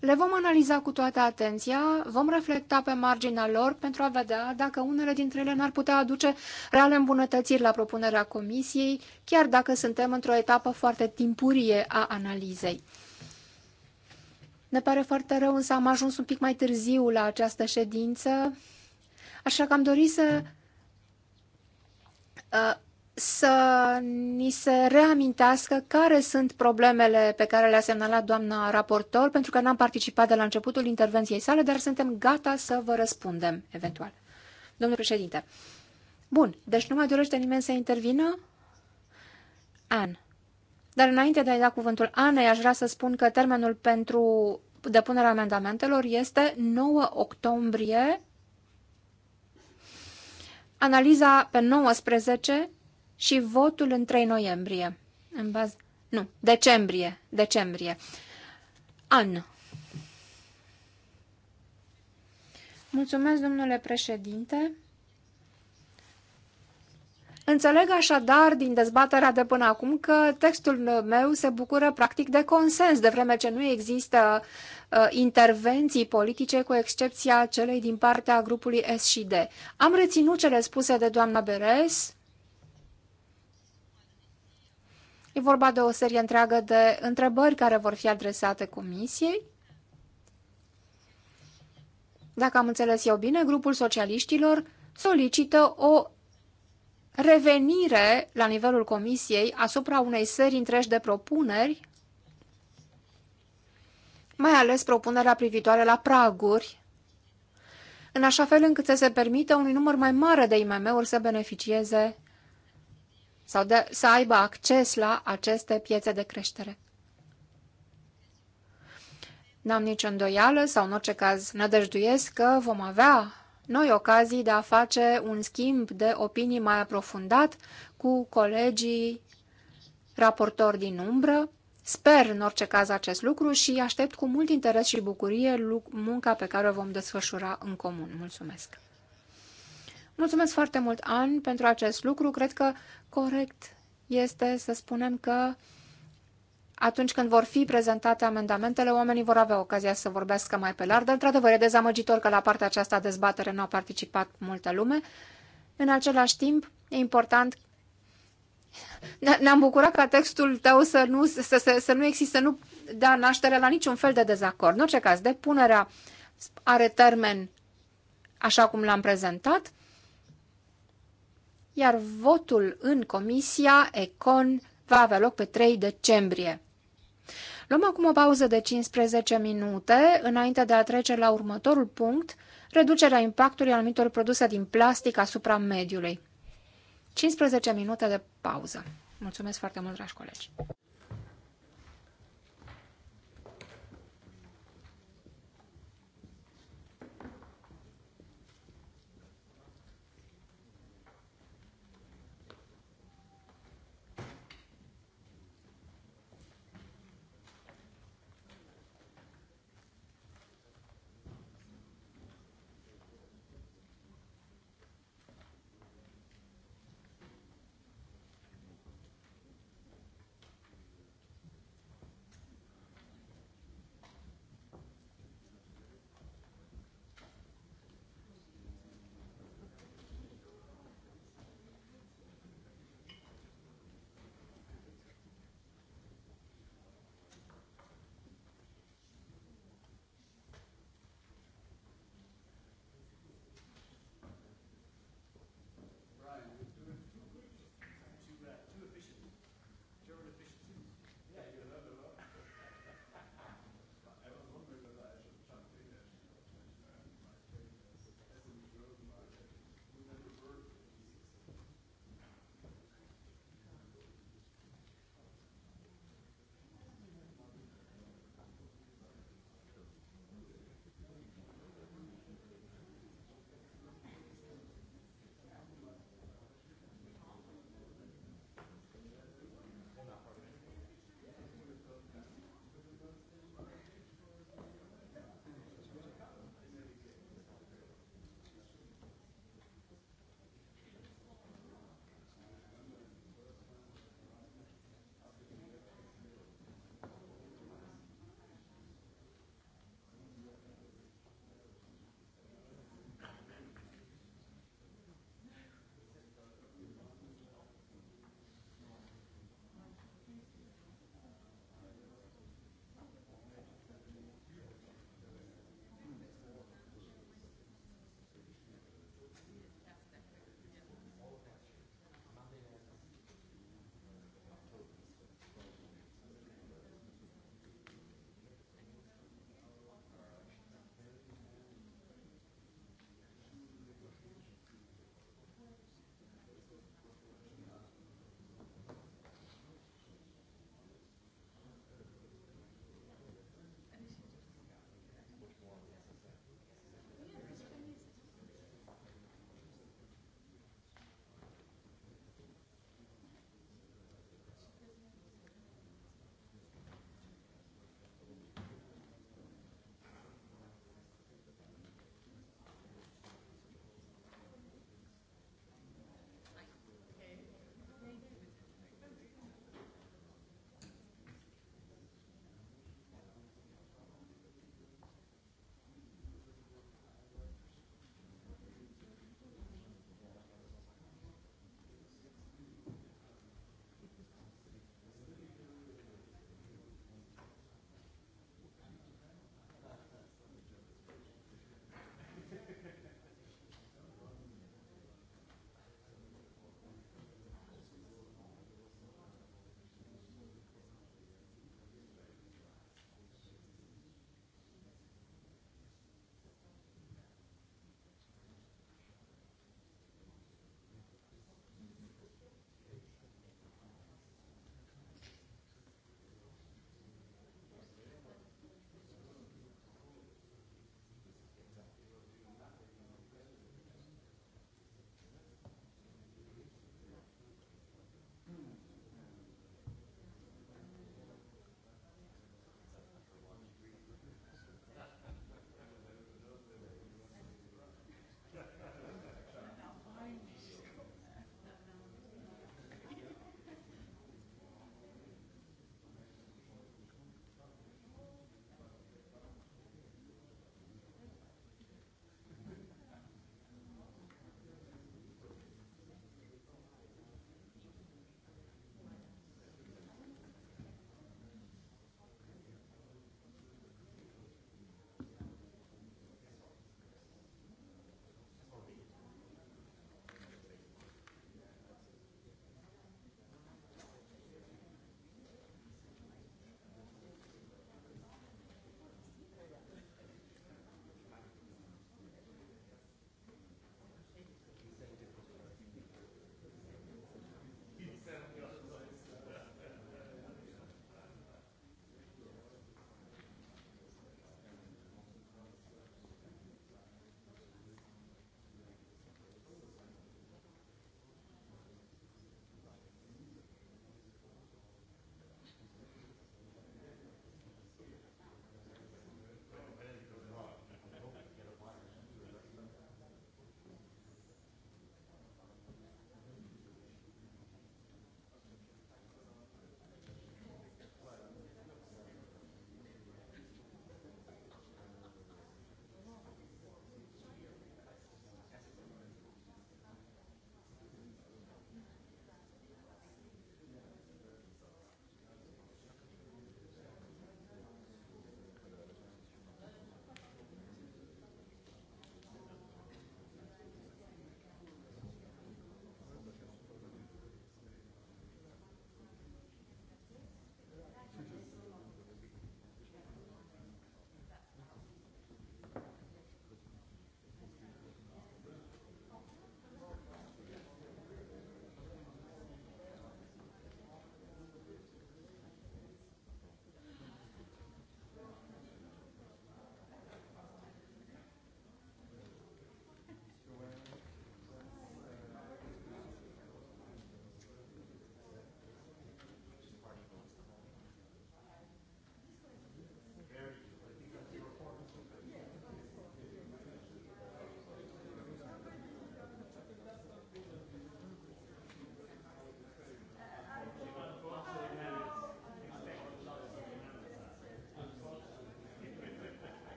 S4: Le vom analiza cu toată atenția, vom reflecta pe marginea lor pentru a vedea dacă unele dintre ele n-ar putea aduce reale îmbunătățiri la propunerea comisiei, chiar dacă suntem într-o etapă foarte timpurie a analizei. Ne pare foarte rău, însă am ajuns un pic mai târziu la această ședință, așa că am dorit să uh, să ni se reamintească care sunt problemele pe care le-a semnalat doamna raportor, pentru că n-am participat de la începutul intervenției sale, dar suntem gata să vă răspundem, eventual. Domnule președinte. Bun, deci nu mai dorește nimeni să intervină? An. Dar înainte de a-i da cuvântul Anei, aș vrea să spun că termenul pentru depunerea amendamentelor este 9 octombrie. Analiza pe 19 și votul în 3 noiembrie. În bază... Nu, decembrie. Decembrie. An. Mulțumesc, domnule președinte. Înțeleg așadar din dezbaterea de până acum că textul meu se bucură practic de consens, de vreme ce nu există uh, intervenții politice cu excepția celei din partea grupului S și D. Am reținut cele spuse de doamna Beres, E vorba de o serie întreagă de întrebări care vor fi adresate comisiei. Dacă am înțeles eu bine, grupul socialiștilor solicită o revenire la nivelul comisiei asupra unei serii întregi de propuneri, mai ales propunerea privitoare la praguri, în așa fel încât să se permită unui număr mai mare de IMM-uri să beneficieze sau de, să aibă acces la aceste piețe de creștere. N-am nicio îndoială sau în orice caz nădăjduiesc că vom avea noi ocazii de a face un schimb de opinii mai aprofundat cu colegii raportori din umbră. Sper în orice caz acest lucru și aștept cu mult interes și bucurie munca pe care o vom desfășura în comun. Mulțumesc! Mulțumesc foarte mult, An, pentru acest lucru. Cred că corect este să spunem că atunci când vor fi prezentate amendamentele, oamenii vor avea ocazia să vorbească mai pe larg, dar într-adevăr e dezamăgitor că la partea aceasta a dezbatere nu a participat multă lume. În același timp, e important ne-am bucurat ca textul tău să nu, să, să, să nu există, să nu dea naștere la niciun fel de dezacord. În orice caz, depunerea are termen așa cum l-am prezentat iar votul în Comisia Econ va avea loc pe 3 decembrie. Luăm acum o pauză de 15 minute înainte de a trece la următorul punct, reducerea impactului anumitor produse din plastic asupra mediului. 15 minute de pauză. Mulțumesc foarte mult, dragi colegi!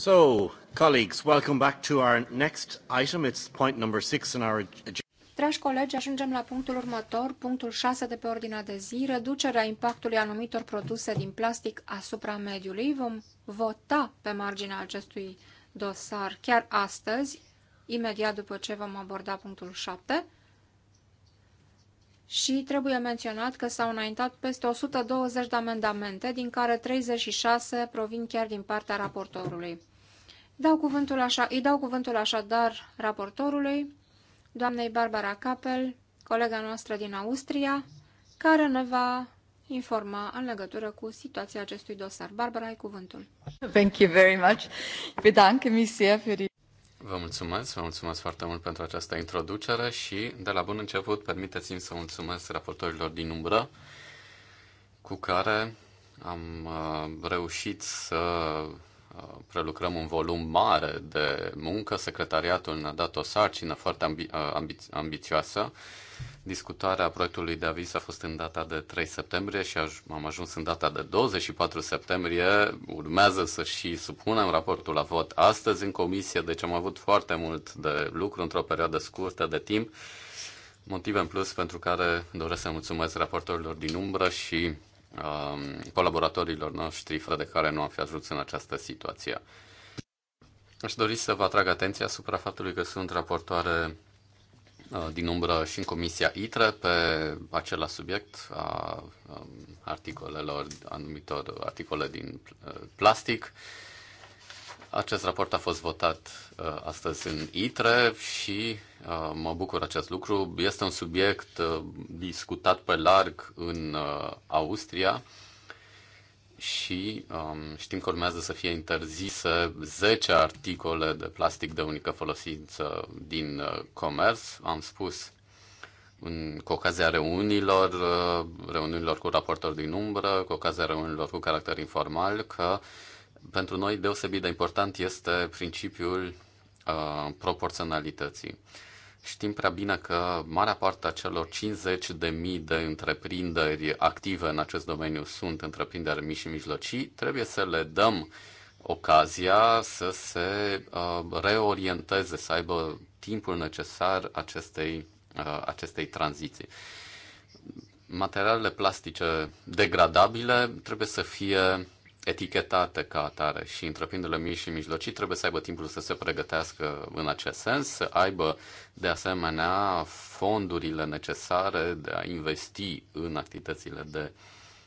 S2: So, colleagues, welcome back to our next item. It's point number six in our agenda.
S4: Dragi colegi, ajungem la punctul următor, punctul 6 de pe ordinea de zi, reducerea impactului anumitor produse din plastic asupra mediului. Vom vota pe marginea acestui dosar chiar astăzi, imediat după ce vom aborda punctul 7 și trebuie menționat că s-au înaintat peste 120 de amendamente, din care 36 provin chiar din partea raportorului. Dau cuvântul așa, îi dau cuvântul așadar raportorului, doamnei Barbara Capel, colega noastră din Austria, care ne va informa în legătură cu situația acestui dosar. Barbara, ai cuvântul. Thank you very much. Bedanke mich sehr für die
S2: Vă mulțumesc, vă mulțumesc foarte mult pentru această introducere și, de la bun început, permiteți-mi să mulțumesc raportorilor din umbră cu care am uh, reușit să uh, prelucrăm un volum mare de muncă. Secretariatul ne-a dat o sarcină foarte ambi- uh, ambi- ambițioasă Discutarea proiectului de aviz a fost în data de 3 septembrie și am ajuns în data de 24 septembrie. Urmează să și supunem raportul la vot astăzi în comisie, deci am avut foarte mult de lucru într-o perioadă scurtă de timp. Motive în plus pentru care doresc să mulțumesc raportorilor din umbră și um, colaboratorilor noștri, fără de care nu am fi ajuns în această situație. Aș dori să vă atrag atenția asupra faptului că sunt raportoare Uh, din umbră și în Comisia ITRE pe același subiect a um, articolelor, anumitor articole din uh, plastic. Acest raport a fost votat uh, astăzi în ITRE și mă bucur acest lucru. Este un subiect discutat pe larg în Austria și um, știm că urmează să fie interzise 10 articole de plastic de unică folosință din uh, comerț. Am spus în, cu ocazia reunilor, uh, cu raportori din umbră, cu ocazia reunilor cu caracter informal, că pentru noi deosebit de important este principiul uh, proporționalității. Uh, Știm prea bine că marea parte a celor mii de întreprinderi active în acest domeniu sunt întreprinderi mici și mijlocii. Trebuie să le dăm ocazia să se uh, reorienteze, să aibă timpul necesar acestei, uh, acestei tranziții. Materialele plastice degradabile trebuie să fie etichetate ca atare și întreprinderile mici și mijlocii trebuie să aibă timpul să se pregătească în acest sens, să aibă de asemenea fondurile necesare de a investi în activitățile de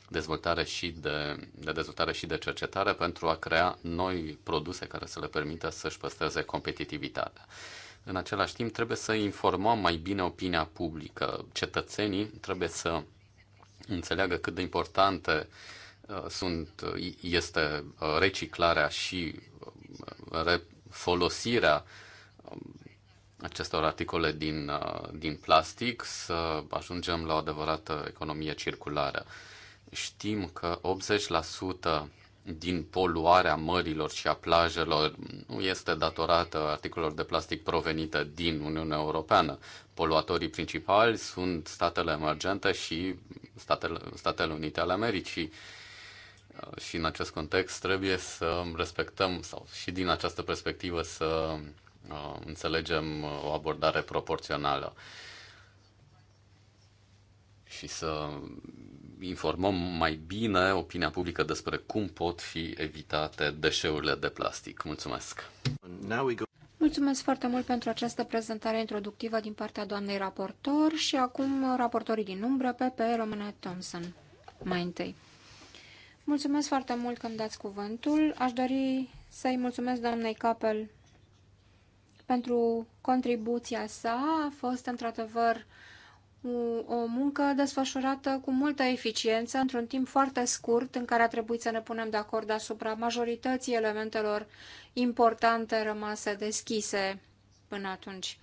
S2: dezvoltare și de, de dezvoltare și de cercetare pentru a crea noi produse care să le permită să-și păstreze competitivitatea. În același timp, trebuie să informăm mai bine opinia publică. Cetățenii trebuie să înțeleagă cât de importante uh, Uh, sunt, uh, este uh, reciclarea și folosirea um, acestor articole din, din plastic, să ajungem la o adevărată economie circulară. Știm că 80% din poluarea mărilor și a plajelor nu este datorată articolelor de plastic provenite din Uniunea Europeană. Poluatorii principali sunt statele emergente și Statele, Statele Unite ale Americii și în acest context trebuie să respectăm sau și din această perspectivă să uh, înțelegem uh, o abordare proporțională și să informăm mai bine opinia publică despre cum pot fi evitate deșeurile de plastic. Mulțumesc!
S4: Mulțumesc foarte mult pentru această prezentare introductivă din partea doamnei raportor și acum raportorii din umbră, PP Romana Thompson. Mai întâi. Mulțumesc foarte mult că îmi dați cuvântul. Aș dori să-i mulțumesc doamnei Capel pentru contribuția sa. A fost, într-adevăr, o muncă desfășurată cu multă eficiență, într-un timp foarte scurt, în care a trebuit să ne punem de acord asupra majorității elementelor importante rămase deschise până atunci.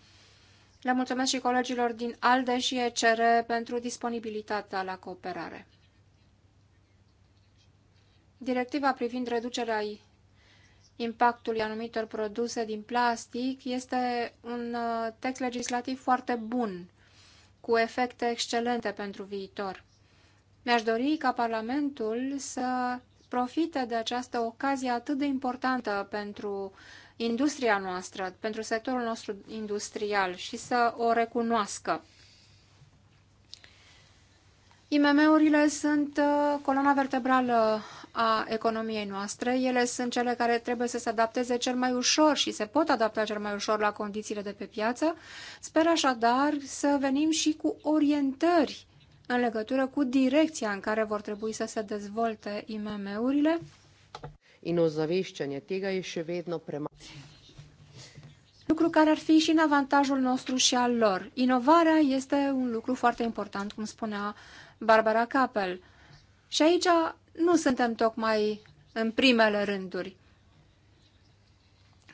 S4: Le mulțumesc și colegilor din ALDE și ECR pentru disponibilitatea la cooperare. Directiva privind reducerea impactului anumitor produse din plastic este un uh, text legislativ foarte bun, cu efecte excelente pentru viitor. Mi-aș dori ca Parlamentul să profite de această ocazie atât de importantă pentru industria noastră, pentru sectorul nostru industrial și să o recunoască. IMM-urile sunt uh, coloana vertebrală a economiei noastre. Ele sunt cele care trebuie să se adapteze cel mai ușor și se pot adapta cel mai ușor la condițiile de pe piață. Sper așadar să venim și cu orientări în legătură cu direcția în care vor trebui să se dezvolte IMM-urile. In ozaveščanje tega vedno lucru care ar fi și în avantajul nostru și al lor. Inovarea este un lucru foarte important, cum spunea Barbara Capel. Și aici nu suntem tocmai în primele rânduri.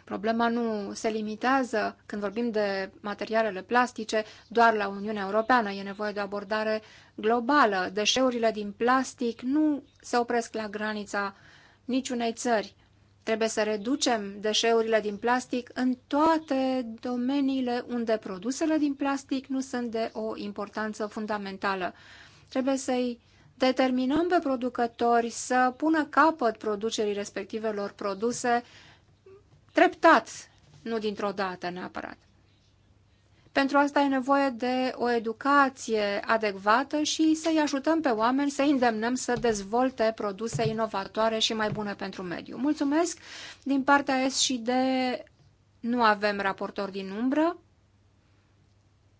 S4: Problema nu se limitează, când vorbim de materialele plastice, doar la Uniunea Europeană. E nevoie de o abordare globală. Deșeurile din plastic nu se opresc la granița niciunei țări. Trebuie să reducem deșeurile din plastic în toate domeniile unde produsele din plastic nu sunt de o importanță fundamentală. Trebuie să-i determinăm pe producători să pună capăt producerii respectivelor produse treptat, nu dintr-o dată neapărat. Pentru asta e nevoie de o educație adecvată și să-i ajutăm pe oameni să îndemnăm să dezvolte produse inovatoare și mai bune pentru mediu. Mulțumesc! Din partea S și D nu avem raportor din umbră.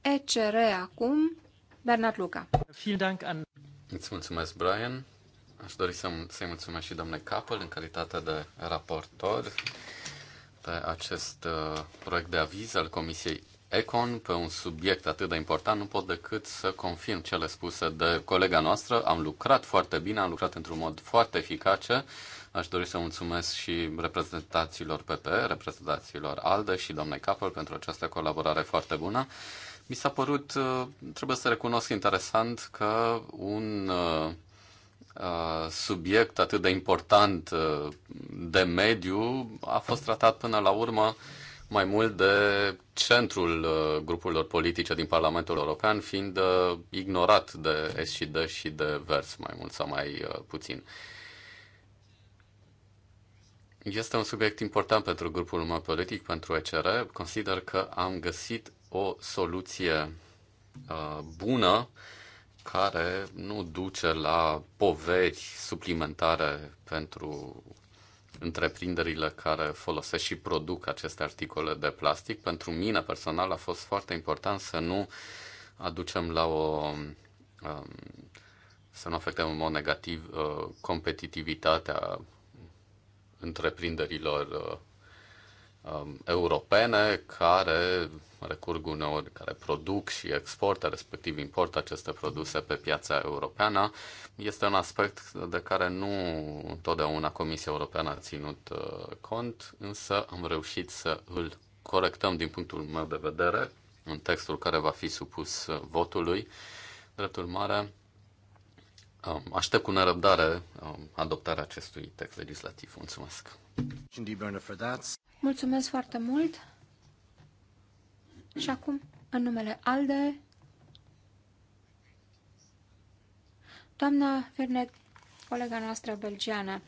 S4: ECR acum. Bernard Luca.
S2: Îți mulțumesc, Brian. Aș dori să, i mulțumesc și domnule Capel în calitate de raportor pe acest uh, proiect de aviz al Comisiei Econ pe un subiect atât de important. Nu pot decât să confirm cele spuse de colega noastră. Am lucrat foarte bine, am lucrat într-un mod foarte eficace. Aș dori să mulțumesc și reprezentațiilor PP, reprezentațiilor ALDE și domnului Capel pentru această colaborare foarte bună. Mi s-a părut, uh, trebuie să recunosc interesant, că un uh, uh, subiect atât de important de mediu a fost tratat până la urmă mai mult de centrul grupurilor politice din Parlamentul European, fiind ignorat de D și de Vers, mai mult sau mai puțin. Este un subiect important pentru grupul meu politic, pentru ECR. Consider că am găsit o soluție uh, bună care nu duce la poveri suplimentare pentru întreprinderile care folosesc și produc aceste articole de plastic. Pentru mine personal a fost foarte important să nu aducem la o. Um, să nu afectăm în mod negativ uh, competitivitatea întreprinderilor uh, um, europene care recurg uneori, care produc și exportă, respectiv importă aceste produse pe piața europeană, este un aspect de care nu întotdeauna Comisia Europeană a ținut uh, cont, însă am reușit să îl corectăm din punctul meu de vedere în textul care va fi supus uh, votului. Drept urmare, um, Aștept cu nerăbdare um, adoptarea acestui text legislativ. Mulțumesc!
S4: Mulțumesc foarte mult. Și acum, în numele ALDE, doamna Vernet, colega noastră belgiană.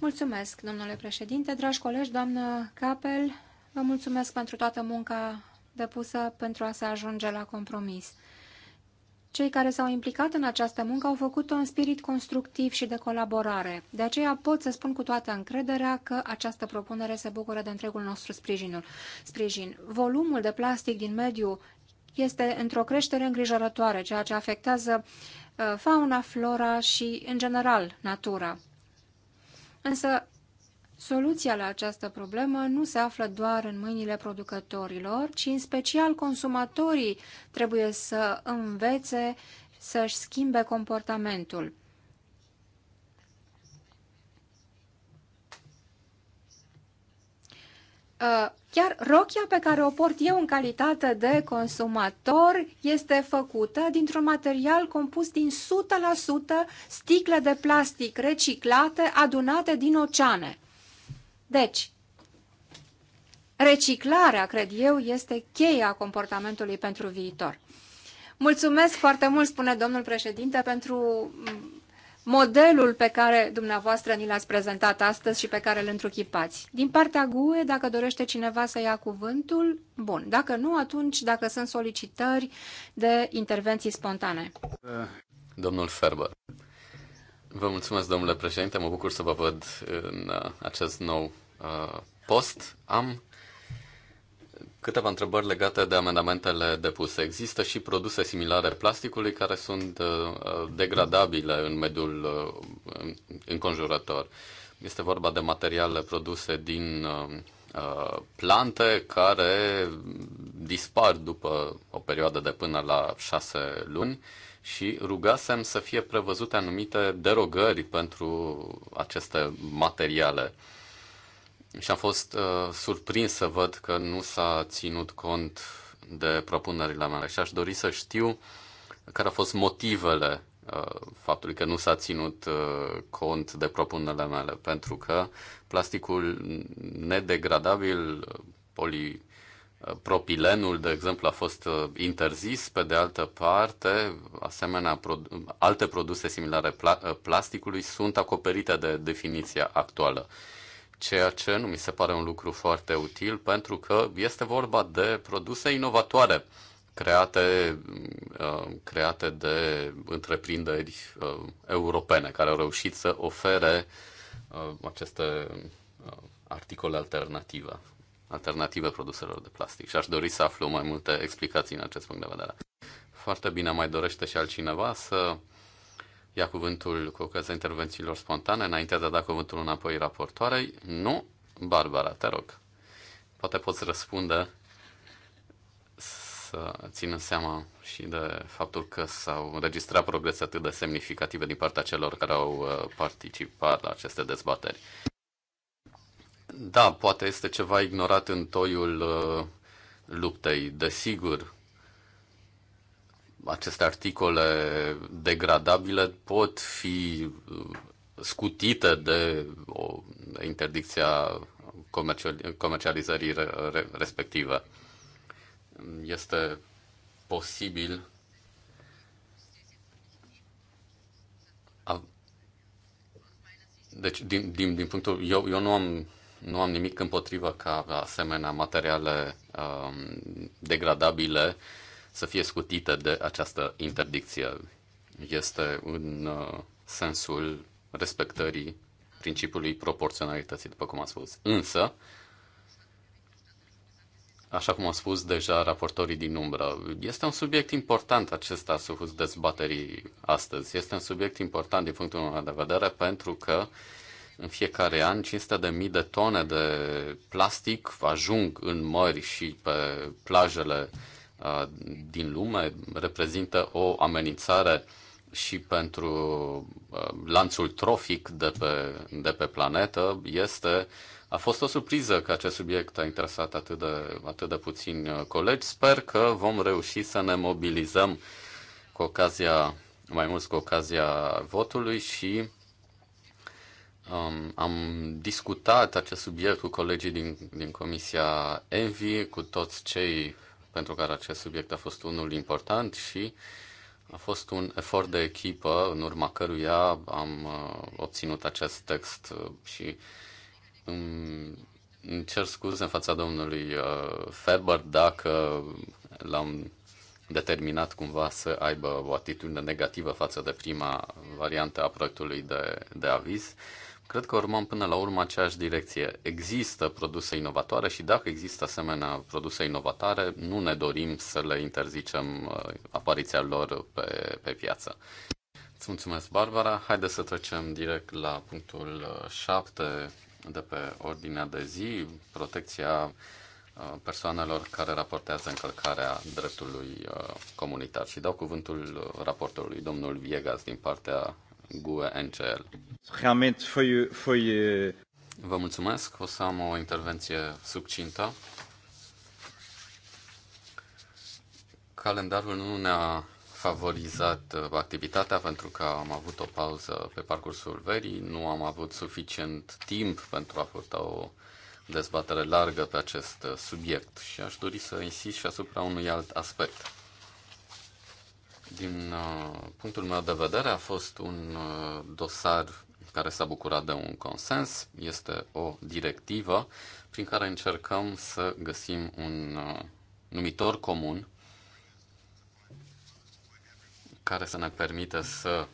S4: Mulțumesc, domnule președinte, dragi colegi, doamnă Capel, vă mulțumesc pentru toată munca depusă pentru a se ajunge la compromis. Cei care s-au implicat în această muncă au făcut-o în spirit constructiv și de colaborare. De aceea pot să spun cu toată încrederea că această propunere se bucură de întregul nostru sprijinul. sprijin. Volumul de plastic din mediu este într-o creștere îngrijorătoare, ceea ce afectează uh, fauna, flora și, în general, natura. Însă, Soluția la această problemă nu se află doar în mâinile producătorilor, ci în special consumatorii trebuie să învețe să-și schimbe comportamentul. Uh, chiar rochia pe care o port eu în calitate de consumator este făcută dintr-un material compus din 100% sticle de plastic reciclate adunate din oceane. Deci, reciclarea, cred eu, este cheia comportamentului pentru viitor. Mulțumesc foarte mult, spune domnul președinte, pentru mm, modelul pe care dumneavoastră ni l-ați prezentat astăzi și pe care îl întruchipați. Din partea GUE, dacă dorește cineva să ia cuvântul, bun. Dacă nu, atunci, dacă sunt solicitări de intervenții spontane.
S2: Domnul Ferber. Vă mulțumesc, domnule președinte. Mă bucur să vă văd în uh, acest nou Uh, post, am câteva întrebări legate de amendamentele depuse. Există și produse similare plasticului care sunt uh, degradabile în mediul uh, înconjurător. Este vorba de materiale produse din plante care dispar după o perioadă de până la șase luni și rugasem să fie prevăzute anumite derogări pentru aceste materiale și am fost uh, surprins să văd că nu s-a ținut cont de propunerile mele și aș dori să știu care au fost motivele uh, faptului că nu s-a ținut uh, cont de propunerile mele, pentru că plasticul nedegradabil, polipropilenul uh, de exemplu, a fost uh, interzis, pe de altă parte, asemenea, alte produse similare pla- uh, plasticului sunt acoperite de definiția actuală ceea ce nu mi se pare un lucru foarte util, pentru că este vorba de produse inovatoare create, uh, create de întreprinderi uh, europene care au reușit să ofere uh, aceste articole alternative, alternative produselor de plastic. Și aș dori să aflu mai multe explicații în acest punct de vedere. Foarte bine, mai dorește și altcineva să ia cuvântul cu ocazia intervențiilor spontane, înainte de a da cuvântul înapoi raportoarei? Nu? Barbara, te rog. Poate poți răspunde să țină seama și de faptul că s-au înregistrat progrese atât de semnificative din partea celor care au uh, participat la aceste dezbateri. Da, poate este ceva ignorat în toiul uh, luptei. Desigur, aceste articole degradabile pot fi uh, scutite de o interdicția comercializării respectivă. Este posibil deci, din, din, din punctul... Eu, eu nu am nu am nimic împotrivă ca asemenea materiale um, degradabile să fie scutite de această interdicție. Este în uh, sensul respectării principiului proporționalității, după cum am spus. Însă, așa cum au spus deja raportorii din umbră, este un subiect important acesta supus dezbaterii astăzi. Este un subiect important din punctul meu de vedere pentru că în fiecare an 500.000 de tone de plastic ajung în mări și pe plajele uh, Uh, din lume reprezintă o amenințare și pentru uh, lanțul trofic de pe, de pe planetă este a fost o surpriză că acest subiect a interesat atât de, atât de puțini uh, colegi. Sper că vom reuși să ne mobilizăm cu ocazia, mai mult cu ocazia votului și um, am discutat acest subiect cu colegii din, din Comisia Envi, cu toți cei pentru care acest subiect a fost unul important și a fost un efort de echipă în urma căruia am uh, obținut acest text uh, și îmi, cer scuze în fața domnului uh, Feber, dacă l-am determinat cumva să aibă o atitudine negativă față de prima variantă a proiectului de, de aviz. Cred că urmăm până la urmă aceeași direcție. Există produse inovatoare și dacă există asemenea produse inovatoare, nu ne dorim să le interzicem uh, apariția lor pe, pe piață. Îți mulțumesc, Barbara. Haideți să trecem direct la punctul 7 uh, de pe ordinea de zi, protecția uh, persoanelor care raportează încălcarea dreptului comunitar. Și dau cuvântul raportorului, domnul Viegas, din partea GUE NCL. Realmente foi, foi... Vă mulțumesc, o să am o intervenție succintă. Calendarul nu ne-a favorizat uh, activitatea pentru că am avut o pauză pe parcursul verii, nu am avut suficient timp pentru a purta o dezbatere largă pe acest uh, subiect și aș dori să insist și asupra unui alt aspect. Din uh, punctul meu de vedere, a fost un uh, dosar care s-a bucurat de un consens. Este o directivă prin care încercăm să găsim un uh, numitor comun care să ne permită să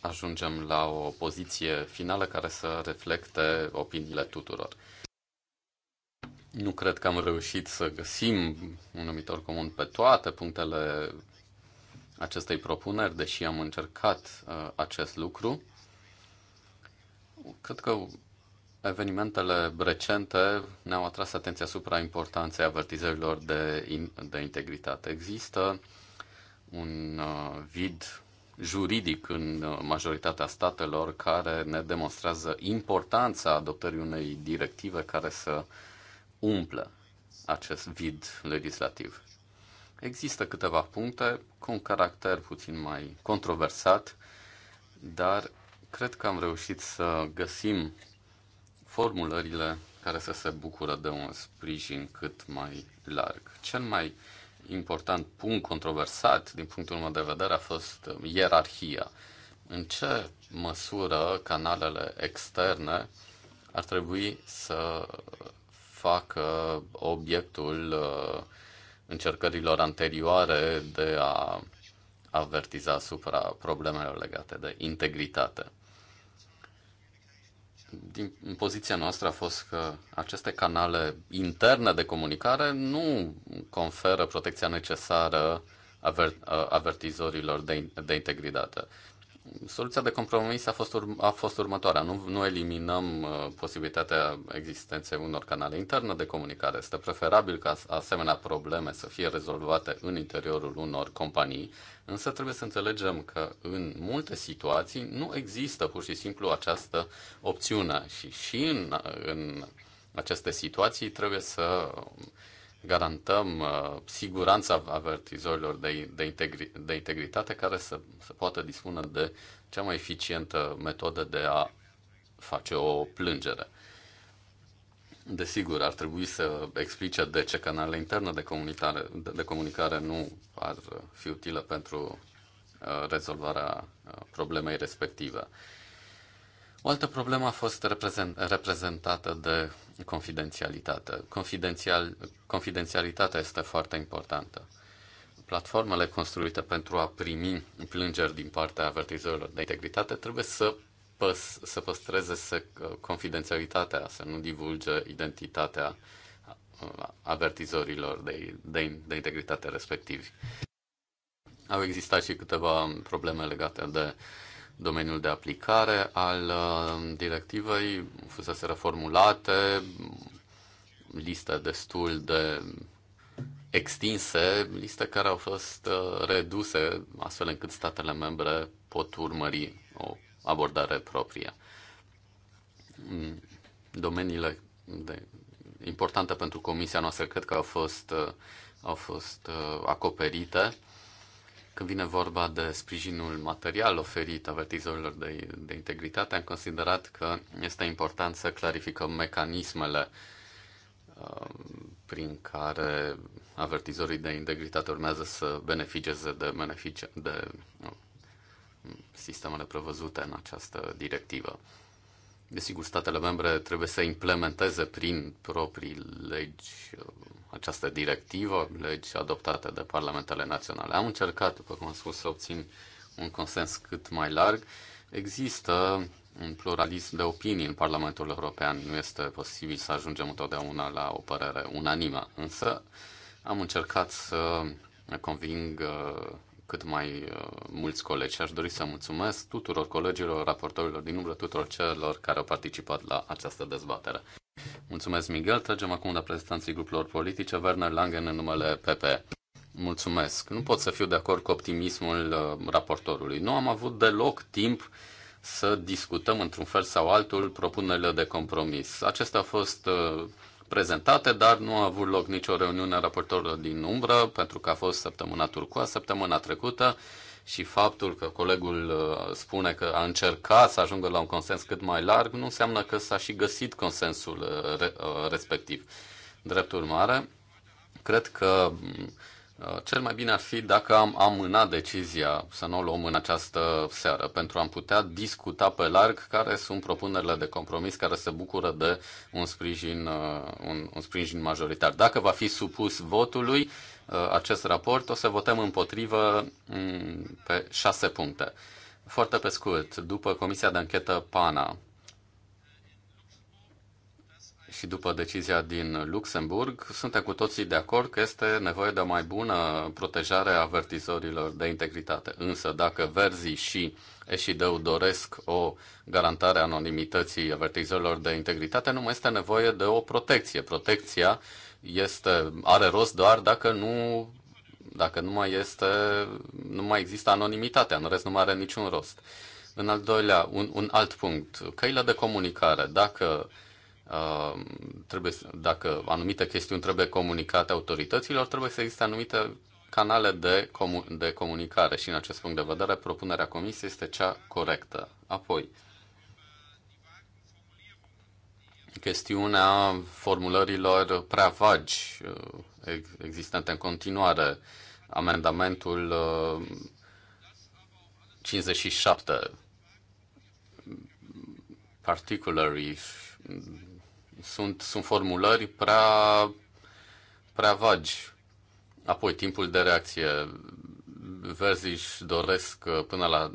S2: ajungem la o poziție finală care să reflecte opiniile tuturor. Nu cred că am reușit să găsim un numitor comun pe toate punctele acestei propuneri, deși am încercat uh, acest lucru. Cred că evenimentele recente ne-au atras atenția asupra importanței avertizărilor de, in, de integritate. Există un uh, vid juridic în uh, majoritatea statelor care ne demonstrează importanța adoptării unei directive care să umple acest vid legislativ. Există câteva puncte cu un caracter puțin mai controversat, dar cred că am reușit să găsim formulările care să se bucură de un sprijin cât mai larg. Cel mai important punct controversat din punctul meu de vedere a fost ierarhia. În ce măsură canalele externe ar trebui să facă obiectul uh, încercărilor anterioare de a avertiza asupra problemelor legate de integritate. Din poziția noastră a fost că aceste canale interne de comunicare nu conferă protecția necesară avertizorilor de integritate. Soluția de compromis a fost, urm- a fost următoarea. Nu, nu eliminăm uh, posibilitatea existenței unor canale interne de comunicare. Este preferabil ca asemenea probleme să fie rezolvate în interiorul unor companii, însă trebuie să înțelegem că în multe situații nu există pur și simplu această opțiune și și în, în aceste situații trebuie să garantăm uh, siguranța avertizorilor de, de, integri, de integritate care să, să poată dispună de cea mai eficientă metodă de a face o plângere. Desigur, ar trebui să explice de ce canalele interne de de, de comunicare nu ar fi utile pentru uh, rezolvarea uh, problemei respective. O altă problemă a fost reprezentată de confidențialitate. Confidențial, confidențialitatea este foarte importantă. Platformele construite pentru a primi plângeri din partea avertizorilor de integritate trebuie să, păs, să păstreze să, confidențialitatea, să nu divulge identitatea uh, avertizorilor de, de, de integritate respectivi. Au existat și câteva probleme legate de uh, domeniul de aplicare al uh, directivei, fusese reformulate, liste destul de extinse, liste care au fost uh, reduse, astfel încât statele membre pot urmări o abordare proprie. Mm, domeniile de, importante pentru comisia noastră cred că au fost, uh, au fost acoperite când vine vorba de sprijinul material oferit avertizorilor de, de integritate, am considerat că este important să clarificăm mecanismele uh, prin care avertizorii de integritate urmează să beneficieze de, beneficie, de uh, sistemele prevăzute în această directivă. Desigur, statele membre trebuie să implementeze prin proprii legi uh, această directivă, legi adoptate de parlamentele naționale. Am încercat, după cum am spus, să obțin un consens cât mai larg. Există un pluralism de opinii în Parlamentul European. Nu este posibil să ajungem întotdeauna la o părere unanimă, însă am încercat să conving uh, cât mai uh, mulți colegi și aș dori să mulțumesc tuturor colegilor, raportorilor din umbră, tuturor celor care au participat la această dezbatere. Mulțumesc, Miguel. Tragem acum la prezentanții grupurilor politice, Werner Langen în numele PP. Mulțumesc. Nu pot să fiu de acord cu optimismul uh, raportorului. Nu am avut deloc timp să discutăm într-un fel sau altul propunerile de compromis. Acestea au fost uh, prezentate, dar nu a avut loc nicio reuniune a raportorilor din umbră, pentru că a fost săptămâna turcoa, săptămâna trecută și faptul că colegul uh, spune că a încercat să ajungă la un consens cât mai larg, nu înseamnă că s-a și găsit consensul uh, uh, respectiv. Drept urmare, cred că mm, Uh, cel mai bine ar fi dacă am amânat decizia să nu o luăm în această seară, pentru a putea discuta pe larg care sunt propunerile de compromis care se bucură de un sprijin, uh, un, un sprijin majoritar. Dacă va fi supus votului uh, acest raport, o să votăm împotrivă mm, pe șase puncte. Foarte pe scurt, după Comisia de Anchetă PANA, și după decizia din Luxemburg, suntem cu toții de acord că este nevoie de o mai bună protejare a avertizorilor de integritate. Însă, dacă verzii și Eșideu doresc o garantare a anonimității avertizorilor de integritate, nu mai este nevoie de o protecție. Protecția este, are rost doar dacă nu dacă nu mai, este, nu mai există anonimitatea, în rest nu mai are niciun rost. În al doilea, un, un alt punct, căile de comunicare. Dacă uh, Uh, trebuie, dacă anumite chestiuni trebuie comunicate autorităților, trebuie să existe anumite canale de, comu- de comunicare și în acest punct de vedere propunerea comisiei este cea corectă. Apoi, chestiunea formulărilor prea vagi uh, existente în continuare, amendamentul 57, uh, particularly sunt, sunt formulări prea, prea vagi. Apoi, timpul de reacție. vezi își doresc uh, până la,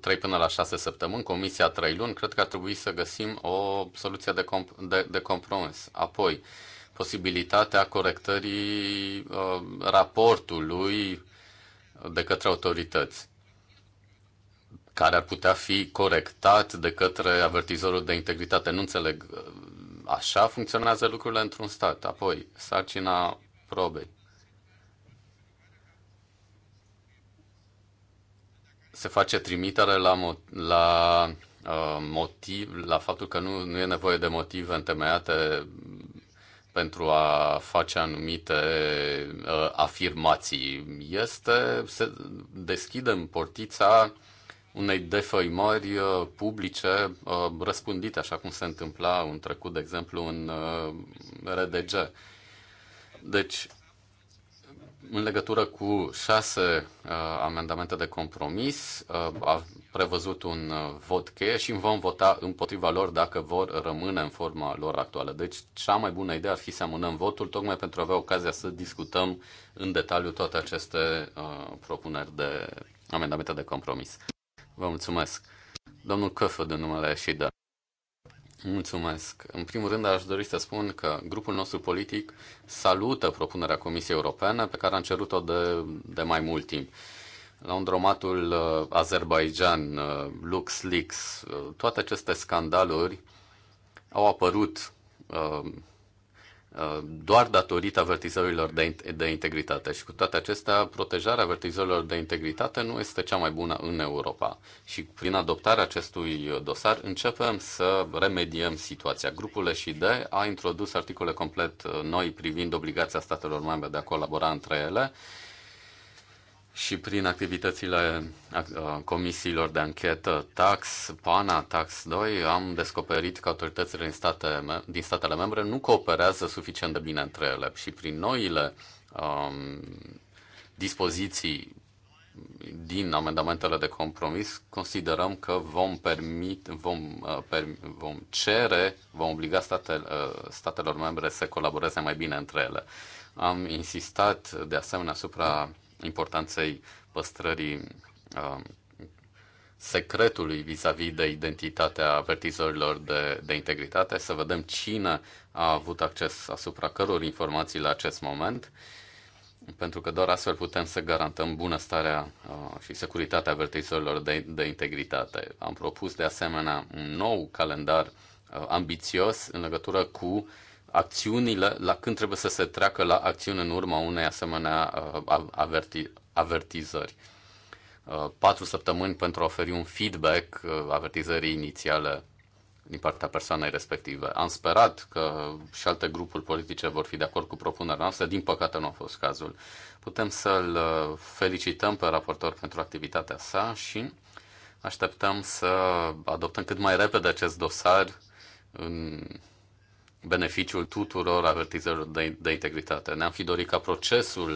S2: 3 uh, până la 6 săptămâni, comisia 3 luni. Cred că ar trebui să găsim o soluție de, comp- de, de compromis. Apoi, posibilitatea corectării uh, raportului de către autorități care ar putea fi corectat de către avertizorul de integritate. Nu înțeleg uh, Așa funcționează lucrurile într-un stat. Apoi, sarcina probei. Se face trimitere la, mo- la uh, motiv, la faptul că nu, nu e nevoie de motive întemeiate pentru a face anumite uh, afirmații. Este se deschidem portița uh, unei defăimări uh, publice uh, răspândite, așa cum se întâmpla în trecut, de exemplu, în uh, RDG. Deci, în legătură cu șase uh, amendamente de compromis, uh, a prevăzut un uh, vot cheie și vom vota împotriva lor dacă vor rămâne în forma lor actuală. Deci cea mai bună idee ar fi să amânăm votul, tocmai pentru a avea ocazia să discutăm în detaliu toate aceste uh, propuneri de amendamente de compromis. Vă mulțumesc. Domnul Căfă, de numele și da. Mulțumesc. În primul rând, aș dori să spun că grupul nostru politic salută propunerea Comisiei Europene pe care am cerut-o de, de mai mult timp. La undromatul uh, Azerbaijan, uh, LuxLeaks, uh, toate aceste scandaluri au apărut uh, Uh, doar datorită avertizărilor de, de integritate. Și cu toate acestea, protejarea avertizărilor de integritate nu este cea mai bună în Europa. Și prin adoptarea acestui uh, dosar începem să remediem situația. Grupul SID a introdus articole complet uh, noi privind obligația statelor membre de a colabora între ele și prin activitățile uh, comisiilor de anchetă Tax, PANA, Tax 2, am descoperit că autoritățile din, state, din statele membre nu cooperează suficient de bine între ele și prin noile um, dispoziții din amendamentele de compromis considerăm că vom permit, vom, uh, per, vom cere, vom obliga statele, uh, statelor membre să colaboreze mai bine între ele. Am insistat de asemenea asupra importanței păstrării um, secretului vis-a-vis -vis de identitatea avertizorilor de, de integritate, să vedem cine a avut acces asupra căror informații la acest moment, pentru că doar astfel putem să garantăm bunăstarea uh, și securitatea avertizorilor de, de integritate. Am propus de asemenea un nou calendar uh, ambițios în legătură cu uh, acțiunile, la când trebuie să se treacă la acțiuni în urma unei asemenea uh, averti, avertizări. Uh, patru săptămâni pentru a oferi un feedback uh, avertizării inițiale din partea persoanei respective. Am sperat că și alte grupuri politice vor fi de acord cu propunerea noastră, din păcate nu a fost cazul. Putem să-l felicităm pe raportor pentru activitatea sa și așteptăm să adoptăm cât mai repede acest dosar în beneficiul tuturor avertizărilor de, de integritate. Ne-am fi dorit ca procesul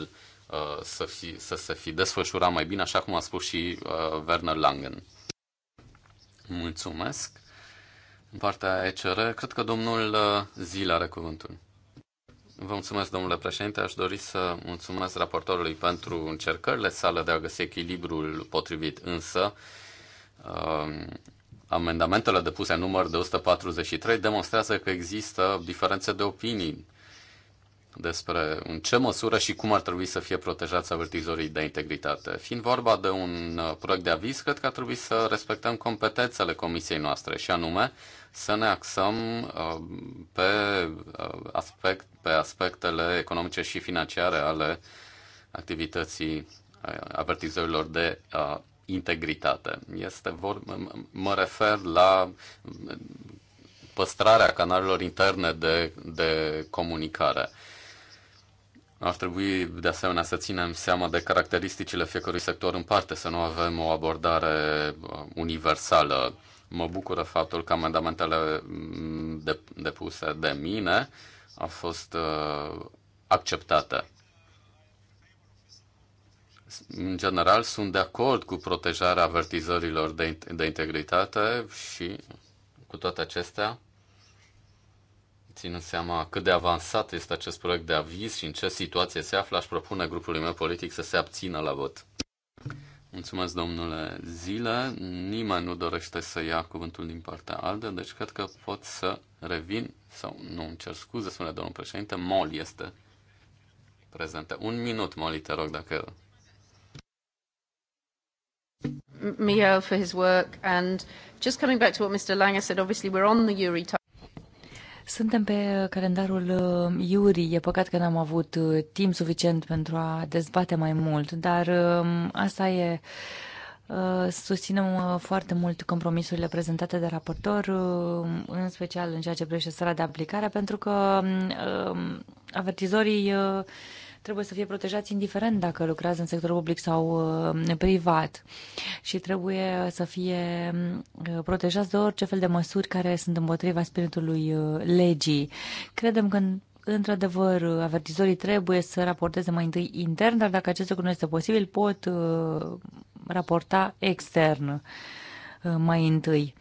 S2: uh, să, fi, să se fi desfășurat mai bine, așa cum a spus și uh, Werner Langen. Mulțumesc. În partea ECR, cred că domnul uh, Zil are cuvântul. Vă mulțumesc, domnule președinte. Aș dori să mulțumesc raportorului pentru încercările sale de a găsi echilibrul potrivit, însă uh, amendamentele depuse în număr de 143 demonstrează că există diferențe de opinii despre în ce măsură și cum ar trebui să fie protejați avertizorii de integritate. Fiind vorba de un uh, proiect de aviz, cred că ar trebui să respectăm competențele comisiei noastre și anume să ne axăm uh, pe, uh, aspect, pe aspectele economice și financiare ale activității avertizorilor de integritate. Este vor, mă refer la păstrarea canalelor interne de, de comunicare. Ar trebui, de asemenea, să ținem seama de caracteristicile fiecărui sector în parte, să nu avem o abordare uh, universală. Mă bucură faptul că amendamentele mm, depuse de mine au fost uh, acceptate în general, sunt de acord cu protejarea avertizorilor de, de integritate și cu toate acestea, ținând seama cât de avansat este acest proiect de aviz și în ce situație se află, aș propune grupului meu politic să se abțină la vot. Mulțumesc, domnule Zile. Nimeni nu dorește să ia cuvântul din partea altă, deci cred că pot să revin, sau nu îmi cer scuze, spune domnul președinte, MOL este prezentă. Un minut, Moli, te rog, dacă
S4: Miel for his work and just coming back to what Mr. Langer said, obviously we're on the Yuri
S3: suntem pe uh, calendarul uh, Iuri. E păcat că n-am avut uh, timp suficient pentru a dezbate mai mult, dar um, asta e. Susținem foarte mult compromisurile prezentate de raportor, în special în ceea ce privește sala de aplicare, pentru că um, avertizorii trebuie să fie protejați indiferent dacă lucrează în sectorul public sau uh, privat și trebuie să fie uh, protejați de orice fel de măsuri care sunt împotriva spiritului uh, legii. Credem că într-adevăr, avertizorii trebuie să raporteze mai întâi intern, dar dacă acest lucru nu este posibil, pot raporta extern mai întâi.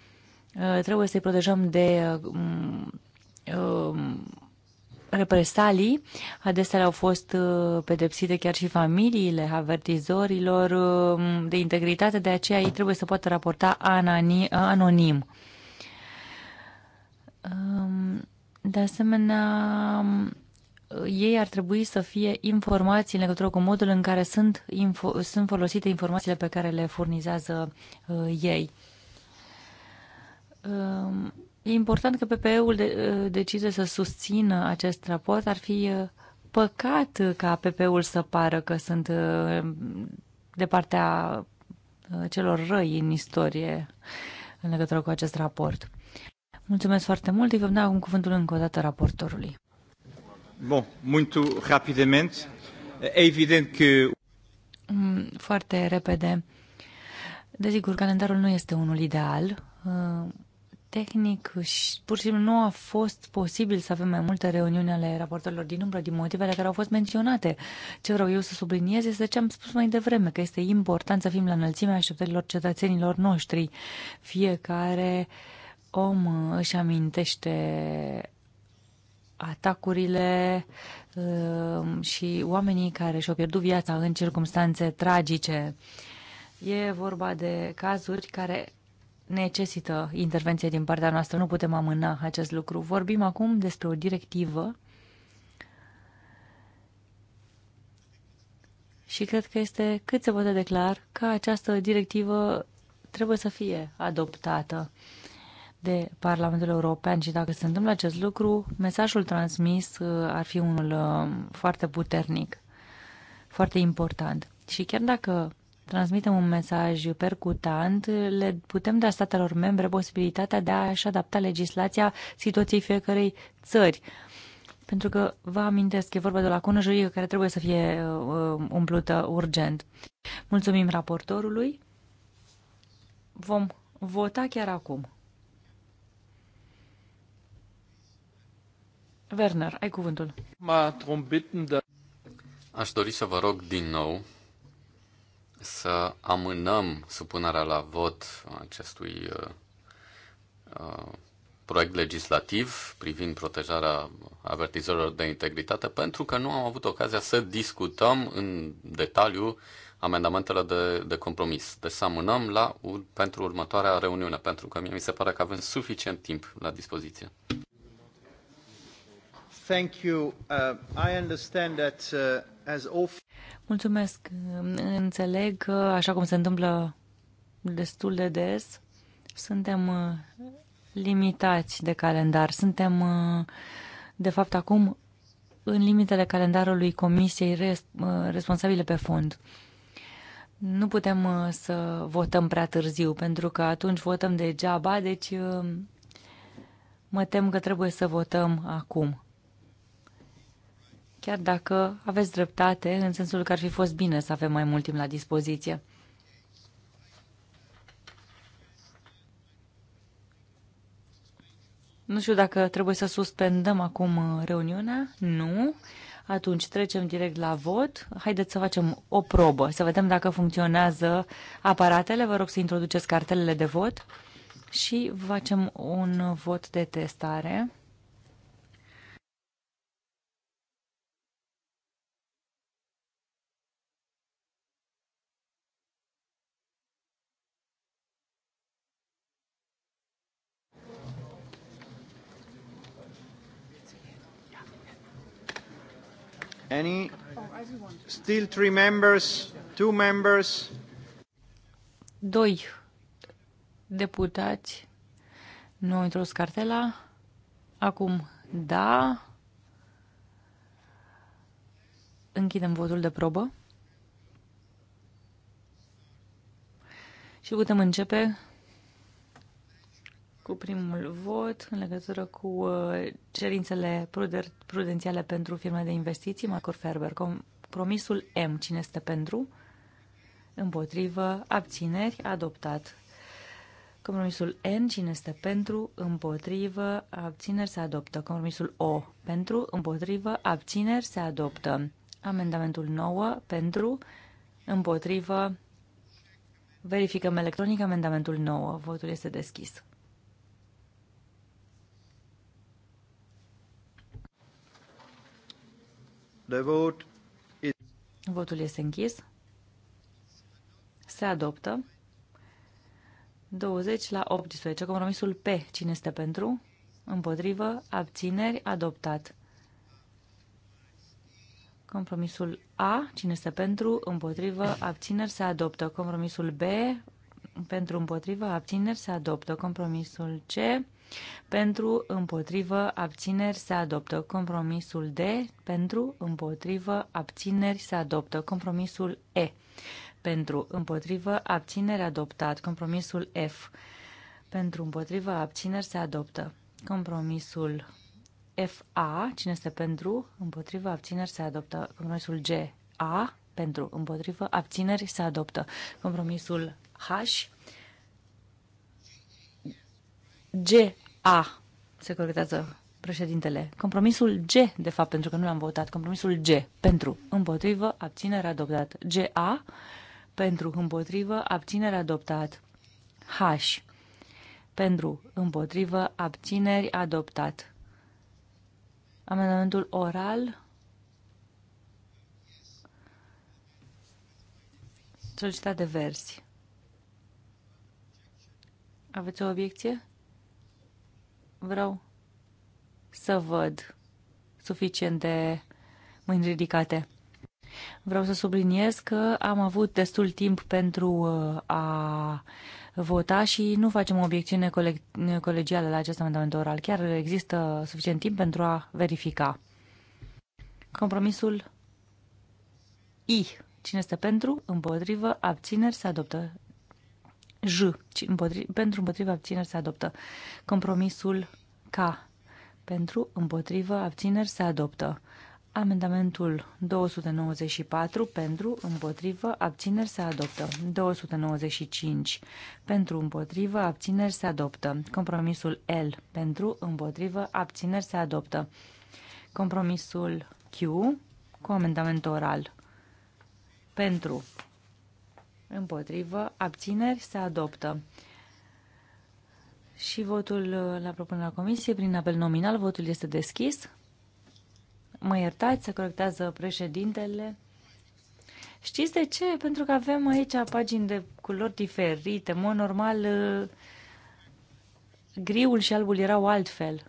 S3: Trebuie să-i protejăm de represalii. Adesea au fost uh, pedepsite chiar și familiile avertizorilor uh, de integritate, de aceea ei trebuie să poată raporta anonim. Um, de asemenea, ei ar trebui să fie informații în legătură cu modul în care sunt, info, sunt folosite informațiile pe care le furnizează uh, ei. Uh, E important că PPE-ul de, uh, decide să susțină acest raport. Ar fi uh, păcat ca ppe ul să pară că sunt uh, de partea celor răi în istorie în legătură cu acest raport. Mulțumesc foarte mult. Îi vom da acum cuvântul încă o dată raportorului.
S1: Bun, muito rapidamente. E evident că...
S3: Mm, foarte repede. Desigur, calendarul nu este unul ideal tehnic și pur și simplu nu a fost posibil să avem mai multe reuniuni ale raportorilor din umbră din motivele care au fost menționate. Ce vreau eu să subliniez este ce am spus mai devreme, că este important să fim la înălțimea așteptărilor cetățenilor noștri. Fiecare om își amintește atacurile uh, și oamenii care și-au pierdut viața în circunstanțe tragice. E vorba de cazuri care necesită intervenție din partea noastră. Nu putem amâna acest lucru. Vorbim acum despre o directivă și cred că este cât se poate declar că această directivă trebuie să fie adoptată de Parlamentul European și dacă se întâmplă acest lucru, mesajul transmis uh, ar fi unul uh, foarte puternic, foarte important. Și chiar dacă transmitem un mesaj percutant, le putem da statelor membre posibilitatea de a-și adapta legislația situației fiecărei țări. Pentru că, vă amintesc, e vorba de o lacună juridică care trebuie să fie uh, umplută urgent. Mulțumim raportorului. Vom vota chiar acum. Werner, ai cuvântul.
S2: Aș dori să vă rog din nou să amânăm supunerea la vot acestui uh, uh, proiect legislativ privind protejarea avertizorilor de integritate, pentru că nu am avut ocazia să discutăm în detaliu amendamentele de, de compromis. Deci să amânăm la, pentru următoarea reuniune, pentru că mie mi se pare că avem suficient timp la dispoziție.
S1: Thank you. Uh, I understand that uh,
S3: Mulțumesc. Înțeleg că, așa cum se întâmplă destul de des, suntem uh, limitați de calendar. Suntem, uh, de fapt, acum în limitele calendarului comisiei uh, responsabile pe fond. Nu putem să votăm prea târziu, pentru că atunci votăm degeaba, deci mă tem că trebuie să votăm acum chiar dacă aveți dreptate, în sensul că ar fi fost bine să avem mai mult timp la dispoziție. Nu știu dacă trebuie să suspendăm acum uh, reuniunea. Nu. Atunci trecem direct la vot. Haideți să facem o probă, să vedem dacă funcționează aparatele. Vă rog să introduceți cartelele de vot și facem un vot de testare.
S1: Any? Still three members,
S3: two members. Doi deputați nu au intrus cartela. Acum, da. Închidem votul de probă. Și putem începe cu primul vot în legătură cu uh, cerințele prudențiale pentru firme de investiții, Marcur Ferber. Compromisul M, cine este pentru? Împotrivă, abțineri, adoptat. Compromisul N, cine este pentru, împotrivă, abțineri, se adoptă. Compromisul O, pentru, împotrivă, abțineri, se adoptă. Amendamentul 9, pentru, împotrivă, verificăm electronic amendamentul 9. Votul este deschis.
S1: The vote is...
S3: Votul este închis. Se adoptă. 20 la 18. Compromisul P. Cine este pentru? Împotrivă. Abțineri. Adoptat. Compromisul A. Cine este pentru? Împotrivă. Abțineri. Se adoptă. Compromisul B. Pentru împotrivă. Abțineri. Se adoptă. Compromisul C pentru, împotrivă, abțineri se adoptă compromisul D. Pentru, împotrivă, abțineri se adoptă compromisul E. Pentru, împotrivă, abțineri adoptat compromisul F. Pentru, împotrivă, abțineri se adoptă compromisul FA. Cine este pentru, împotrivă, abțineri se adoptă compromisul GA. Pentru, împotrivă, abțineri se adoptă compromisul H G A. se corectează președintele. Compromisul G, de fapt, pentru că nu l-am votat. Compromisul G, pentru, împotrivă, abținere adoptat. A pentru, împotrivă, abținere adoptat. H, pentru, împotrivă, abțineri adoptat. Amendamentul oral solicitat de versi. Aveți o obiecție? vreau să văd suficient de mâini ridicate. Vreau să subliniez că am avut destul timp pentru uh, a vota și nu facem obiecțiune colegială la acest amendament oral. Chiar există suficient timp pentru a verifica. Compromisul I. Cine este pentru, împotrivă, abțineri, se adoptă. J. Împotri pentru împotriva abțineri se adoptă. Compromisul K. Pentru împotriva abțineri se adoptă. Amendamentul 294 pentru, împotriva abțineri se adoptă. 295 pentru, împotriva abțineri se adoptă. Compromisul L pentru, împotriva abțineri se adoptă. Compromisul Q cu amendament oral pentru, Împotrivă. Abțineri. Se adoptă. Și votul uh, la propunerea comisiei prin apel nominal. Votul este deschis. Mă iertați, se corectează președintele. Știți de ce? Pentru că avem aici pagini de culori diferite. În mod normal, uh, griul și albul erau altfel.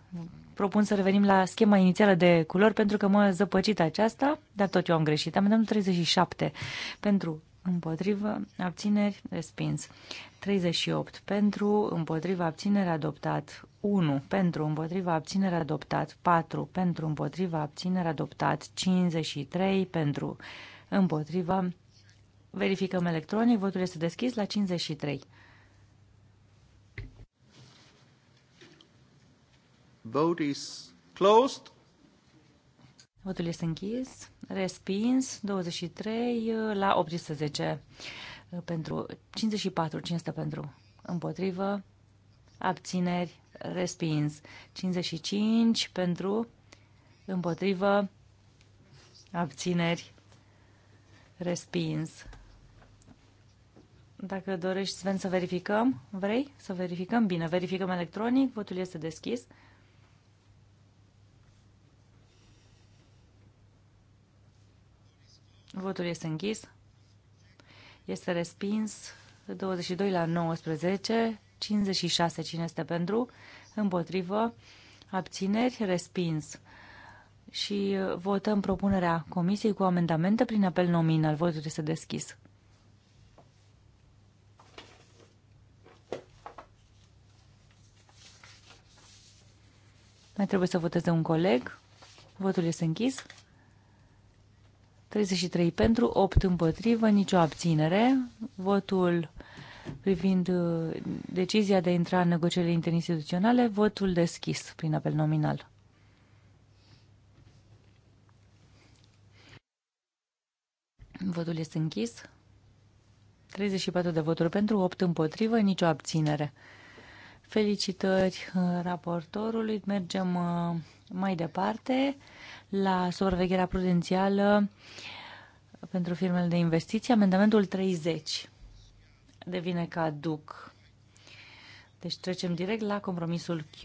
S3: Propun să revenim la schema inițială de culori pentru că m-a zăpăcit aceasta, dar tot eu am greșit. dat 37 pentru Împotrivă, abțineri, respins. 38 pentru, împotrivă, abținere adoptat. 1 pentru, împotrivă, abținere adoptat. 4 pentru, împotrivă, abținere adoptat. 53 pentru, împotrivă. Verificăm electronic, votul este deschis la 53.
S1: Vote is closed.
S3: Votul este închis. Respins 23 uh, la 18 uh, pentru 54, 500 pentru împotrivă. Abțineri respins 55 pentru împotrivă. Abțineri respins. Dacă dorești, Sven, să verificăm, vrei să verificăm? Bine, verificăm electronic, votul este deschis. Votul este închis. Este respins 22 la 19, 56 cine este pentru, împotrivă, abțineri, respins. Și uh, votăm propunerea comisiei cu amendamente prin apel nominal. Votul este deschis. Mai trebuie să voteze un coleg. Votul este închis. 33 pentru, 8 împotrivă, nicio abținere. Votul privind uh, decizia de a intra în negocierile interinstituționale, votul deschis prin apel nominal. Votul este închis. 34 de voturi pentru, 8 împotrivă, nicio abținere. Felicitări uh, raportorului. Mergem uh, mai departe la supravegherea prudențială pentru firmele de investiții. Amendamentul 30 devine caduc. Deci trecem direct la compromisul Q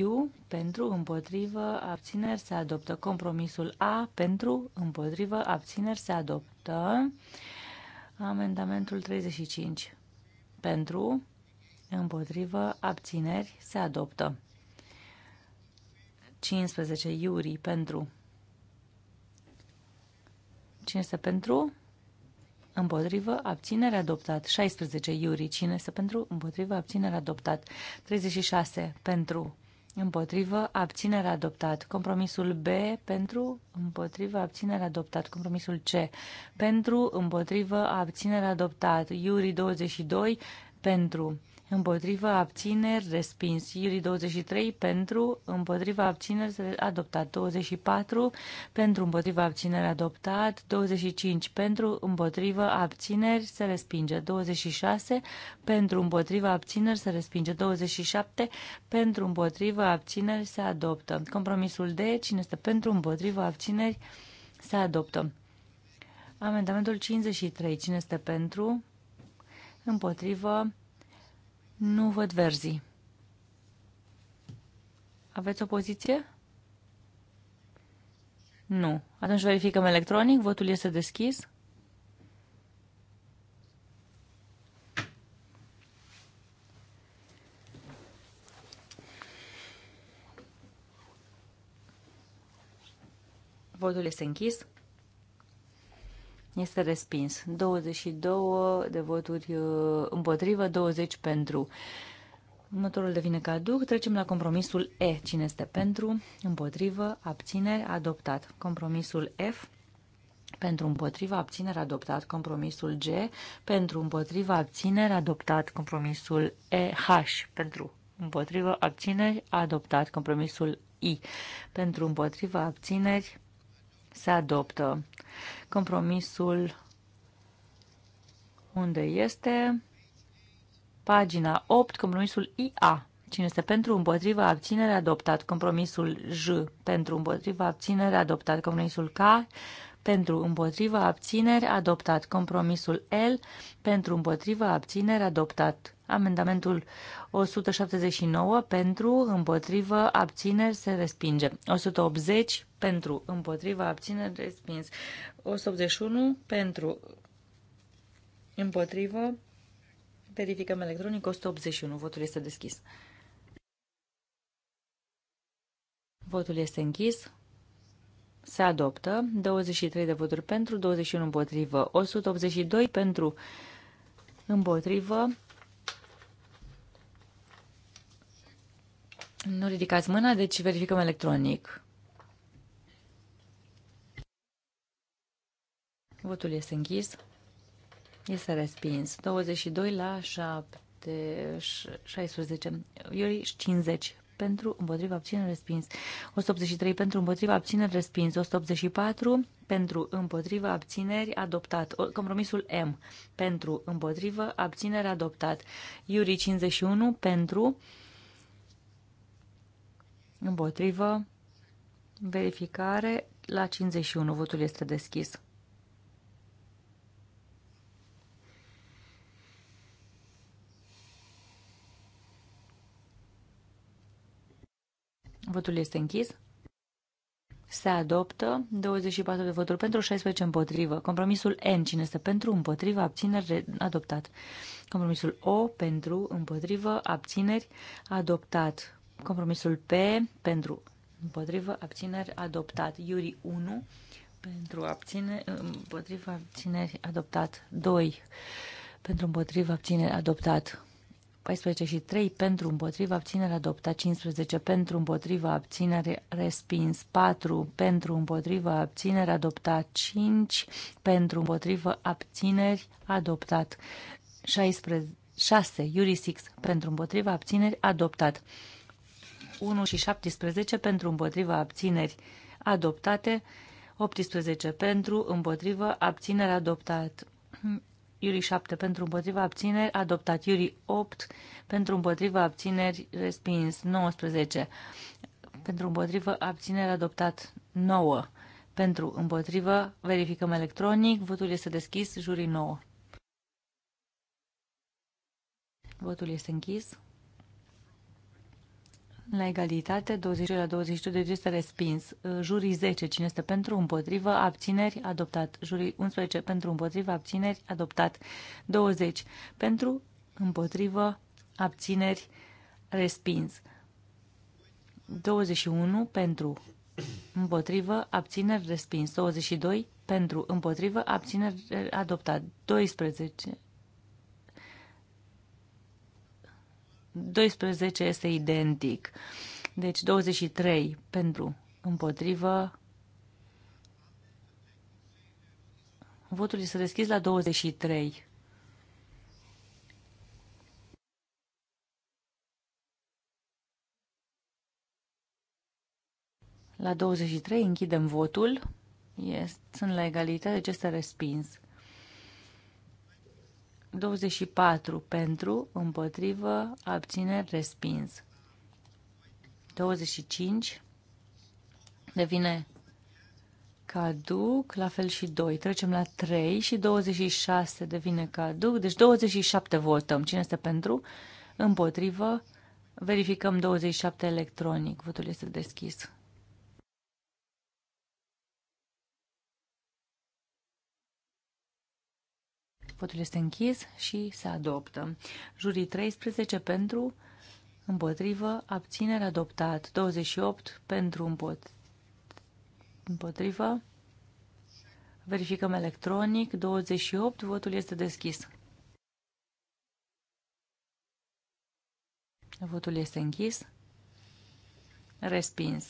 S3: pentru împotrivă abțineri se adoptă. Compromisul A pentru împotrivă abțineri se adoptă. Amendamentul 35 pentru împotrivă, abțineri, se adoptă. 15 iurii pentru. Cine este pentru? Împotrivă, abținere adoptat. 16 iurii. Cine este pentru? Împotrivă, abținere adoptat. 36 pentru. Împotrivă, abținere adoptat. Compromisul B pentru, împotrivă, abținere adoptat. Compromisul C pentru, împotrivă, abținere adoptat. Iuri 22 pentru, împotriva abțineri, respins. Iuri 23 pentru, împotriva abțineri, adoptat. 24 pentru, împotriva abțineri, adoptat. 25 pentru, împotriva abțineri, se respinge. 26 pentru, împotriva abțineri, se respinge. 27 pentru, împotriva abțineri, se adoptă. Compromisul de cine este pentru, împotriva abțineri, se adoptă. Amendamentul 53, cine este pentru? Împotrivă, nu văd verzii. Aveți o poziție? Nu. Atunci verificăm electronic. Votul este deschis. Votul este închis. Este respins. 22 de voturi uh, împotrivă, 20 pentru. Următorul devine caduc. Trecem la compromisul E. Cine este pentru? Împotrivă, abțineri, adoptat. Compromisul F. Pentru împotriva abținere adoptat compromisul G, pentru împotriva abținere adoptat compromisul H pentru împotriva abțineri adoptat compromisul I, pentru împotriva abțineri se adoptă Compromisul unde este? Pagina 8, compromisul IA. Cine este pentru împotriva abținere adoptat? Compromisul J pentru împotriva abținere adoptat. Compromisul K pentru împotriva abțineri adoptat. Compromisul L pentru împotriva abțineri adoptat. Amendamentul 179 pentru împotriva abțineri se respinge. 180 pentru împotriva abțineri respins. 181 pentru împotrivă. Verificăm electronic 181. Votul este deschis. Votul este închis se adoptă, 23 de voturi pentru, 21 împotrivă, 182 pentru, împotrivă. Nu ridicați mâna, deci verificăm electronic. Votul este închis. Este respins. 22 la 7, 16. 50 pentru împotriva abțineri respins. 183 pentru împotriva abțineri respins. 184 pentru împotriva abțineri adoptat. Compromisul M pentru împotriva abțineri adoptat. Iuri 51 pentru împotriva verificare la 51. Votul este deschis. Votul este închis. Se adoptă 24 de voturi pentru 16 împotrivă. Compromisul N, cine este pentru, împotrivă, abțineri, adoptat. Compromisul O, pentru, împotrivă, abțineri, adoptat. Compromisul P, pentru, împotrivă, abțineri, adoptat. Iuri 1, pentru, abține, împotrivă, abțineri, adoptat. 2, pentru, împotrivă, abțineri, adoptat. 14 și 3 pentru împotriva abținere adoptat, 15 pentru împotriva abținere respins, 4 pentru împotriva abținere adoptat, 5 pentru împotriva abțineri adoptat, 16, 6 Yuri pentru împotriva abțineri adoptat, 1 și 17 pentru împotriva abțineri adoptate, 18 pentru împotriva abținere adoptat, Iuri 7 pentru împotriva abțineri, adoptat. Iuri 8 pentru împotriva abțineri, respins. 19 pentru împotriva abțineri, adoptat. 9 pentru împotriva, verificăm electronic, votul este deschis, jurii 9. Votul este închis. La egalitate, 20 la 22 este respins. Jurii 10, cine este pentru, împotrivă, abțineri, adoptat. Jurii 11, pentru, împotrivă, abțineri, adoptat. 20, pentru, împotrivă, abțineri, respins. 21, pentru, împotrivă, abțineri, respins. 22, pentru, împotrivă, abțineri, adoptat. 12, 12 este identic. Deci 23 pentru împotrivă. Votul este deschis la 23. La 23 închidem votul. Yes, sunt la egalitate, deci este respins. 24 pentru, împotrivă, abțineri, respins. 25 devine caduc, la fel și 2. Trecem la 3 și 26 devine caduc, deci 27 votăm. Cine este pentru? Împotrivă, verificăm 27 electronic. Votul este deschis. Votul este închis și se adoptă. Jurii 13 pentru, împotrivă, abținere adoptat. 28 pentru, împotrivă. Verificăm electronic. 28, votul este deschis. Votul este închis. Respins.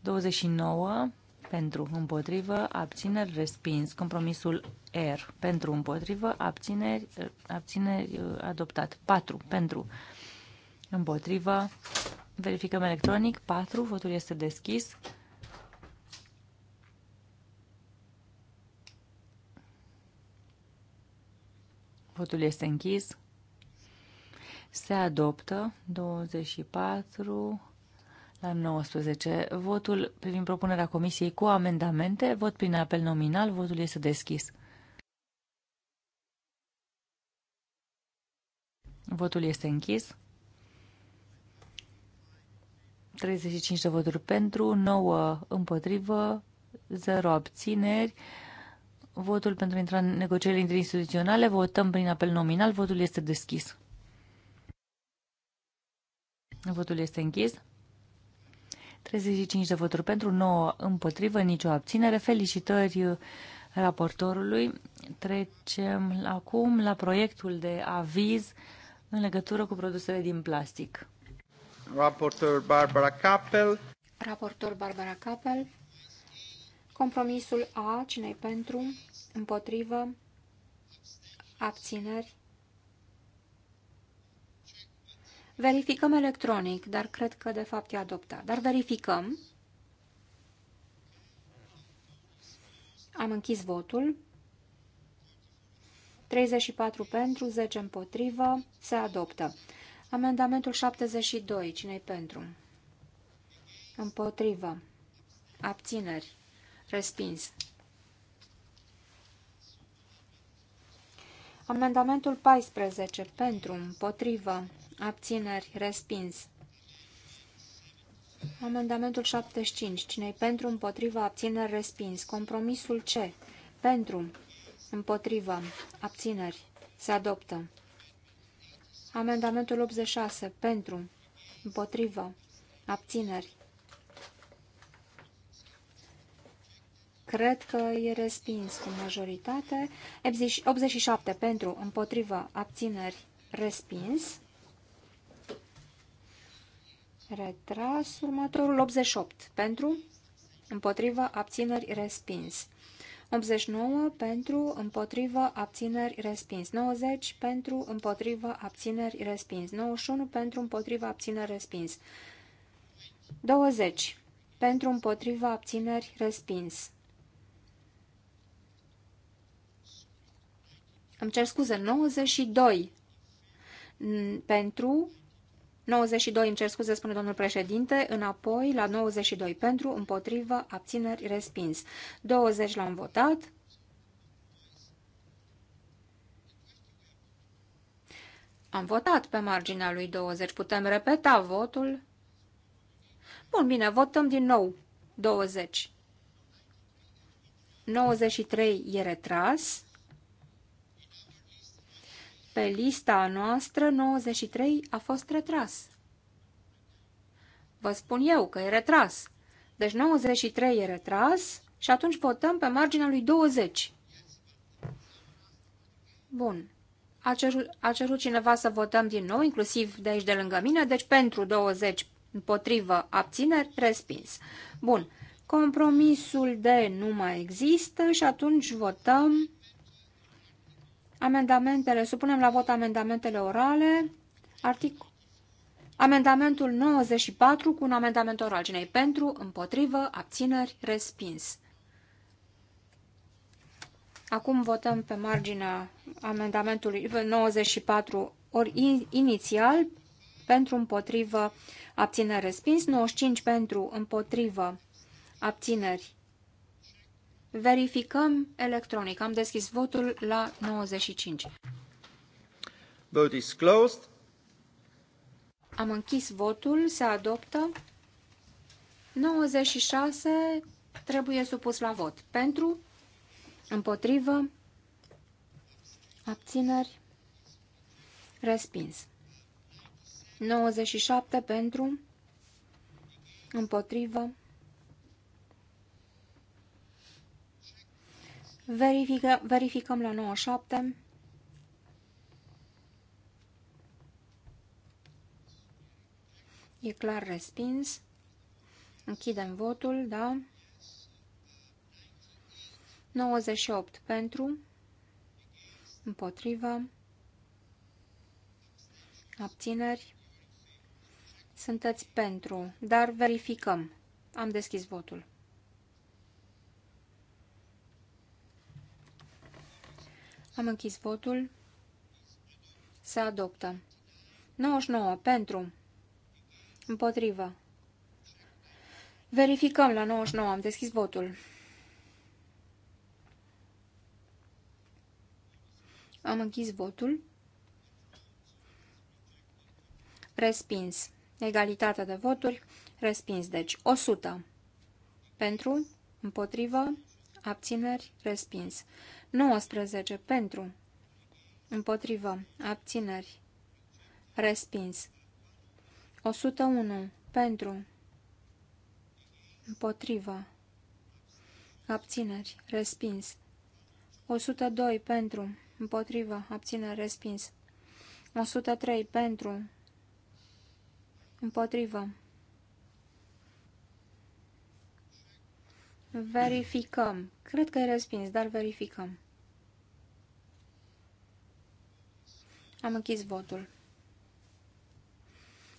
S3: 29 pentru, împotrivă, abțineri, respins. Compromisul R, pentru, împotrivă, abțineri, abțineri adoptat. 4, pentru, împotrivă, verificăm electronic, 4, votul este deschis. Votul este închis. Se adoptă 24 la 19. Votul privind propunerea comisiei cu amendamente, vot prin apel nominal, votul este deschis. Votul este închis. 35 de voturi pentru, 9 împotrivă, 0 abțineri. Votul pentru intra în negocierile interinstituționale, votăm prin apel nominal, votul este deschis. Votul este închis. 35 de voturi pentru, 9 împotrivă, nicio abținere. Felicitări raportorului. Trecem acum la proiectul de aviz în legătură cu produsele din plastic.
S1: Raportor Barbara Capel.
S4: Raportor Barbara Capel. Compromisul A, cine pentru, împotrivă, abțineri, Verificăm electronic, dar cred că de fapt e adoptat. Dar verificăm. Am închis votul. 34 pentru, 10 împotrivă, se adoptă. Amendamentul 72, cine pentru? Împotrivă. Abțineri. Respins. Amendamentul 14, pentru, împotrivă, Abțineri. Respins. Amendamentul 75. cine pentru, împotriva, abțineri, respins. Compromisul C. Pentru, împotriva, abțineri. Se adoptă. Amendamentul 86. Pentru, împotriva, abțineri. Cred că e respins cu majoritate. 87. Pentru, împotriva, abțineri, respins. Retras următorul 88 pentru, împotrivă, abțineri, respins. 89 pentru, împotrivă, abțineri, respins. 90 pentru, împotrivă, abțineri, respins. 91 pentru, împotrivă, abțineri, respins. 20 pentru, împotrivă, abțineri, respins. Îmi cer scuze, 92 pentru, 92, îmi cer scuze, spune domnul președinte, înapoi la 92 pentru, împotrivă, abțineri, respins. 20 l-am votat. Am votat pe marginea lui 20. Putem repeta votul? Bun, bine, votăm din nou 20. 93 e retras. Pe lista noastră, 93 a fost retras. Vă spun eu că e retras. Deci 93 e retras și atunci votăm pe marginea lui 20. Bun. A cerut, a cerut cineva să votăm din nou, inclusiv de aici de lângă mine, deci pentru 20 împotrivă abțineri, respins. Bun. Compromisul de nu mai există și atunci votăm Amendamentele, supunem la vot amendamentele orale. Artic... Amendamentul 94 cu un amendament oral. Cine pentru, împotrivă, abțineri, respins. Acum votăm pe marginea amendamentului 94 ori inițial, pentru împotrivă, abțineri respins, 95 pentru împotrivă, abțineri Verificăm electronic. Am deschis votul la 95.
S1: Vote is closed.
S4: Am închis votul. Se adoptă. 96 trebuie supus la vot. Pentru, împotrivă, abțineri, respins. 97 pentru, împotrivă, Verifică, verificăm la 97. E clar respins. Închidem votul, da? 98 pentru, împotrivă, abțineri. Sunteți pentru, dar verificăm. Am deschis votul. Am închis votul. Se adoptă. 99. Pentru. Împotrivă. Verificăm la 99. Am deschis votul. Am închis votul. Respins. Egalitatea de voturi. Respins. Deci 100. Pentru. Împotrivă. Abțineri. Respins. 19. Pentru. Împotrivă. Abțineri. Respins. 101. Pentru. Împotrivă. Abțineri. Respins. 102. Pentru. Împotrivă. Abțineri. Respins. 103. Pentru. Împotrivă. Verificăm. Cred că e respins, dar verificăm. Am închis votul.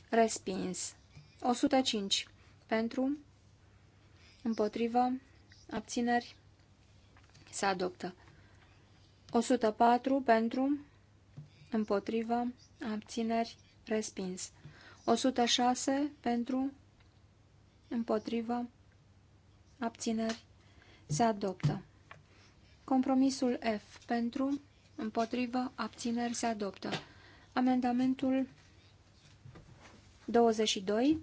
S4: Respins. 105. Pentru. Împotrivă. Abțineri. Se adoptă. 104. Pentru. Împotrivă. Abțineri. Respins. 106. Pentru. Împotrivă abțineri, se adoptă. Compromisul F pentru, împotrivă, abțineri, se adoptă. Amendamentul 22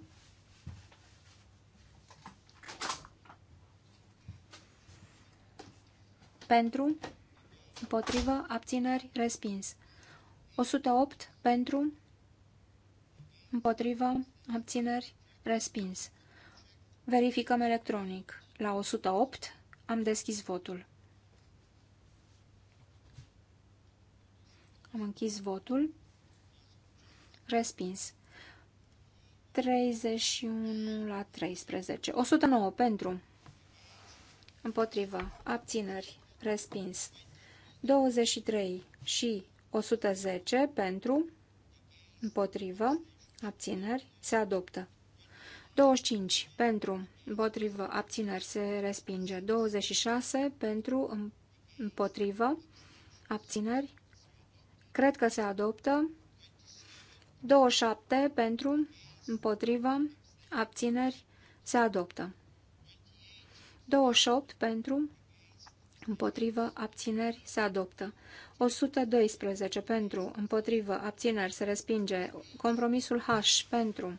S4: pentru, împotrivă, abțineri, respins. 108 pentru, împotrivă, abțineri, respins. Verificăm electronic. La 108 am deschis votul. Am închis votul. Respins. 31 la 13. 109 pentru. Împotrivă. Abțineri. Respins. 23 și 110 pentru. Împotrivă. Abțineri. Se adoptă. 25 pentru, împotrivă, abțineri se respinge. 26 pentru, împotrivă, abțineri. Cred că se adoptă. 27 pentru, împotrivă, abțineri se adoptă. 28 pentru, Împotrivă, abțineri, se adoptă. 112 pentru, împotrivă, abțineri, se respinge. Compromisul H pentru,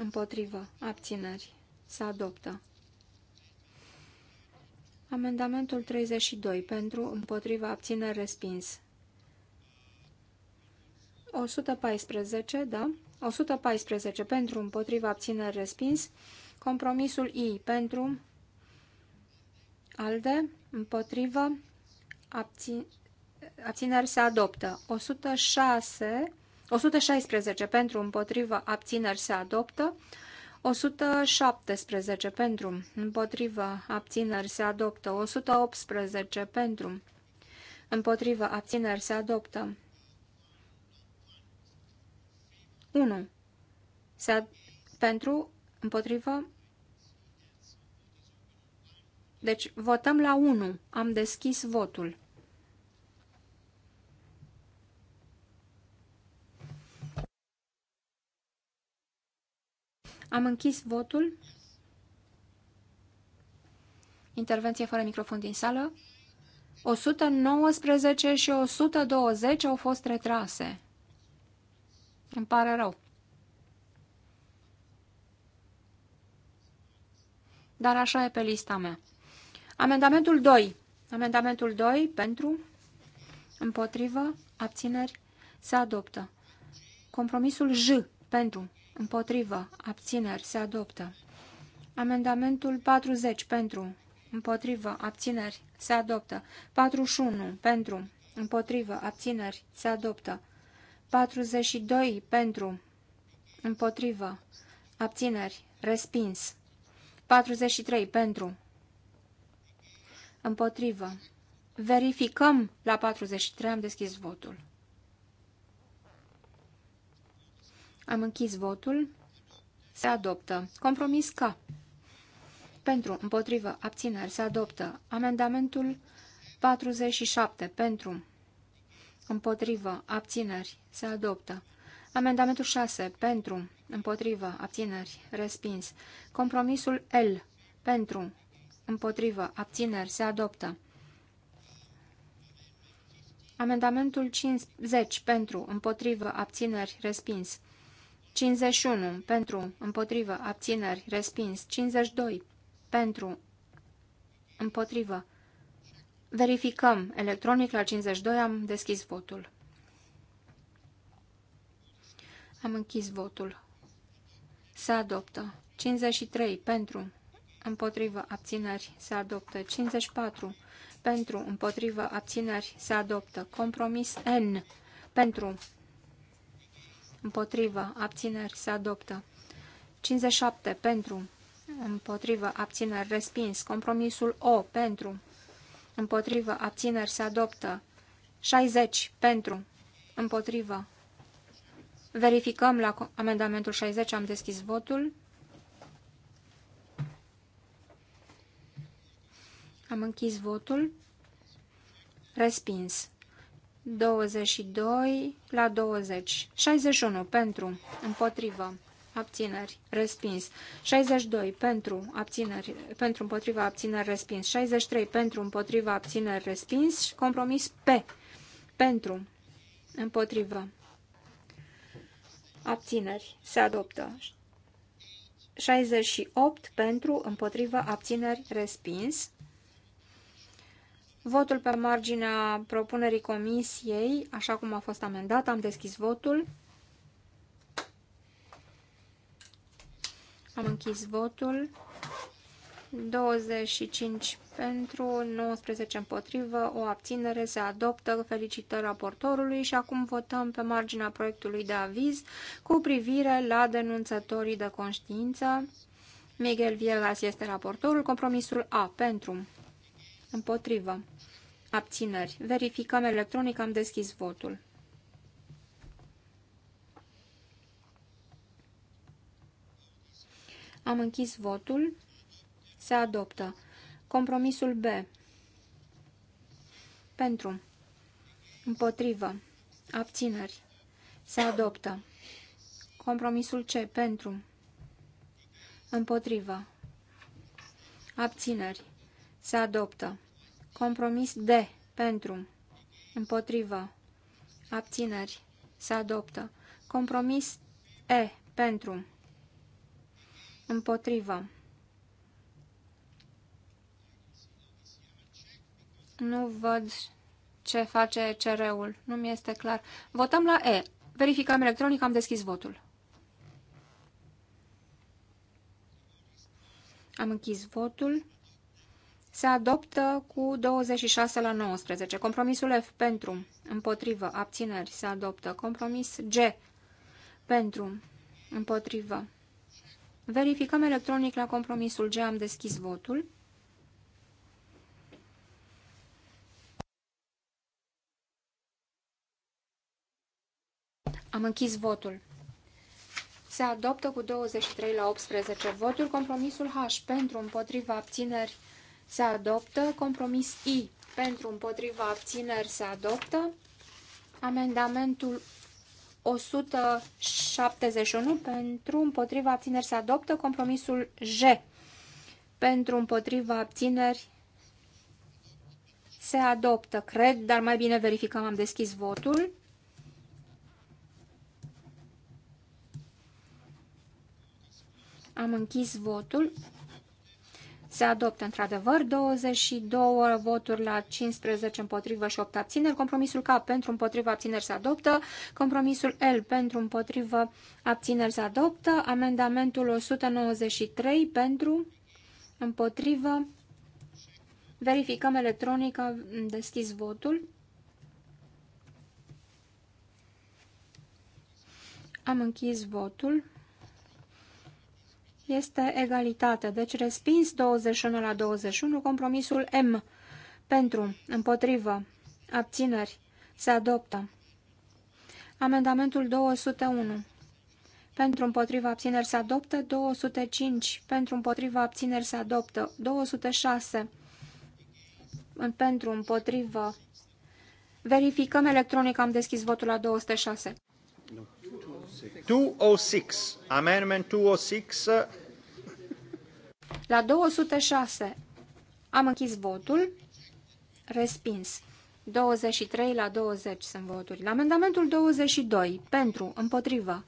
S4: Împotrivă. Abțineri. Se adoptă. Amendamentul 32. Pentru, împotrivă, abțineri, respins. 114, da? 114. Pentru, împotrivă, abțineri, respins. Compromisul I. Pentru, alde, împotrivă, abțin, abțineri, se adoptă. 106 116 pentru împotrivă abțineri se adoptă. 117 pentru împotrivă abțineri se adoptă. 118 pentru împotrivă abțineri se adoptă. 1. Se ad pentru împotrivă deci votăm la 1. Am deschis votul. Am închis votul. Intervenție fără microfon din sală. 119 și 120 au fost retrase. Îmi pare rău. Dar așa e pe lista mea. Amendamentul 2. Amendamentul 2 pentru, împotrivă, abțineri, se adoptă. Compromisul J pentru, Împotrivă. Abțineri. Se adoptă. Amendamentul 40. Pentru. Împotrivă. Abțineri. Se adoptă. 41. Pentru. Împotrivă. Abțineri. Se adoptă. 42. Pentru. Împotrivă. Abțineri. Respins. 43. Pentru. Împotrivă. Verificăm la 43. Am deschis votul. Am închis votul. Se adoptă. Compromis K. Pentru, împotrivă, abțineri, se adoptă. Amendamentul 47. Pentru, împotrivă, abțineri, se adoptă. Amendamentul 6. Pentru, împotrivă, abțineri, respins. Compromisul L. Pentru, împotrivă, abțineri, se adoptă. Amendamentul 50. Pentru, împotrivă, abțineri, respins. 51. Pentru. Împotrivă. Abțineri. Respins. 52. Pentru. Împotrivă. Verificăm. Electronic la 52 am deschis votul. Am închis votul. Se adoptă. 53. Pentru. Împotrivă. Abțineri. Se adoptă. 54. Pentru. Împotrivă. Abțineri. Se adoptă. Compromis N. Pentru împotrivă, abțineri, se adoptă. 57 pentru, împotrivă, abțineri, respins. Compromisul O pentru, împotrivă, abțineri, se adoptă. 60 pentru, împotrivă. Verificăm la amendamentul 60, am deschis votul. Am închis votul. Respins. 22 la 20. 61 pentru, împotrivă, abțineri, respins. 62 pentru, abțineri, pentru împotriva abțineri, respins. 63 pentru împotriva abțineri, respins. Compromis P. Pentru, împotrivă, abțineri, se adoptă. 68 pentru, împotrivă, abțineri, respins. Votul pe marginea propunerii comisiei, așa cum a fost amendat, am deschis votul. Am închis votul. 25 pentru, 19 împotrivă, o abținere se adoptă. Felicitări raportorului și acum votăm pe marginea proiectului de aviz cu privire la denunțătorii de conștiință. Miguel Viegas este raportorul. Compromisul A pentru Împotrivă. Abțineri. Verificăm electronic, am deschis votul. Am închis votul. Se adoptă. Compromisul B. Pentru. Împotrivă. Abțineri. Se adoptă. Compromisul C. Pentru. Împotrivă. Abțineri. Se adoptă. Compromis D. Pentru. Împotrivă. Abțineri. Se adoptă. Compromis E. Pentru. Împotrivă. Nu văd ce face CR-ul. Nu mi este clar. Votăm la E. Verificăm electronic, am deschis votul. Am închis votul se adoptă cu 26 la 19. Compromisul F pentru, împotrivă, abțineri, se adoptă. Compromis G pentru, împotrivă. Verificăm electronic la compromisul G, am deschis votul. Am închis votul. Se adoptă cu 23 la 18 voturi compromisul H pentru împotriva abțineri se adoptă. Compromis I pentru împotriva abțineri se adoptă. Amendamentul 171 pentru împotriva abțineri se adoptă. Compromisul J pentru împotriva abțineri se adoptă, cred, dar mai bine verificăm, am deschis votul. Am închis votul. Se adoptă într-adevăr 22 voturi la 15 împotrivă și 8 abțineri. Compromisul K pentru împotrivă abțineri se adoptă. Compromisul L pentru împotrivă abțineri se adoptă. Amendamentul 193 pentru împotrivă. Verificăm electronic, am deschis votul. Am închis votul este egalitate. Deci respins 21 la 21, compromisul M. Pentru, împotrivă, abțineri, se adoptă. Amendamentul 201. Pentru împotriva abțineri se adoptă 205. Pentru împotriva abțineri se adoptă 206. Pentru împotriva. Verificăm electronic. Am deschis votul la 206.
S1: 206. Amendment 206. Uh,
S4: la 206 am închis votul. Respins. 23 la 20 sunt voturi. La amendamentul 22, pentru, împotrivă,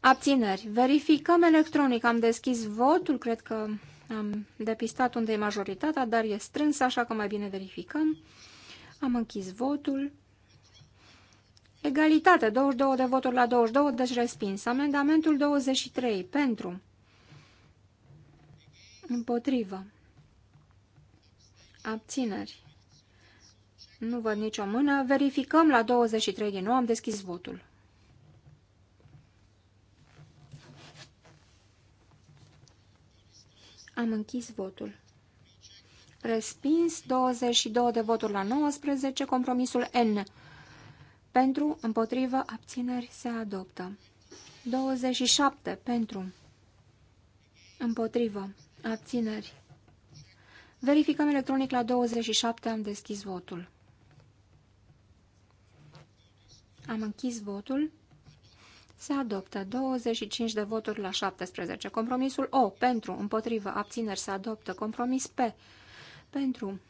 S4: abțineri. Verificăm electronic. Am deschis votul, cred că am depistat unde e majoritatea, dar e strâns, așa că mai bine verificăm. Am închis votul. Egalitate, 22 de voturi la 22, deci respins. Amendamentul 23, pentru. Împotrivă. Abțineri. Nu văd nicio mână. Verificăm la 23 din nou. Am deschis votul. Am închis votul. Respins 22 de voturi la 19, compromisul N. Pentru, împotrivă, abțineri se adoptă. 27. Pentru, împotrivă, abțineri. Verificăm electronic la 27, am deschis votul. Am închis votul. Se adoptă 25 de voturi la 17. Compromisul O. Pentru, împotrivă, abțineri se adoptă. Compromis P. Pentru,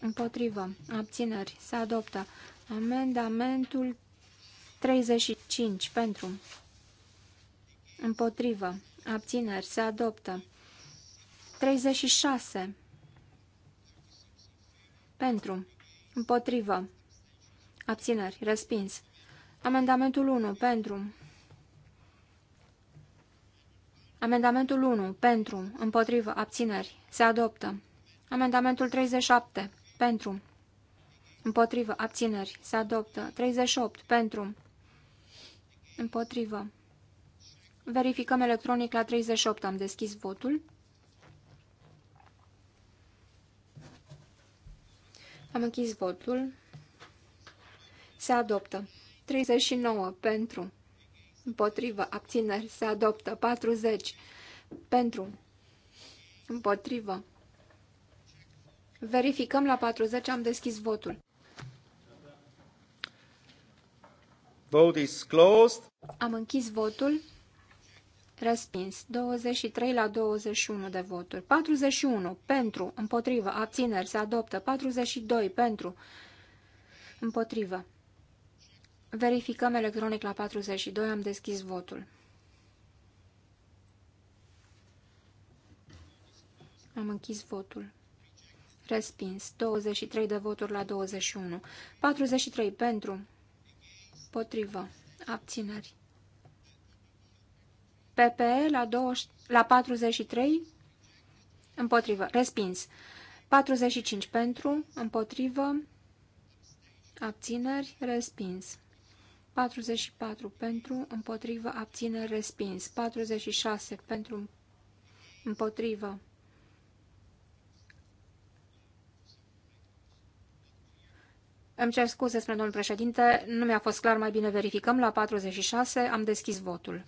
S4: împotrivă, abțineri se adoptă. Amendamentul 35 pentru. Împotrivă. Abțineri. Se adoptă. 36. Pentru. Împotrivă. Abțineri. Respins. Amendamentul 1. Pentru. Amendamentul 1. Pentru. Împotrivă. Abțineri. Se adoptă. Amendamentul 37. Pentru. Împotrivă. Abțineri. Se adoptă. 38. Pentru. Împotrivă. Verificăm electronic la 38. Am deschis votul. Am închis votul. Se adoptă. 39. Pentru. Împotrivă. Abțineri. Se adoptă. 40. Pentru. Împotrivă. Verificăm la 40. Am deschis votul.
S1: Vote is closed.
S4: Am închis votul. Respins. 23 la 21 de voturi. 41 pentru, împotrivă, abțineri, se adoptă. 42 pentru, împotrivă. Verificăm electronic la 42, am deschis votul. Am închis votul. Respins. 23 de voturi la 21. 43 pentru, Potrivă. Abțineri. PPE la, 20, la 43. Împotrivă. Respins. 45 pentru. Împotrivă. Abțineri. Respins. 44 pentru. Împotrivă. Abțineri. Respins. 46 pentru. Împotrivă. Îmi cer scuze, spre domnul președinte, nu mi-a fost clar, mai bine verificăm. La 46 am deschis votul.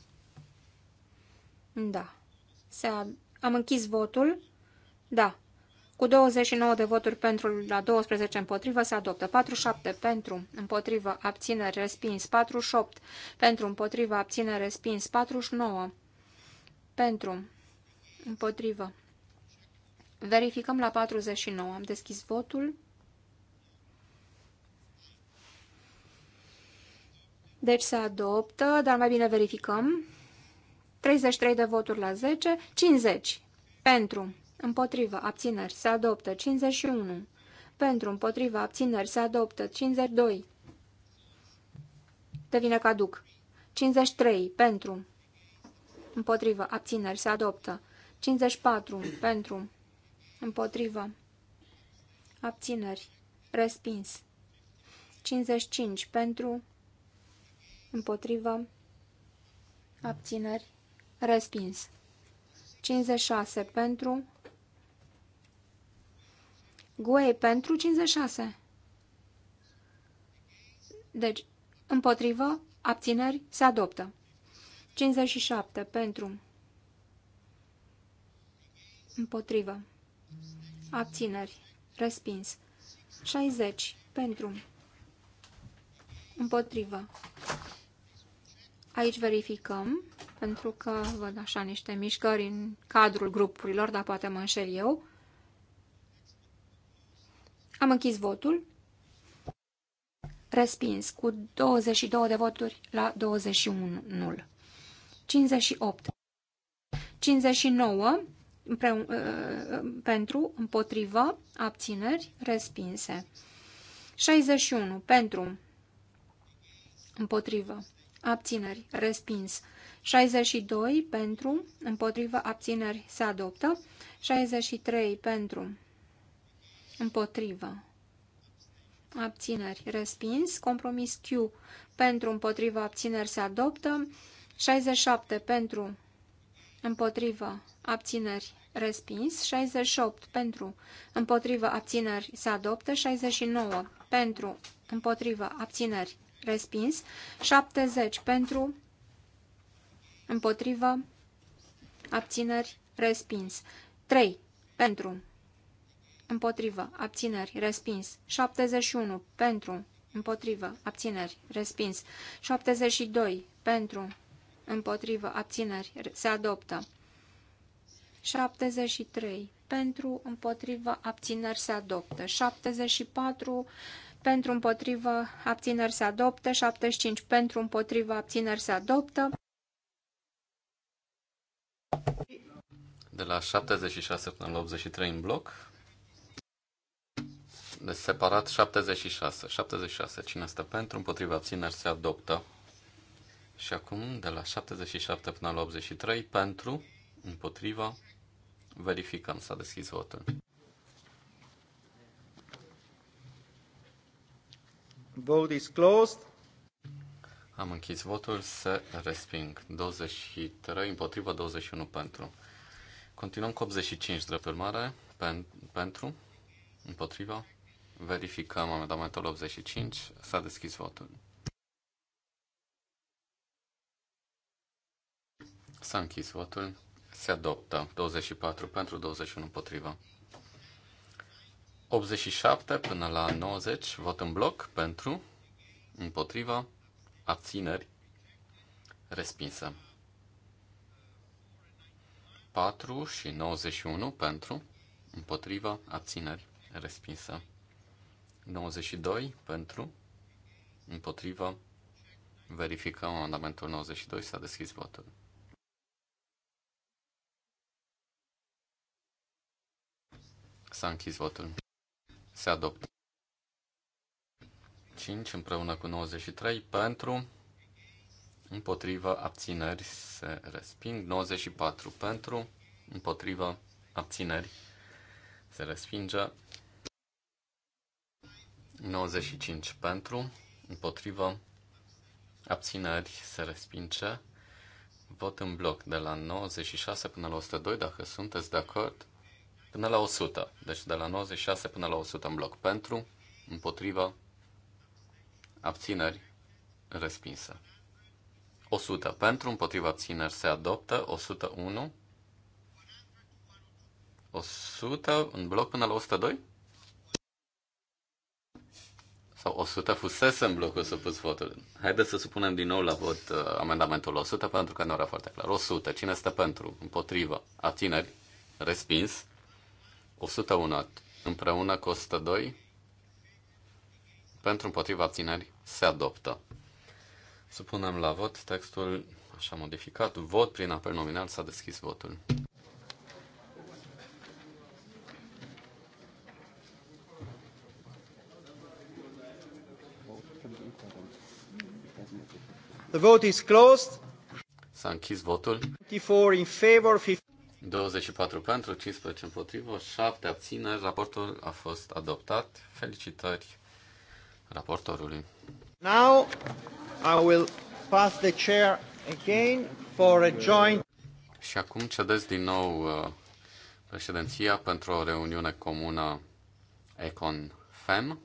S4: Da. Se a... Am închis votul. Da. Cu 29 de voturi pentru, la 12 împotrivă, se adoptă. 47 pentru, împotrivă, abținere, respins. 48 pentru, împotrivă, abținere, respins. 49 pentru, împotrivă. Verificăm la 49. Am deschis votul. Deci se adoptă, dar mai bine verificăm. 33 de voturi la 10, 50 pentru, împotrivă, abțineri, se adoptă, 51 pentru, împotrivă, abțineri, se adoptă, 52 devine caduc, 53 pentru, împotrivă, abțineri, se adoptă, 54 pentru, împotrivă, abțineri, respins, 55 pentru, împotrivă, abțineri, respins. 56 pentru, gue pentru 56. Deci, împotrivă, abțineri, se adoptă. 57 pentru, împotrivă, abțineri, respins. 60 pentru, împotrivă, Aici verificăm, pentru că văd așa niște mișcări în cadrul grupurilor, dar poate mă înșel eu. Am închis votul. Respins cu 22 de voturi la 21. 0. 58. 59 împreun, ă, ă, pentru, împotrivă, abțineri, respinse. 61 pentru, împotrivă, abțineri, respins. 62 pentru, împotrivă, abțineri, se adoptă. 63 pentru, împotrivă, abțineri, respins. Compromis Q pentru, împotrivă, abțineri, se adoptă. 67 pentru, împotrivă, abțineri, respins. 68 pentru, împotrivă, abțineri, se adoptă. 69 pentru, împotrivă, abțineri, Respins. 70 pentru, împotrivă, abțineri, respins. 3 pentru, împotrivă, abțineri, respins. 71 pentru, împotrivă, abțineri, respins. 72 pentru, împotrivă, abțineri, se adoptă. 73 pentru, împotrivă, abțineri, se adoptă. 74 pentru împotrivă, abțineri se adoptă, 75 pentru împotrivă, abțineri se adoptă.
S2: De la 76 până la 83 în bloc. De deci, separat 76. 76. Cine stă pentru, împotriva abțineri se adoptă. Și acum de la 77 până la 83 pentru, împotriva, verificăm, s-a deschis votul.
S1: Vote is closed.
S2: Am închis votul, se resping. 23 împotriva, 21 pentru. Continuăm cu 85 drept urmare, pen, pentru, împotriva. Verificăm amendamentul 85, s-a deschis votul. S-a închis votul, se adoptă 24 pentru, 21 împotriva. 87 până la 90, vot în bloc pentru, împotriva, abțineri, respinsă. 4 și 91 pentru, împotriva, abțineri, respinsă. 92 pentru, împotriva, verificăm amendamentul 92, s-a deschis votul. S-a închis votul se adoptă. 5 împreună cu 93 pentru, împotriva abțineri se resping, 94 pentru, împotriva abțineri se respinge, 95 pentru, împotriva abțineri se respinge, vot în bloc de la 96 până la 102 dacă sunteți de acord, până la 100. Deci de la 96 până la 100 în bloc. Pentru, împotriva, abțineri, respinsă. 100 pentru, împotriva abțineri se adoptă, 101, 100 în bloc până la 102? Sau 100 fusese în blocul supus votul. Haideți să supunem din nou la vot uh, amendamentul 100 pentru că nu era foarte clar. 100. Cine este pentru? Împotrivă. Atineri. Respins. 101 împreună cu 102 pentru împotriva țineri se adoptă. Supunem la vot textul așa modificat. Vot prin apel nominal s-a deschis votul.
S1: The vote is closed.
S2: S-a închis votul.
S1: 54 in favor, 50.
S2: 24 pentru, 15 împotrivă, 7 abțineri. Raportul a fost adoptat. Felicitări raportorului.
S1: Now I will pass the chair again for a joint.
S2: Și acum cedez din nou uh, președinția pentru o reuniune comună Econ FEM.